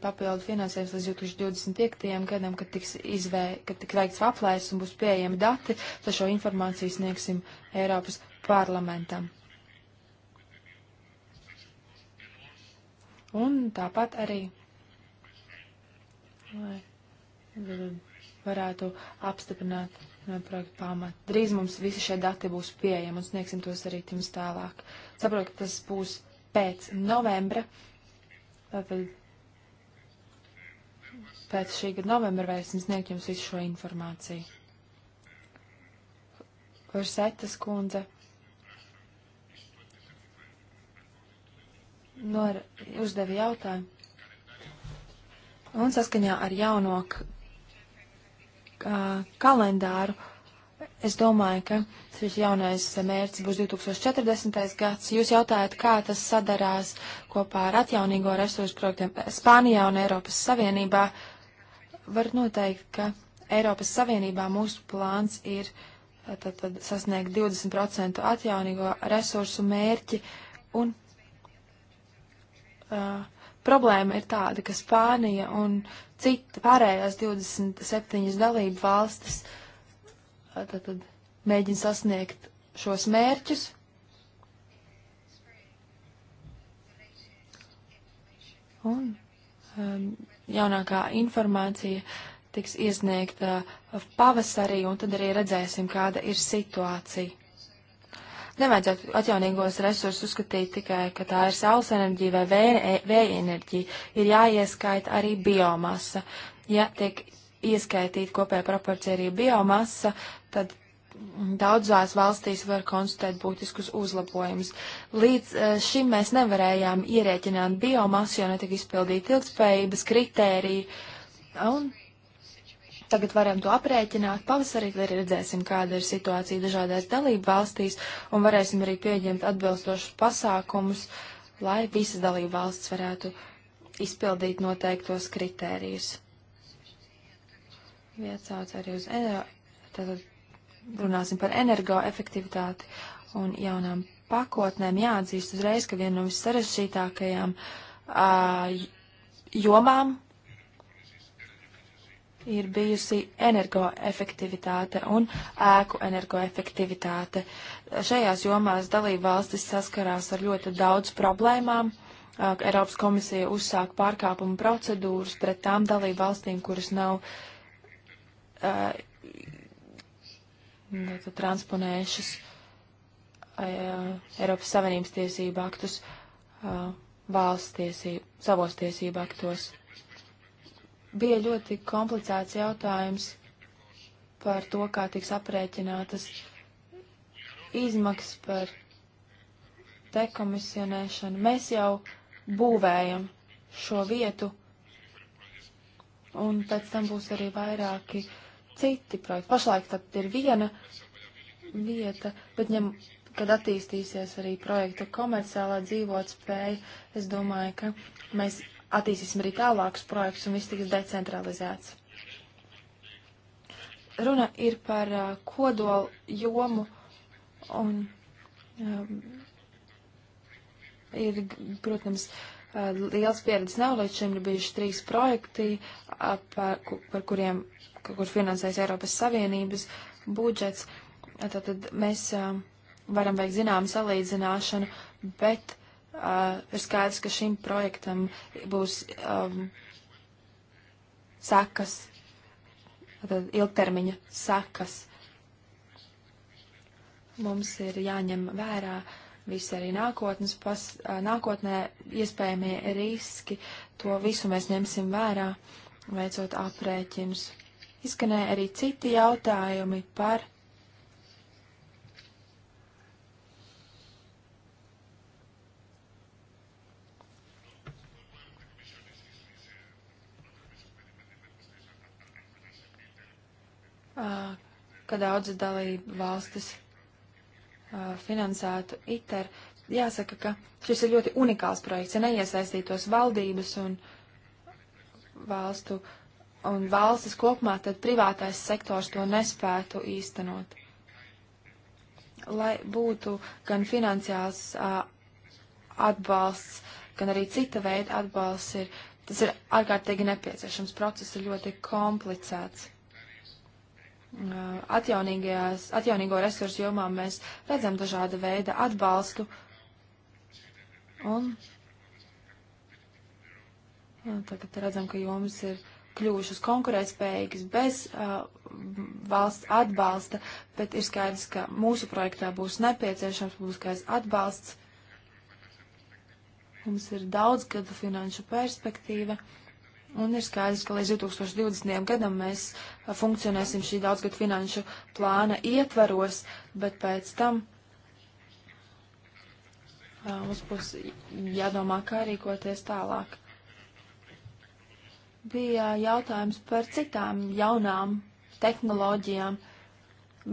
B: papildu finansējums līdz 2025. gadam, kad tiks, izvē, kad tiks veikts aplēses un būs pieejami dati, tad šo informāciju sniegsim Eiropas parlamentam. Un tāpat arī lai varētu apstiprināt projektu pamatu. Drīz mums visi šie dati būs pieejami un sniegsim tos arī jums tālāk. Saprotu, ka tas būs pēc novembra. Vēl pēc šī gada novembra varēsim sniegt jums visu šo informāciju. Ursetas kundze. Nor uzdevi jautājumu. Un saskaņā ar jauno kalendāru Es domāju, ka šis jaunais mērķis būs 2040. gads. Jūs jautājat, kā tas sadarās kopā ar atjaunīgo resursu projektiem Spānijā un Eiropas Savienībā. Var noteikt, ka Eiropas Savienībā mūsu plāns ir eh, tad, tad sasniegt 20% atjaunīgo resursu mērķi. Un, uh, problēma ir tāda, ka Spānija un cita pārējās 27 dalību valstis uh, tātad mēģina sasniegt šos mērķus. Un um, jaunākā informācija tiks iesniegta pavasarī, un tad arī redzēsim, kāda ir situācija. Nevajadzētu atjaunīgos resursus uzskatīt tikai, ka tā ir saules enerģija vai vēja e, enerģija. Ir jāieskaita arī biomasa. Ja tiek ieskaitīt kopējā proporcija arī biomasa, tad daudzās valstīs var konstatēt būtiskus uzlabojumus. Līdz eh, šim mēs nevarējām ierēķināt biomasu, jo netika izpildīti ilgspējības kritēriji. Un tagad varam to aprēķināt. Pavasarī redzēsim, kāda ir situācija dažādās dalību valstīs un varēsim arī pieņemt atbilstošus pasākumus, lai visas dalību valsts varētu izpildīt noteiktos kritērijus. Iecauc arī uz, e, tātad runāsim par energoefektivitāti un jaunām pakotnēm. Jāatzīst uzreiz, ka viena no vissarežģītākajām jomām ir bijusi energoefektivitāte un ēku energoefektivitāte. Šajās jomās dalība valstis saskarās ar ļoti daudz problēmām. Eiropas komisija uzsāk pārkāpumu procedūras pret tām dalību valstīm, kuras nav uh, uh, transponējušas uh, Eiropas Savienības tiesību aktus uh, valsts tiesību, savos tiesību aktos. Bija ļoti komplicēts jautājums par to, kā tiks aprēķinātas izmaksas par dekomisionēšanu. Mēs jau būvējam šo vietu, un pēc tam būs arī vairāki uh, citi projekti. Pašlaik tad ir viena vieta, bet ņem, kad attīstīsies arī projekta komerciālā dzīvotspēja, es domāju, ka mēs attīstīsim arī tālākus projektus un viss tiks decentralizēts. Runa ir par uh, kodolu jomu un um, ir, protams, uh, liels pieredzes nav, līdz šim ir bijuši trīs projekti, par, par kuriem, kur finansēs Eiropas Savienības budžets. Tātad mēs varam veikt zināmu salīdzināšanu, bet ir skaidrs, ka šim projektam būs um, sekas, ilgtermiņa sekas. Mums ir jāņem vērā uh, visi arī nākotnes, pas, nākotnē iespējamie riski, to visu mēs ņemsim vērā, veicot aprēķinus. Izskanēja arī citi jautājumi par ka daudz dalība valstis Uh, finansētu ITER. Jāsaka, ka šis ir ļoti unikāls projekts. Ja neiesaistītos valdības un valstu un valstis kopumā, tad privātais sektors to nespētu īstenot. Lai būtu gan finansiāls uh, atbalsts, gan arī cita veida atbalsts, ir, tas ir ārkārtīgi nepieciešams. Process ir ļoti komplicēts atjaunīgo resursu jomā mēs redzam dažāda veida atbalstu. Un tagad redzam, ka jomas ir kļuvušas konkurētspējīgas bez uh, valsts atbalsta, bet ir skaidrs, ka mūsu projektā būs nepieciešams publiskais atbalsts. Mums ir daudz gadu finanšu perspektīva. Uh, Un ir skaidrs, ka līdz 2020. gadam mēs funkcionēsim šī daudzgad finanšu plāna ietvaros, bet pēc tam mums būs jādomā, kā rīkoties tālāk. Bija jautājums par citām jaunām tehnoloģijām.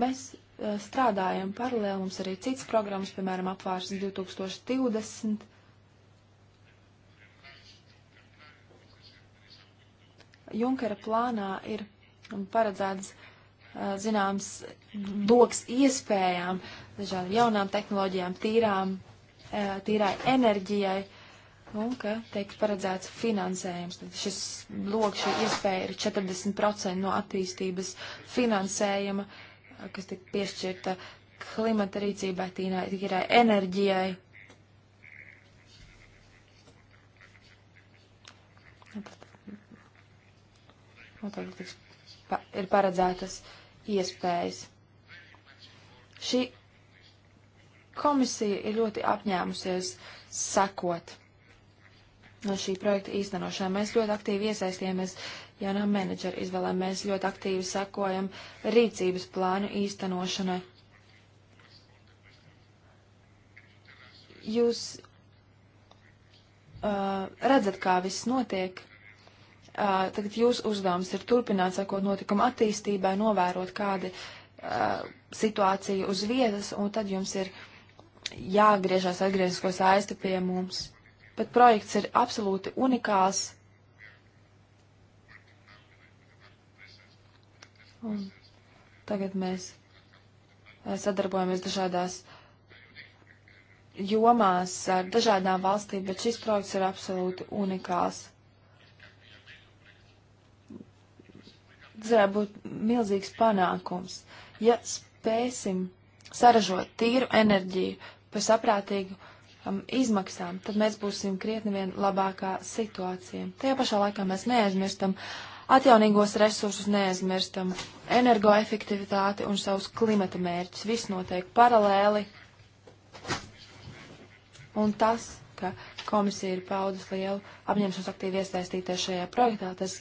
B: Mēs strādājam paralēli, mums arī cits programmas, piemēram, apvārsnes 2020 Junkera plānā ir paredzēts zināms loks iespējām, dažādām jaunām tehnoloģijām, tīrām, tīrai enerģijai, un ka tiek paredzēts finansējums. Tad šis loks, šī iespēja ir 40% no attīstības finansējuma, kas tiek piešķirta klimata rīcībai, tīrai enerģijai Noteikti nu, tiks, pa, ir paredzētas iespējas. Šī komisija ir ļoti apņēmusies sekot no šī projekta īstenošanā. Mēs ļoti aktīvi iesaistījāmies jaunā menedžera izvēlē. Mēs ļoti aktīvi sekojam rīcības plānu īstenošanai. Jūs uh, redzat, kā viss notiek. Uh, tagad jūsu uzdevums ir turpināt sekot notikuma attīstībai, novērot kādi uh, situācija uz vietas, un tad jums ir jāgriežās atgriezisko saisti pie mums. Bet projekts ir absolūti unikāls. Un tagad mēs sadarbojamies dažādās jomās ar dažādām valstīm, bet šis projekts ir absolūti unikāls. Tas varētu būt milzīgs panākums. Ja spēsim saražot tīru enerģiju par saprātīgu um, izmaksām, tad mēs būsim krietni vien labākā situācija. Tajā pašā laikā mēs neaizmirstam atjaunīgos resursus, neaizmirstam energoefektivitāti un savus klimata mērķus. Viss notiek paralēli. Un tas, ka komisija ir paudus lielu apņemšanos aktīvi iesaistīties šajā projektā, tas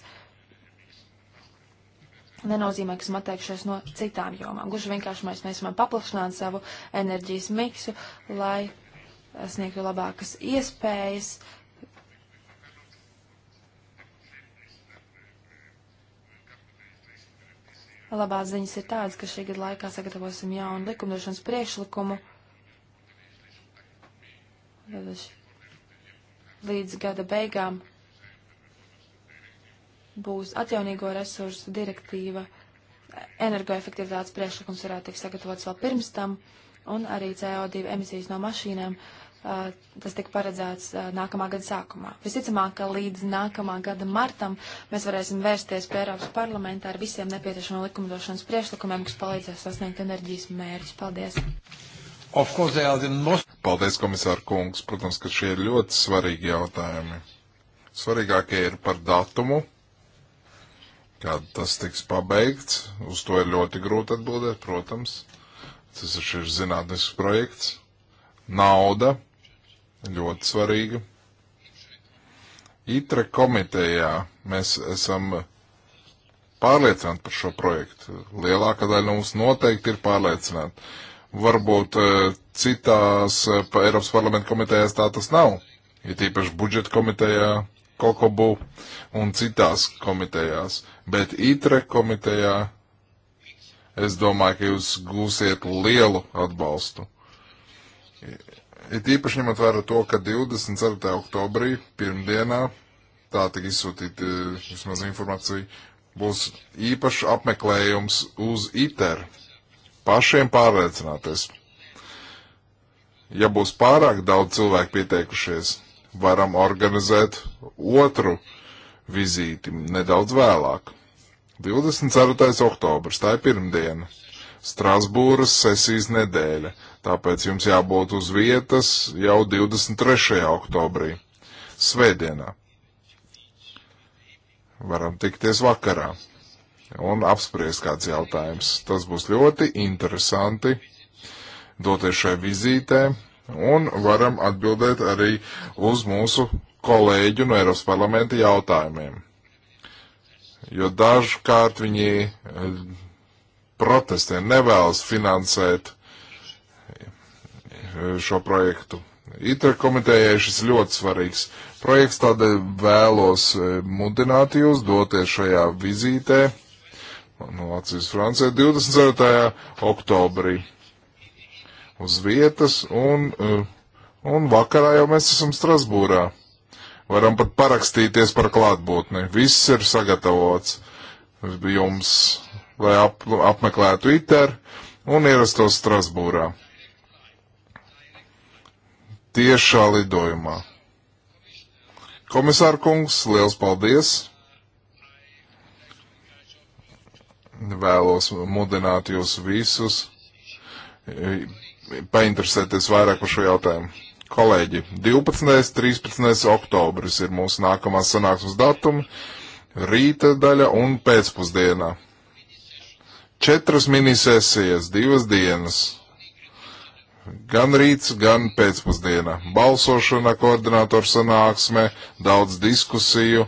B: nenozīmē, ka esam atteikšies no citām jomām. Gluži vienkārši mēs mēģinām paplašināt savu enerģijas miksu, lai sniegtu labākas iespējas. Labās ziņas ir tādas, ka šī gada laikā sagatavosim jaunu likumdošanas priekšlikumu. Līdz gada beigām būs atjaunīgo resursu direktīva, energoefektivitātes priekšlikums varētu tikt sagatavots vēl pirms tam, un arī CO2 emisijas no mašīnām. Uh, tas tika paredzēts uh, nākamā gada sākumā. Visticamāk, ka līdz nākamā gada martam mēs varēsim vērsties pie Eiropas parlamenta ar visiem nepieciešamiem likumdošanas priekšlikumiem, kas palīdzēs sasniegt enerģijas mērķus. Paldies!
A: Paldies, komisāra kungs. Protams, ka šie ir ļoti svarīgi jautājumi. Svarīgākie ir par datumu Kad tas tiks pabeigts, uz to ir ļoti grūti atbildēt, protams. Tas ir zinātnisks projekts. Nauda ļoti svarīga. ITRE komitejā mēs esam pārliecināti par šo projektu. Lielākā daļa no mums noteikti ir pārliecināta. Varbūt e, citās e, pa Eiropas parlamenta komitejās tā tas nav. Ir ja tīpaši budžeta komitejā, Kokobu un citās komitejās bet ITRE komitejā es domāju, ka jūs gūsiet lielu atbalstu. It īpaši ņemot vērā to, ka 24. oktobrī, pirmdienā, tā tika izsūtīta eh, vismaz informācija, būs īpašs apmeklējums uz ITER. Pašiem pārliecināties. Ja būs pārāk daudz cilvēku pieteikušies, varam organizēt otru uh, vizīti nedaudz vēlāk. 24. oktobrs, tā ir pirmdiena, Strasbūras sesijas nedēļa, tāpēc jums jābūt uz vietas jau 23. oktobrī, svētdienā. Varam tikties vakarā un apspriest kāds jautājums. Tas būs ļoti interesanti doties šai vizītē un varam atbildēt arī uz mūsu kolēģu no Eiropas parlamenta jautājumiem. Jo dažkārt viņi eh, protestē, nevēlas finansēt eh, šo projektu. ITRA komitejai šis ļoti svarīgs projekts, tādēļ vēlos eh, mudināt jūs doties šajā vizītē no Latvijas Francijā 24. oktobrī uz vietas un, un vakarā jau mēs esam Strasbūrā. Varam pat parakstīties par klātbūtni. Viss ir sagatavots jums, lai ap, apmeklētu ITER un ierastos Strasbūrā. Tiešā lidojumā. Komisār kungs, liels paldies! Vēlos mudināt jūs visus painteresēties vairāk par šo jautājumu. Kolēģi, 12. 13. oktobris ir mūsu nākamā sanāksmes datuma, rīta daļa un pēcpusdienā. Četras minisesijas, divas dienas. Gan rīts, gan pēcpusdiena. Balsošana, koordinātoru sanāksme, daudz diskusiju.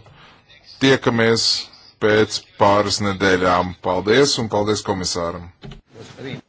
A: Tiekamies pēc pāris nedēļām. Paldies un paldies komisāram!
C: Arī.